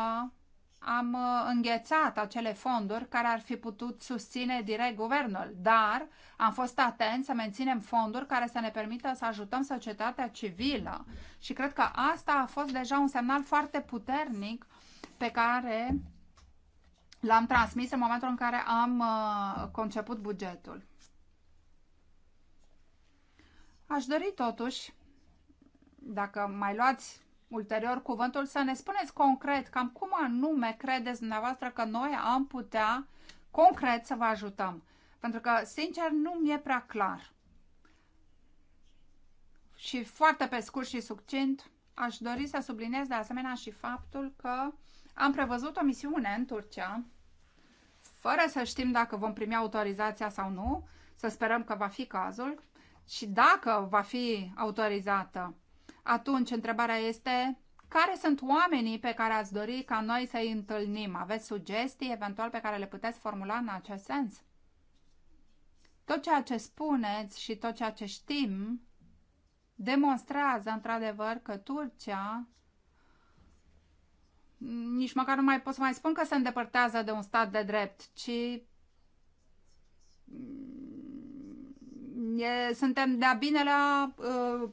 am uh, înghețat acele fonduri care ar fi putut susține direct guvernul, dar am fost atenți să menținem fonduri care să ne permită să ajutăm societatea civilă. Și cred că asta a fost deja un semnal foarte puternic pe care l-am transmis în momentul în care am uh, conceput bugetul. Aș dori totuși, dacă mai luați ulterior cuvântul, să ne spuneți concret cam cum anume credeți dumneavoastră că noi am putea concret să vă ajutăm. Pentru că, sincer, nu mi-e prea clar. Și foarte pe scurt și succint, aș dori să subliniez de asemenea și faptul că am prevăzut o misiune în Turcia, fără să știm dacă vom primi autorizația sau nu, să sperăm că va fi cazul, și dacă va fi autorizată atunci, întrebarea este care sunt oamenii pe care ați dori ca noi să-i întâlnim? Aveți sugestii eventual pe care le puteți formula în acest sens? Tot ceea ce spuneți și tot ceea ce știm demonstrează într-adevăr că Turcia nici măcar nu mai pot să mai spun că se îndepărtează de un stat de drept, ci e, suntem de-a bine la uh,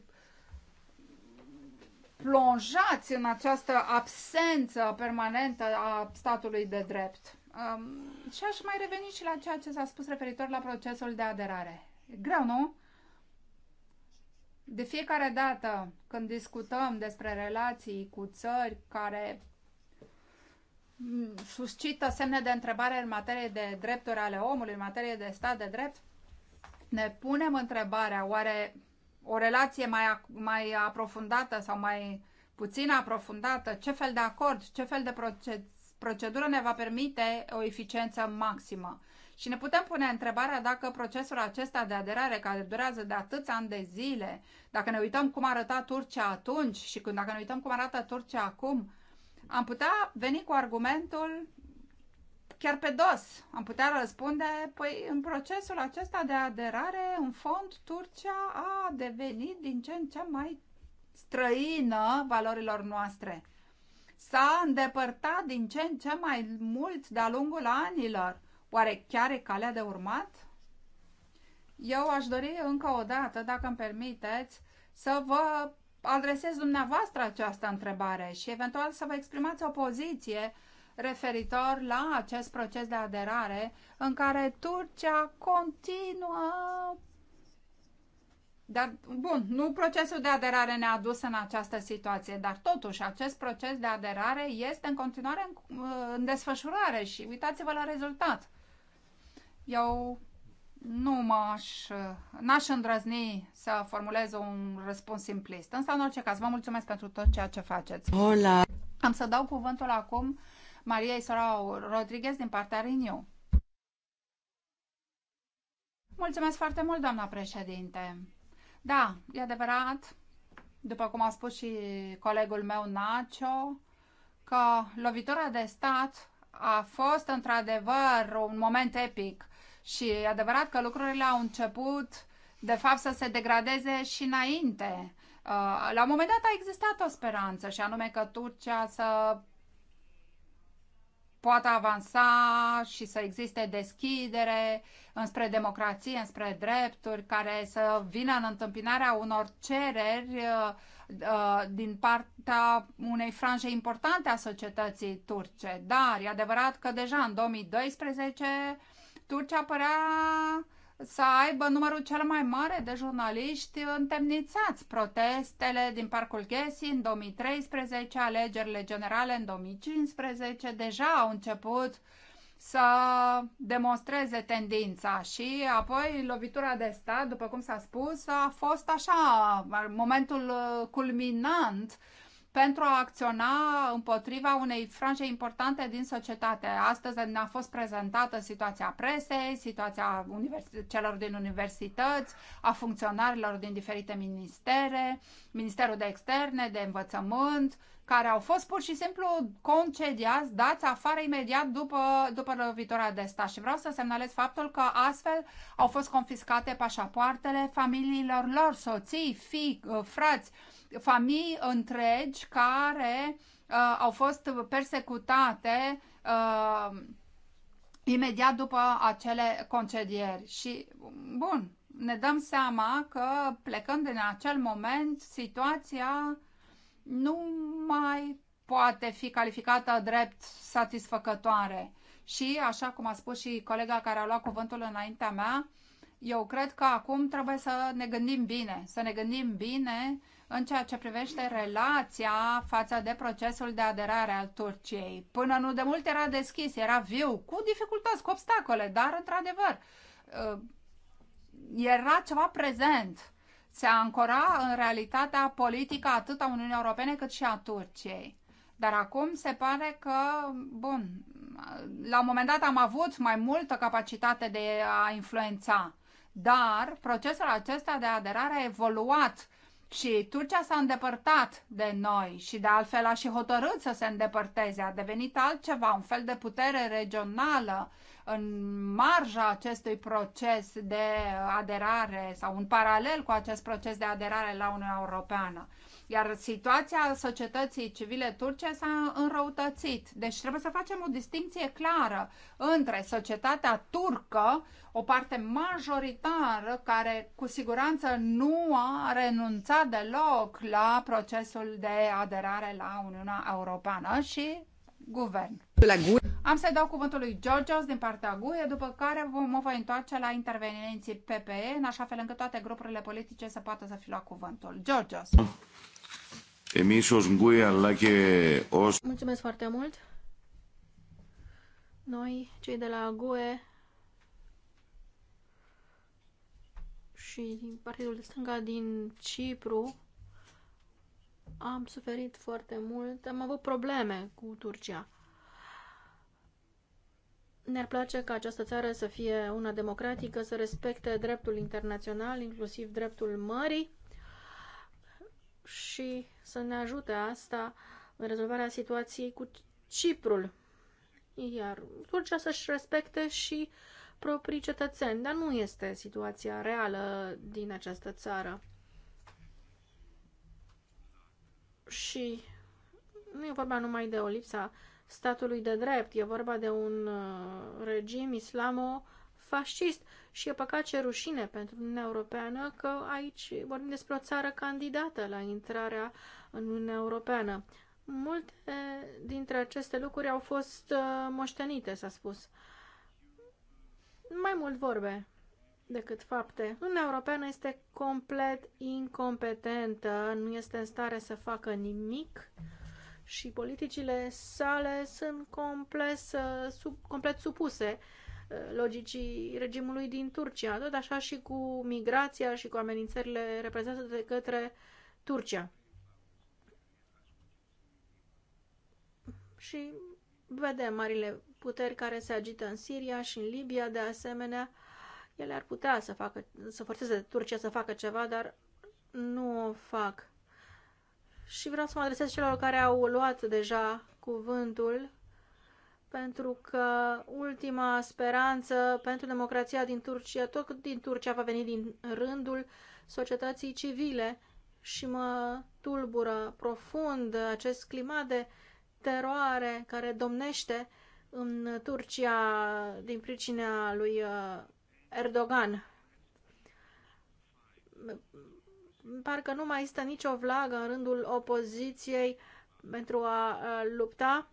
plonjați în această absență permanentă a statului de drept. Um, și aș mai reveni și la ceea ce s-a spus referitor la procesul de aderare. greu, nu? De fiecare dată când discutăm despre relații cu țări care mm, suscită semne de întrebare în materie de drepturi ale omului, în materie de stat de drept, ne punem întrebarea, oare o relație mai, mai aprofundată sau mai puțin aprofundată, ce fel de acord, ce fel de procedură ne va permite o eficiență maximă. Și ne putem pune întrebarea dacă procesul acesta de aderare, care durează de atâți ani de zile, dacă ne uităm cum arăta Turcia atunci și când, dacă ne uităm cum arată Turcia acum, am putea veni cu argumentul chiar pe dos. Am putea răspunde, păi în procesul acesta de aderare, în fond, Turcia a devenit din ce în ce mai străină valorilor noastre. S-a îndepărtat din ce în ce mai mult de-a lungul anilor. Oare chiar e calea de urmat? Eu aș dori încă o dată, dacă îmi permiteți, să vă adresez dumneavoastră această întrebare și eventual să vă exprimați o poziție referitor la acest proces de aderare în care Turcia continuă dar, bun, nu procesul de aderare ne-a dus în această situație, dar totuși acest proces de aderare este în continuare în, în desfășurare și uitați-vă la rezultat. Eu nu m-aș, n-aș îndrăzni să formulez un răspuns simplist, însă în orice caz vă mulțumesc pentru tot ceea ce faceți. Hola. Am să dau cuvântul acum Maria Isorau Rodriguez din partea Renew. Mulțumesc foarte mult, doamna președinte. Da, e adevărat, după cum a spus și colegul meu Nacio, că lovitura de stat a fost într-adevăr un moment epic și e adevărat că lucrurile au început de fapt să se degradeze și înainte. Uh, la un moment dat a existat o speranță și anume că Turcia să poată avansa și să existe deschidere înspre democrație, înspre drepturi, care să vină în întâmpinarea unor cereri uh, uh, din partea unei franje importante a societății turce. Dar e adevărat că deja în 2012 Turcia părea să aibă numărul cel mai mare de jurnaliști întemnițați. Protestele din Parcul Ghesi în 2013, alegerile generale în 2015 deja au început să demonstreze tendința și apoi lovitura de stat, după cum s-a spus, a fost așa momentul culminant pentru a acționa împotriva unei franje importante din societate. Astăzi ne-a fost prezentată situația presei, situația celor din universități, a funcționarilor din diferite ministere, Ministerul de Externe, de Învățământ, care au fost pur și simplu concediați, dați afară imediat după, după lovitura de stat. Și vreau să semnalez faptul că astfel au fost confiscate pașapoartele familiilor lor, soții, fii, frați, familii întregi care uh, au fost persecutate uh, imediat după acele concedieri. Și, bun, ne dăm seama că plecând în acel moment, situația nu mai poate fi calificată drept satisfăcătoare. Și, așa cum a spus și colega care a luat cuvântul înaintea mea, eu cred că acum trebuie să ne gândim bine, să ne gândim bine în ceea ce privește relația față de procesul de aderare al Turciei. Până nu de mult era deschis, era viu, cu dificultăți, cu obstacole, dar într-adevăr uh, era ceva prezent. Se ancora în realitatea politică atât a Uniunii Europene cât și a Turciei. Dar acum se pare că, bun, la un moment dat am avut mai multă capacitate de a influența, dar procesul acesta de aderare a evoluat și Turcia s-a îndepărtat de noi și de altfel a și hotărât să se îndepărteze. A devenit altceva, un fel de putere regională în marja acestui proces de aderare sau în paralel cu acest proces de aderare la Uniunea Europeană. Iar situația societății civile turce s-a înrăutățit. Deci trebuie să facem o distinție clară între societatea turcă, o parte majoritară care cu siguranță nu a renunțat deloc la procesul de aderare la Uniunea Europeană și guvern. La guvern am să-i dau cuvântul lui Georgios din partea GUE, după care vom, mă voi întoarce la intervenienții PPE, în așa fel încât toate grupurile politice să poată să fi luat cuvântul. Georgios! Emis os GUE, αλλά os... Mulțumesc foarte mult! Noi, cei de la GUE și Partidul de Stânga din Cipru, am suferit foarte mult, am avut probleme cu Turcia ne-ar place ca această țară să fie una democratică, să respecte dreptul internațional, inclusiv dreptul mării și să ne ajute asta în rezolvarea situației cu Ciprul. Iar Turcia să-și respecte și proprii cetățeni, dar nu este situația reală din această țară. Și nu e vorba numai de o lipsa statului de drept. E vorba de un uh, regim islamo-fascist și e păcat ce rușine pentru Uniunea Europeană că aici vorbim despre o țară candidată la intrarea în Uniunea Europeană. Multe dintre aceste lucruri au fost uh, moștenite, s-a spus. Mai mult vorbe decât fapte. Uniunea Europeană este complet incompetentă, nu este în stare să facă nimic și politicile sale sunt complet, sub, complet supuse uh, logicii regimului din Turcia, tot așa și cu migrația și cu amenințările reprezentate de către Turcia. Și vedem marile puteri care se agită în Siria și în Libia, de asemenea, ele ar putea să, facă, să forțeze Turcia să facă ceva, dar nu o fac și vreau să mă adresez celor care au luat deja cuvântul, pentru că ultima speranță pentru democrația din Turcia, tot din Turcia va veni din rândul societății civile și mă tulbură profund acest climat de teroare care domnește în Turcia din pricina lui uh, Erdogan parcă nu mai stă nicio vlagă în rândul opoziției pentru a lupta.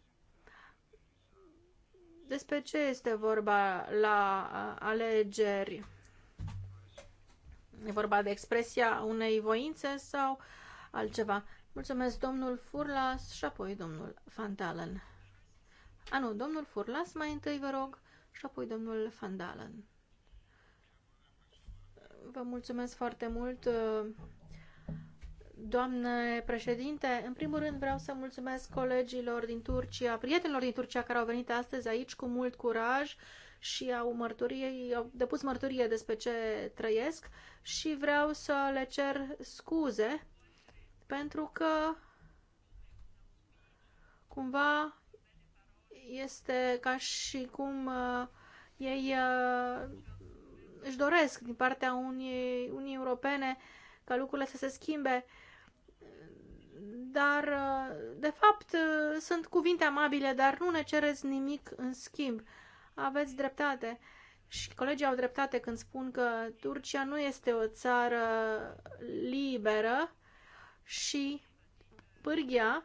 Despre ce este vorba la alegeri? E vorba de expresia unei voințe sau altceva? Mulțumesc, domnul Furlas și apoi domnul Fandalen. A, nu, domnul Furlas mai întâi, vă rog, și apoi domnul Fandalen. Vă mulțumesc foarte mult uh, Doamne președinte, în primul rând vreau să mulțumesc colegilor din Turcia, prietenilor din Turcia care au venit astăzi aici cu mult curaj și au, mărturie, au depus mărturie despre ce trăiesc și vreau să le cer scuze pentru că cumva este ca și cum uh, ei uh, își doresc din partea unii, unii europene ca lucrurile să se schimbe dar uh, de fapt uh, sunt cuvinte amabile, dar nu ne cereți nimic în schimb. Aveți dreptate. Și colegii au dreptate când spun că Turcia nu este o țară liberă și pârghia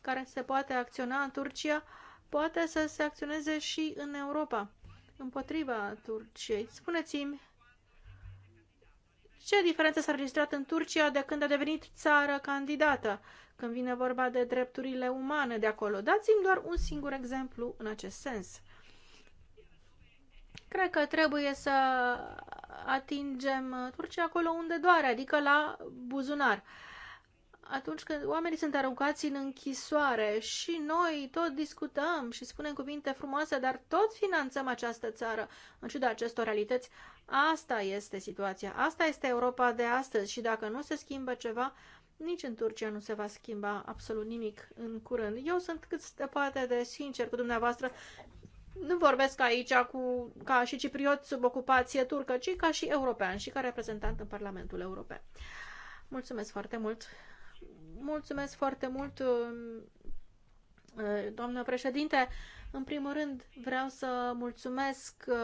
care se poate acționa în Turcia poate să se acționeze și în Europa, împotriva Turciei. Spuneți-mi ce diferențe s-a registrat în Turcia de când a devenit țară candidată, când vine vorba de drepturile umane de acolo? Dați-mi doar un singur exemplu în acest sens. Cred că trebuie să atingem Turcia acolo unde doare, adică la buzunar atunci când oamenii sunt aruncați în închisoare și noi tot discutăm și spunem cuvinte frumoase, dar tot finanțăm această țară, în ciuda acestor realități, Asta este situația, asta este Europa de astăzi și dacă nu se schimbă ceva, nici în Turcia nu se va schimba absolut nimic în curând. Eu sunt cât se poate de sincer cu dumneavoastră. Nu vorbesc aici cu, ca și cipriot sub ocupație turcă, ci ca și european și ca reprezentant în Parlamentul European. Mulțumesc foarte mult! Mulțumesc foarte mult, eh, doamnă președinte! În primul rând, vreau să mulțumesc eh,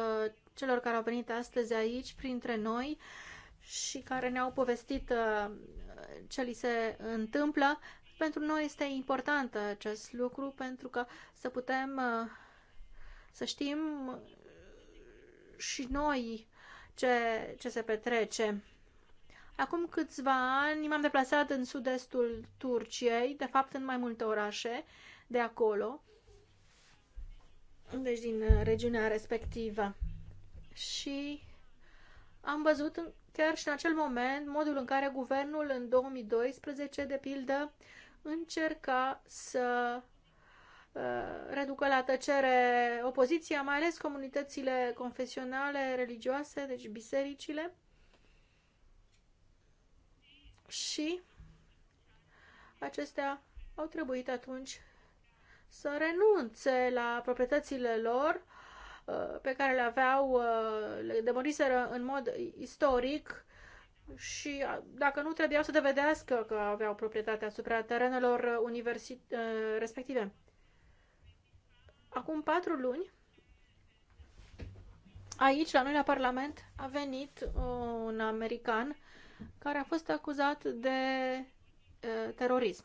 celor care au venit astăzi aici printre noi și care ne-au povestit uh, ce li se întâmplă. Pentru noi este important acest lucru pentru că să putem uh, să știm uh, și noi ce, ce se petrece. Acum câțiva ani m-am deplasat în sud-estul Turciei, de fapt în mai multe orașe de acolo, deci din regiunea respectivă și am văzut chiar și în acel moment modul în care guvernul în 2012, de pildă, încerca să uh, reducă la tăcere opoziția, mai ales comunitățile confesionale, religioase, deci bisericile. Și acestea au trebuit atunci să renunțe la proprietățile lor Uh, pe care le aveau, uh, le demoliseră în mod istoric și uh, dacă nu trebuiau să dovedească că aveau proprietatea asupra terenelor universi- respective. Acum patru luni, aici, la noi, la Parlament, a venit un american care a fost acuzat de terorism.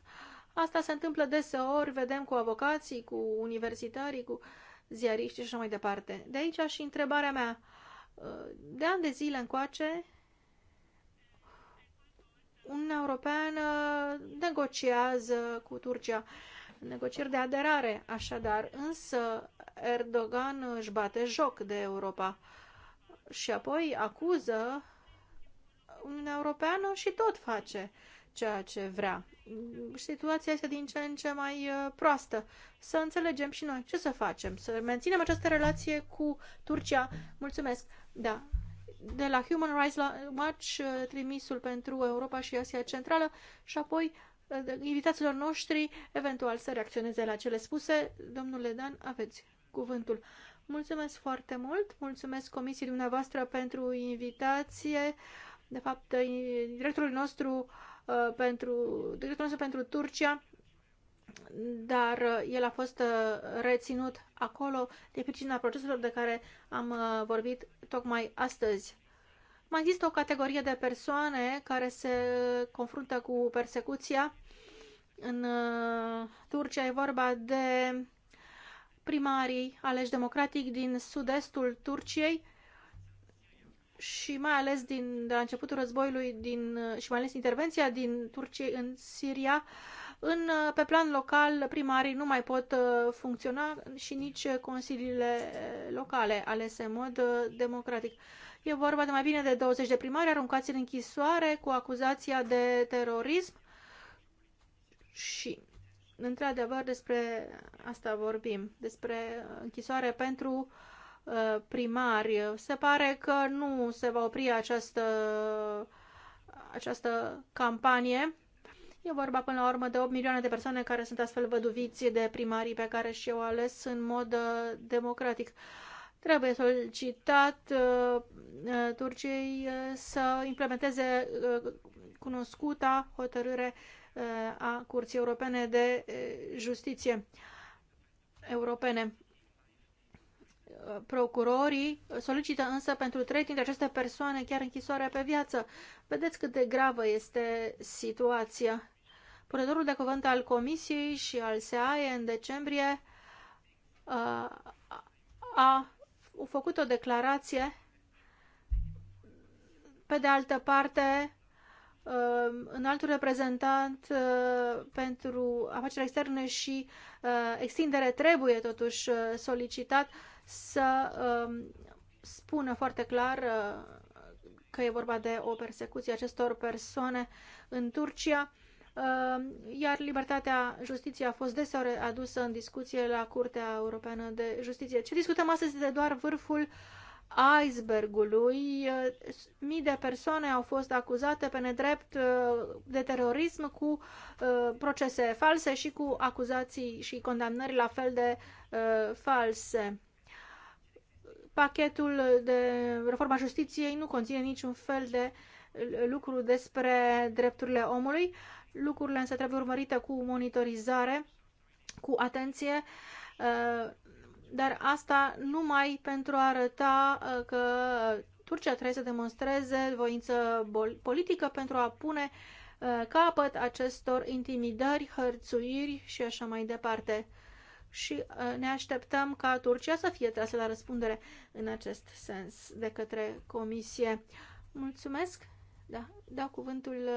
Asta se întâmplă deseori, vedem cu avocații, cu universitarii, cu uh, ziariști și așa mai departe. De aici și întrebarea mea. De ani de zile încoace, Uniunea Europeană uh, negociază cu Turcia negocieri de aderare, așadar, însă Erdogan își bate joc de Europa și apoi acuză Uniunea Europeană și tot face ceea ce vrea. Situația este din ce în ce mai uh, proastă. Să înțelegem și noi ce să facem, să menținem această relație cu Turcia. Mulțumesc! Da, de la Human Rights Watch, uh, trimisul pentru Europa și Asia Centrală și apoi uh, invitațiilor noștri eventual să reacționeze la cele spuse. Domnule Dan, aveți cuvântul. Mulțumesc foarte mult, mulțumesc comisiei dumneavoastră pentru invitație. De fapt, directorul nostru uh, Uh, pentru, directorul pentru Turcia, dar uh, el a fost uh, reținut acolo de pricina proceselor de care am vorbit tocmai astăzi. Mai există o categorie de persoane care se confruntă cu persecuția. În Turcia e vorba de primarii aleși democratic din sud-estul Turciei, și mai ales din, de la începutul războiului din, și mai ales intervenția din Turcie în Siria, în, pe plan local primarii nu mai pot uh, funcționa și nici consiliile uh, locale alese în mod uh, democratic. E vorba de mai bine de 20 de primari aruncați în închisoare cu acuzația de terorism și, într-adevăr, despre asta vorbim, despre închisoare pentru uh, Uh, primari. Se pare că nu se va opri această, această campanie. E vorba până la urmă de 8 milioane de persoane care sunt astfel văduviți de primarii pe care și-au ales în mod uh, democratic. Trebuie solicitat uh, uh Turciei să implementeze uh, cunoscuta hotărâre uh, a Curții Europene de Justiție Europene procurorii solicită însă pentru trei dintre aceste persoane chiar închisoarea pe viață. Vedeți cât de gravă este situația. Purătorul de cuvânt al Comisiei și al SEAE în decembrie a, uh, a făcut o declarație. Pe de altă parte, în uh, altul reprezentant uh, pentru afaceri externe și extindere trebuie totuși solicitat să um, spună foarte clar uh, că e vorba de o persecuție acestor persoane în Turcia, um, iar libertatea justiției a fost deseori adusă în discuție la Curtea Europeană de Justiție. Ce discutăm astăzi este doar vârful icebergului. Uh, mii de persoane au fost acuzate pe nedrept uh, de terorism cu procese false și cu acuzații și condamnări la fel de false. Pachetul de reforma justiției nu conține niciun fel de lucru despre drepturile omului. Lucrurile însă trebuie urmărite cu monitorizare, cu atenție, uh, dar asta numai pentru a arăta uh, că Turcia trebuie să demonstreze voință politică pentru a pune uh, capăt acestor intimidări, hărțuiri și așa mai departe și uh, ne așteptăm ca Turcia să fie trasă la răspundere în acest sens de către Comisie. Mulțumesc! Da, dau cuvântul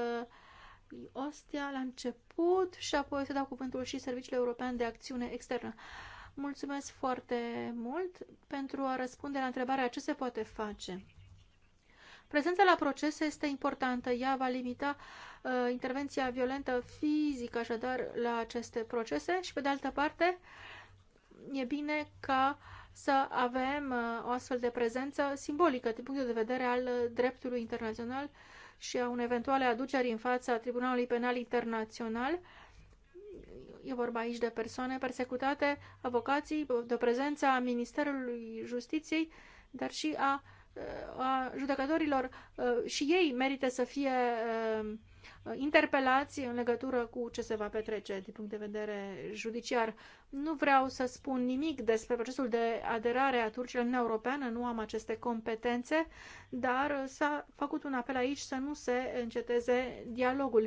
uh, Ostia la început și apoi să dau cuvântul și Serviciul European de Acțiune Externă. Mulțumesc foarte mult pentru a răspunde la întrebarea ce se poate face. Prezența la procese este importantă. Ea va limita uh, intervenția violentă fizică, așadar, la aceste procese și, pe de altă parte, e bine ca să avem uh, o astfel de prezență simbolică din punctul de vedere al uh, dreptului internațional și a unei eventuale aduceri în fața Tribunalului Penal Internațional. E vorba aici de persoane persecutate, avocații, de prezența a Ministerului Justiției, dar și a, uh, a judecătorilor. Și ei merită să fie Uh, interpelați în legătură cu ce se va petrece din punct de vedere judiciar. Nu vreau să spun nimic despre procesul de aderare a Turciei în Europeană, nu am aceste competențe, dar uh, s-a făcut un apel aici să nu se înceteze dialogul.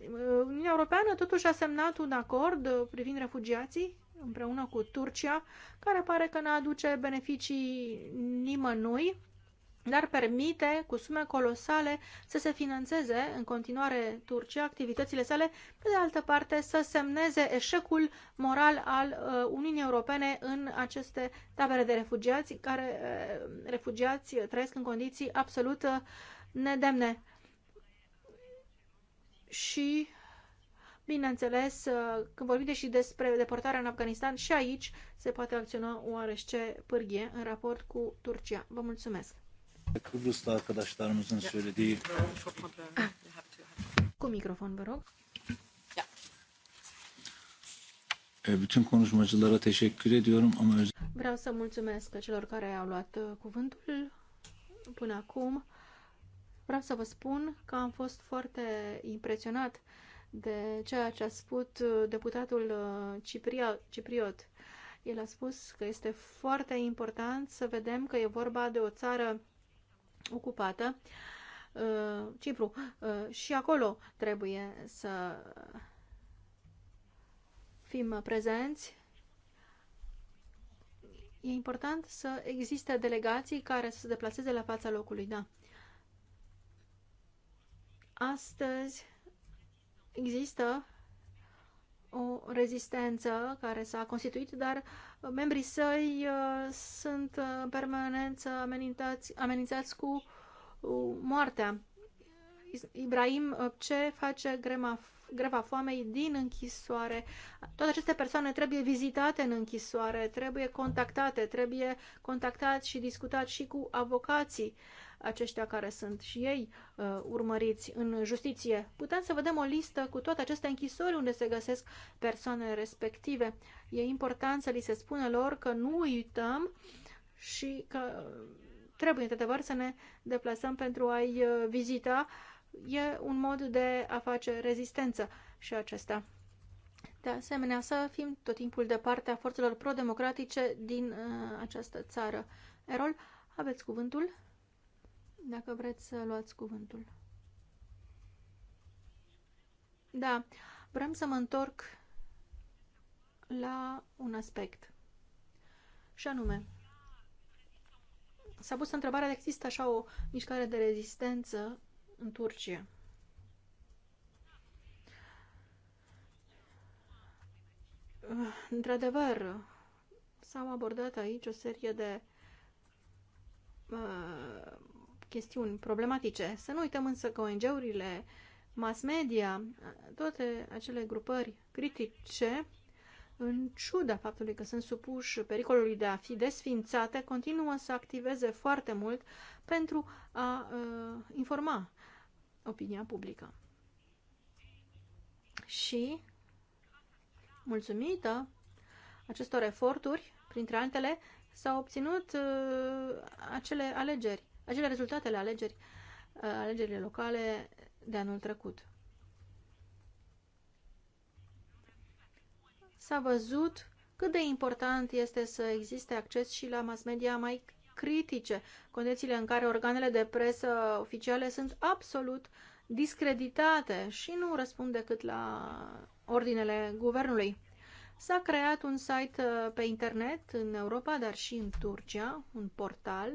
Uh, Uniunea Europeană totuși a semnat un acord privind refugiații împreună cu Turcia, care pare că ne aduce beneficii nimănui dar permite cu sume colosale să se financeze în continuare Turcia activitățile sale, pe de altă parte să semneze eșecul moral al uh, Uniunii Europene în aceste tabere de refugiați, care uh, refugiați trăiesc în condiții absolut uh, nedemne. Și, bineînțeles, când vorbim și despre deportarea în Afganistan, și aici se poate acționa oarește pârghie în raport cu Turcia. Vă mulțumesc! Kıbrıs'ta arkadaşlarımızın söylediği... Bu mikrofon var Bütün konuşmacılara teşekkür ediyorum ama Vreau să mulțumesc celor care au luat uh, cuvântul până acum. Vreau să vă spun că am fost foarte impresionat de ceea ce a spus uh, deputatul uh, Cipria, Cipriot. El a spus că este foarte important să vedem că e vorba de o țară ocupată, uh, Cipru. Uh, și acolo trebuie să fim prezenți. E important să existe delegații care să se deplaseze la fața locului, da. Astăzi există o rezistență care s-a constituit, dar uh, membrii săi uh, sunt în permanență amenințați, amenințați cu uh, moartea. Ibrahim ce face grema, greva foamei din închisoare. Toate aceste persoane trebuie vizitate în închisoare, trebuie contactate, trebuie contactat și discutat și cu avocații. Uh, aceștia care sunt și ei uh, urmăriți în justiție. Putem să vedem o listă cu toate aceste închisori unde se găsesc persoanele respective. E important să li se spună lor că nu uităm și că trebuie, într-adevăr, să ne deplasăm pentru a-i uh, vizita. E un mod de a face rezistență și acesta. De asemenea, să fim tot timpul de partea forțelor pro-democratice din uh, această țară. Erol, aveți cuvântul? dacă vreți să luați cuvântul. Da, vreau să mă întorc la un aspect. Și anume, s-a pus întrebarea dacă există așa o mișcare de rezistență în Turcia. Într-adevăr, s-au abordat aici o serie de uh, chestiuni problematice. Să nu uităm însă că ONG-urile, mass media, toate acele grupări critice, în ciuda faptului că sunt supuși pericolului de a fi desfințate, continuă să activeze foarte mult pentru a uh, informa opinia publică. Și, mulțumită acestor eforturi, printre altele, s-au obținut uh, acele alegeri acele rezultate ale alegeri, alegerile locale de anul trecut. S-a văzut cât de important este să existe acces și la mass media mai critice, condițiile în care organele de presă oficiale sunt absolut discreditate și nu răspund decât la ordinele guvernului. S-a creat un site uh, pe internet în Europa, dar și în Turcia, un portal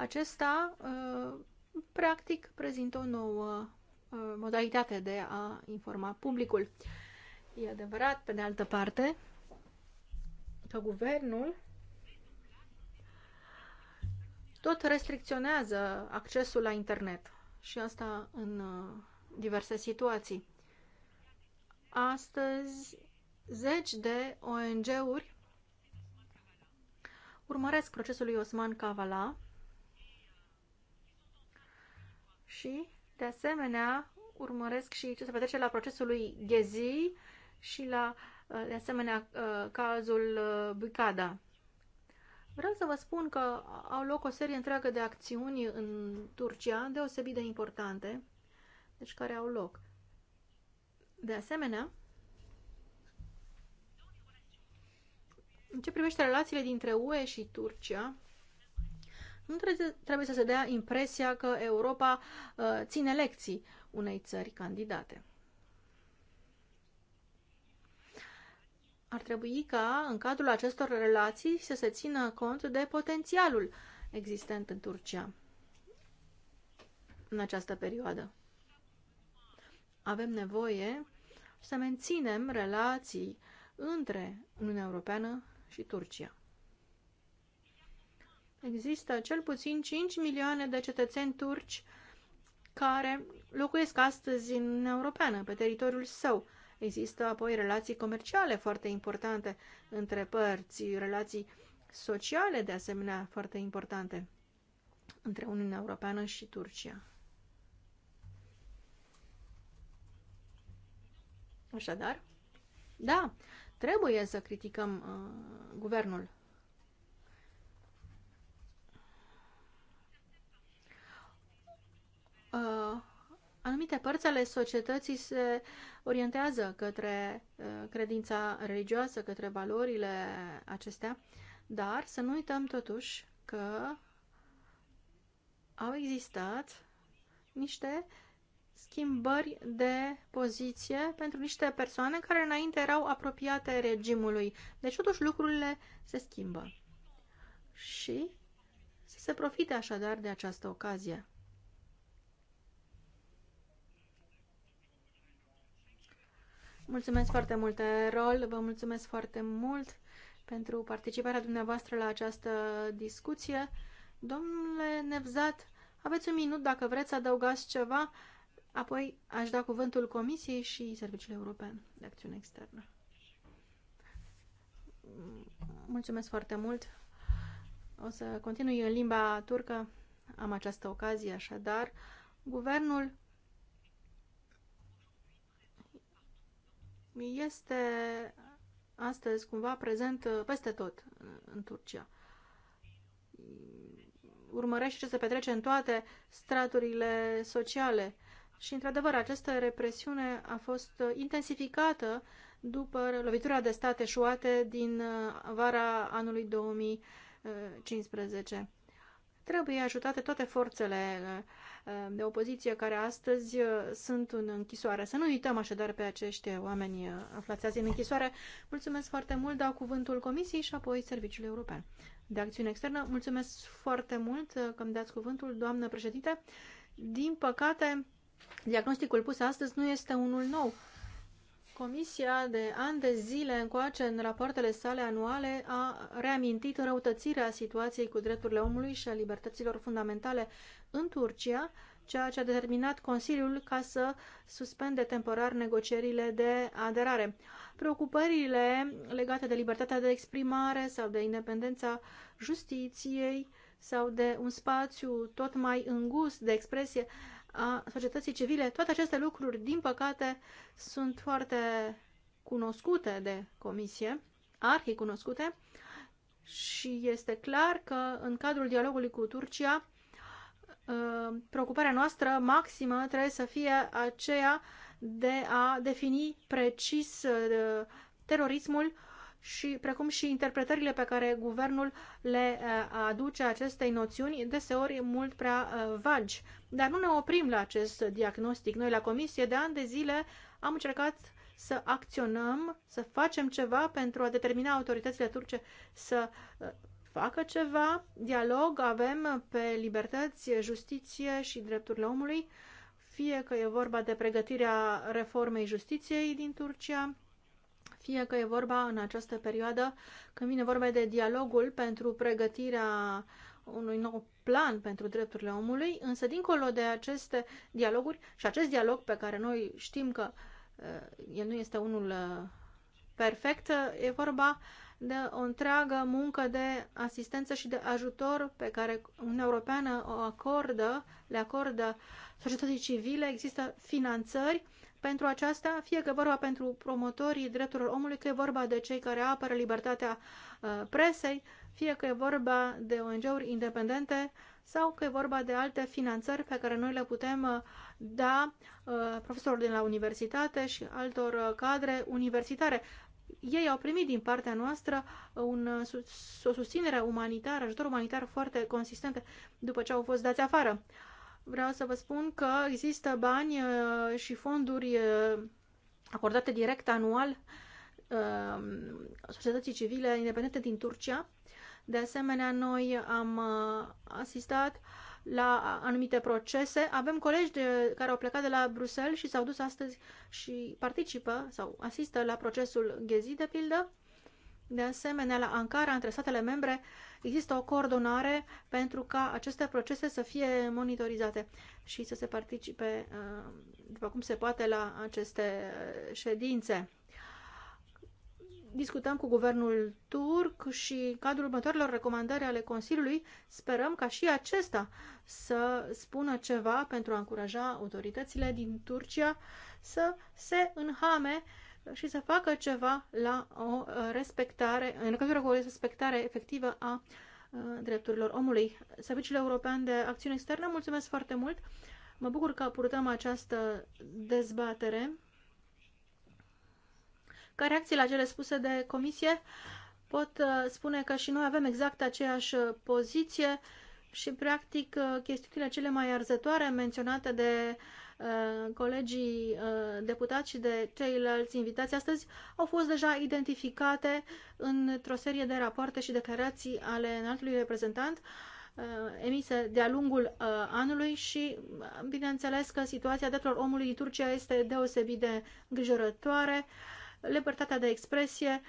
acesta uh, practic prezintă o nouă uh, modalitate de a informa publicul. E adevărat, pe de altă parte, că guvernul tot restricționează accesul la internet și asta în uh, diverse situații. Astăzi, zeci de ONG-uri urmăresc procesul lui Osman Kavala și, de asemenea, urmăresc și ce se petrece la procesul lui Ghezi și la, uh, de asemenea, uh, cazul uh, Bucada. Vreau să vă spun că au loc o serie întreagă de acțiuni în Turcia, deosebit de importante, deci care au loc. De asemenea, în ce privește relațiile dintre UE și Turcia, nu trebuie să se dea impresia că Europa uh, ține lecții unei țări candidate. Ar trebui ca, în cadrul acestor relații, să se țină cont de potențialul existent în Turcia în această perioadă. Avem nevoie să menținem relații între Uniunea Europeană și Turcia. Există cel puțin 5 milioane de cetățeni turci care locuiesc astăzi în Uniunea Europeană, pe teritoriul său. Există apoi relații comerciale foarte importante între părți, relații sociale de asemenea foarte importante între Uniunea Europeană și Turcia. Așadar, da, trebuie să criticăm uh, guvernul Uh, anumite părți ale societății se orientează către uh, credința religioasă, către valorile acestea, dar să nu uităm totuși că au existat niște schimbări de poziție pentru niște persoane care înainte erau apropiate regimului. Deci totuși lucrurile se schimbă. Și să se profite așadar de această ocazie. Mulțumesc foarte mult, Rol, vă mulțumesc foarte mult pentru participarea dumneavoastră la această discuție. Domnule Nevzat, aveți un minut dacă vreți să adăugați ceva, apoi aș da cuvântul Comisiei și Serviciului European de Acțiune Externă. Mulțumesc foarte mult. O să continui în limba turcă, am această ocazie așadar. Guvernul este astăzi cumva prezent uh, peste tot uh, în Turcia. Urmărește ce se petrece în toate straturile sociale. Și, într-adevăr, această represiune a fost uh, intensificată după lovitura de state șuate din vara anului 2015. Trebuie ajutate toate forțele uh, de opoziție care astăzi uh, sunt în închisoare. Să nu uităm așadar pe acești oameni uh, aflați azi în închisoare. Mulțumesc foarte mult, dau cuvântul Comisiei și apoi Serviciul European de Acțiune Externă. Mulțumesc foarte mult că îmi dați cuvântul, doamnă președinte. Din păcate, diagnosticul pus astăzi nu este unul nou. Comisia de ani de zile încoace în rapoartele sale anuale a reamintit răutățirea situației cu drepturile omului și a libertăților fundamentale în Turcia, ceea ce a determinat Consiliul ca să suspende temporar negocierile de aderare. Preocupările legate de libertatea de exprimare sau de independența justiției sau de un spațiu tot mai îngust de expresie a societății civile. Toate aceste lucruri, din păcate, sunt foarte cunoscute de comisie, arhi cunoscute, și este clar că în cadrul dialogului cu Turcia, ă, preocuparea noastră maximă trebuie să fie aceea de a defini precis ă, terorismul și precum și interpretările pe care guvernul le uh, aduce acestei noțiuni, deseori mult prea uh, vagi. Dar nu ne oprim la acest diagnostic. Noi la comisie de ani de zile am încercat să acționăm, să facem ceva pentru a determina autoritățile turce să uh, facă ceva. Dialog avem pe libertăți, justiție și drepturile omului, fie că e vorba de pregătirea reformei justiției din Turcia, fie că e vorba în această perioadă când vine vorba de dialogul pentru pregătirea unui nou plan pentru drepturile omului, însă dincolo de aceste dialoguri și acest dialog pe care noi știm că uh, el nu este unul uh, perfect, uh, e vorba de o întreagă muncă de asistență și de ajutor pe care Uniunea Europeană o acordă, le acordă societății civile, există finanțări pentru aceasta, fie că vorba pentru promotorii drepturilor omului, că e vorba de cei care apără libertatea uh, presei, fie că e vorba de ONG-uri independente sau că e vorba de alte finanțări pe care noi le putem uh, da uh, profesorilor din la universitate și altor cadre universitare. Ei au primit din partea noastră un, o susținere umanitară, ajutor umanitar foarte consistent după ce au fost dați afară vreau să vă spun că există bani uh, și fonduri uh, acordate direct anual um, societății civile independente din Turcia. De asemenea, noi am uh, asistat la anumite procese. Avem colegi de, care au plecat de la Bruxelles și s-au dus astăzi și participă sau asistă la procesul Ghezi, de pildă. De asemenea, la Ankara, între statele membre, există o coordonare pentru ca aceste procese să fie monitorizate și să se participe, uh, după cum se poate, la aceste uh, ședințe. Discutăm cu guvernul turc și în cadrul următoarelor recomandări ale Consiliului sperăm ca și acesta să spună ceva pentru a încuraja autoritățile din Turcia să se înhame și să facă ceva la o uh, respectare, în legătură cu o respectare efectivă a uh, drepturilor omului. Serviciul European de Acțiune Externă, mulțumesc foarte mult! Mă bucur că purtăm această dezbatere. Ca reacție la cele spuse de comisie, pot uh, spune că și noi avem exact aceeași poziție și, practic, chestiunile cele mai arzătoare menționate de uh, Uh, colegii uh, deputați și de ceilalți invitați astăzi au fost deja identificate într-o serie de rapoarte și declarații ale înaltului reprezentant uh, emise de-a lungul anului și, bineînțeles, că situația drepturilor omului în Turcia este deosebit de îngrijorătoare, libertatea de expresie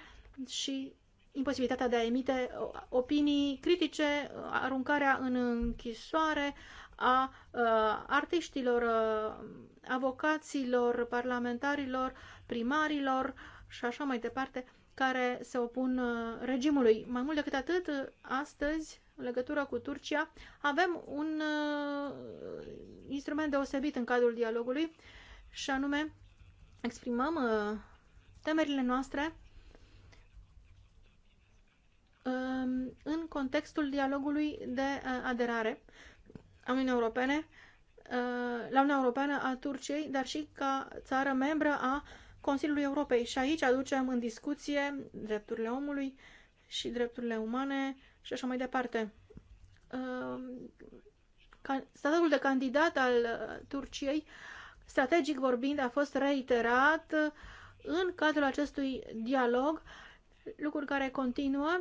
și imposibilitatea de a emite opinii critice, aruncarea în închisoare, a uh, artiștilor, uh, avocaților, parlamentarilor, primarilor și așa mai departe, care se opun uh, regimului. Mai mult decât atât, astăzi, în legătură cu Turcia, avem un uh, instrument deosebit în cadrul dialogului și anume exprimăm uh, temerile noastre în contextul dialogului de aderare a Uniunii Europene, uh, la Uniunea Europeană a Turciei, dar și ca țară membră a Consiliului Europei. Și aici aducem în discuție drepturile omului și drepturile umane și așa mai departe. Uh, Statul de candidat al uh, Turciei, strategic vorbind, a fost reiterat în cadrul acestui dialog, lucruri care continuă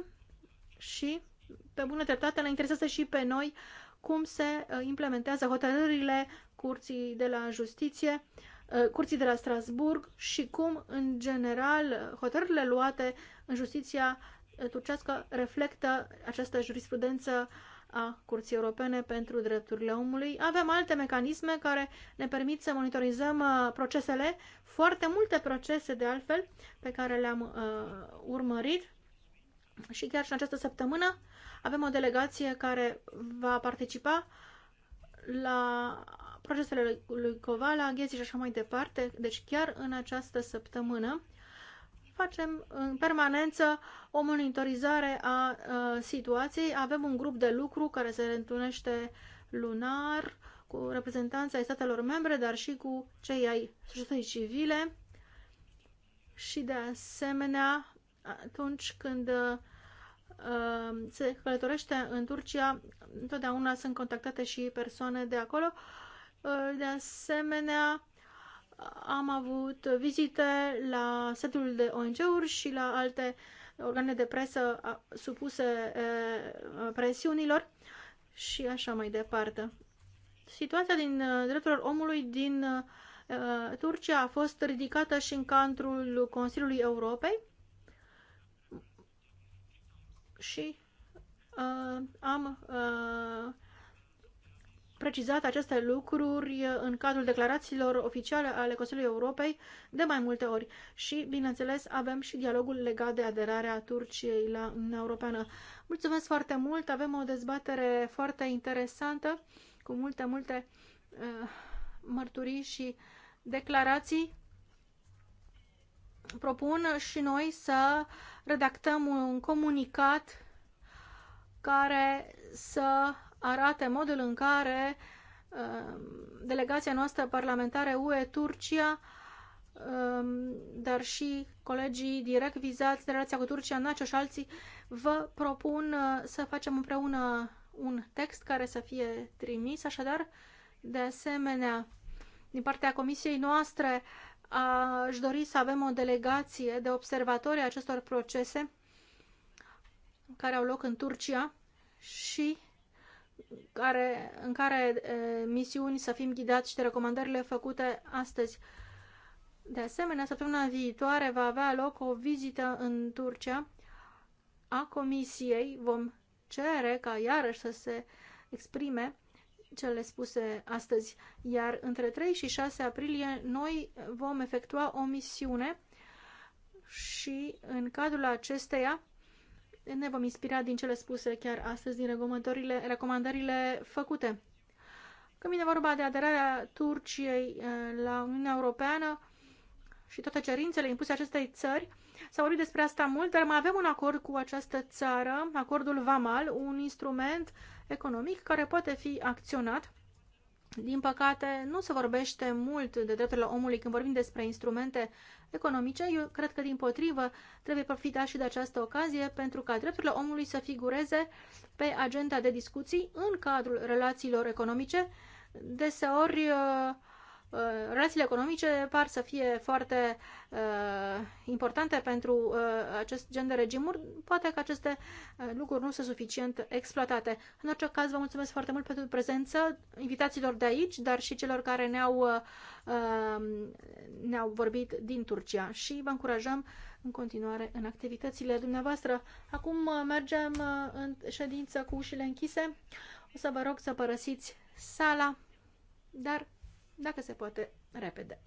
și, pe bună dreptate, ne interesează și pe noi cum se uh, implementează hotărârile curții de la justiție, uh, curții de la Strasburg și cum, în general, hotărârile luate în justiția uh, turcească reflectă această jurisprudență a Curții Europene pentru Drepturile Omului. Avem alte mecanisme care ne permit să monitorizăm procesele, foarte multe procese de altfel pe care le-am urmărit și chiar și în această săptămână avem o delegație care va participa la procesele lui Covala, Ghezi și așa mai departe. Deci chiar în această săptămână facem în permanență o monitorizare a, a situației. Avem un grup de lucru care se întâlnește lunar cu reprezentanța ai statelor membre, dar și cu cei ai societății civile și de asemenea atunci când Uh, se călătorește în Turcia, întotdeauna sunt contactate și persoane de acolo. Uh, de asemenea, am avut vizite la setul de ONG-uri și la alte organe de presă uh, supuse presiunilor și așa mai departe. Situația din drepturile omului din Turcia a fost ridicată și în cadrul Consiliului Europei și uh, am uh, precizat aceste lucruri în cadrul declarațiilor oficiale ale Consiliului Europei de mai multe ori și, bineînțeles, avem și dialogul legat de aderarea Turciei la Uniunea Europeană. Mulțumesc foarte mult, avem o dezbatere foarte interesantă cu multe, multe uh, mărturii și declarații propun și noi să redactăm un comunicat care să arate modul în care um, delegația noastră parlamentară UE-Turcia, um, dar și colegii direct vizați de relația cu Turcia, Nacio și alții, vă propun uh, să facem împreună un text care să fie trimis, așadar, de asemenea, din partea comisiei noastre, Aș dori să avem o delegație de observatori a acestor procese care au loc în Turcia și care, în care e, misiuni să fim ghidați și de recomandările făcute astăzi. De asemenea, săptămâna viitoare va avea loc o vizită în Turcia a Comisiei. Vom cere ca iarăși să se exprime cele spuse astăzi, iar între 3 și 6 aprilie noi vom efectua o misiune și în cadrul acesteia ne vom inspira din cele spuse chiar astăzi din recomandările, recomandările făcute. Când vine vorba de aderarea Turciei eh, la Uniunea Europeană și toate cerințele impuse acestei țări, s-a vorbit despre asta mult, dar mai avem un acord cu această țară, acordul VAMAL, un instrument economic care poate fi acționat. Din păcate, nu se vorbește mult de drepturile omului când vorbim despre instrumente economice. Eu cred că, din potrivă, trebuie profita și de această ocazie pentru ca drepturile omului să figureze pe agenda de discuții în cadrul relațiilor economice, deseori uh, Uh, relațiile economice par să fie foarte uh, importante pentru uh, acest gen de regimuri. Poate că aceste uh, lucruri nu sunt suficient exploatate. În orice caz, vă mulțumesc foarte mult pentru prezență, invitațiilor de aici, dar și celor care ne-au, uh, um, ne vorbit din Turcia și vă încurajăm în continuare în activitățile dumneavoastră. Acum uh, mergem uh, în ședință cu ușile închise. O să vă rog să părăsiți sala, dar dacă se poate, repede.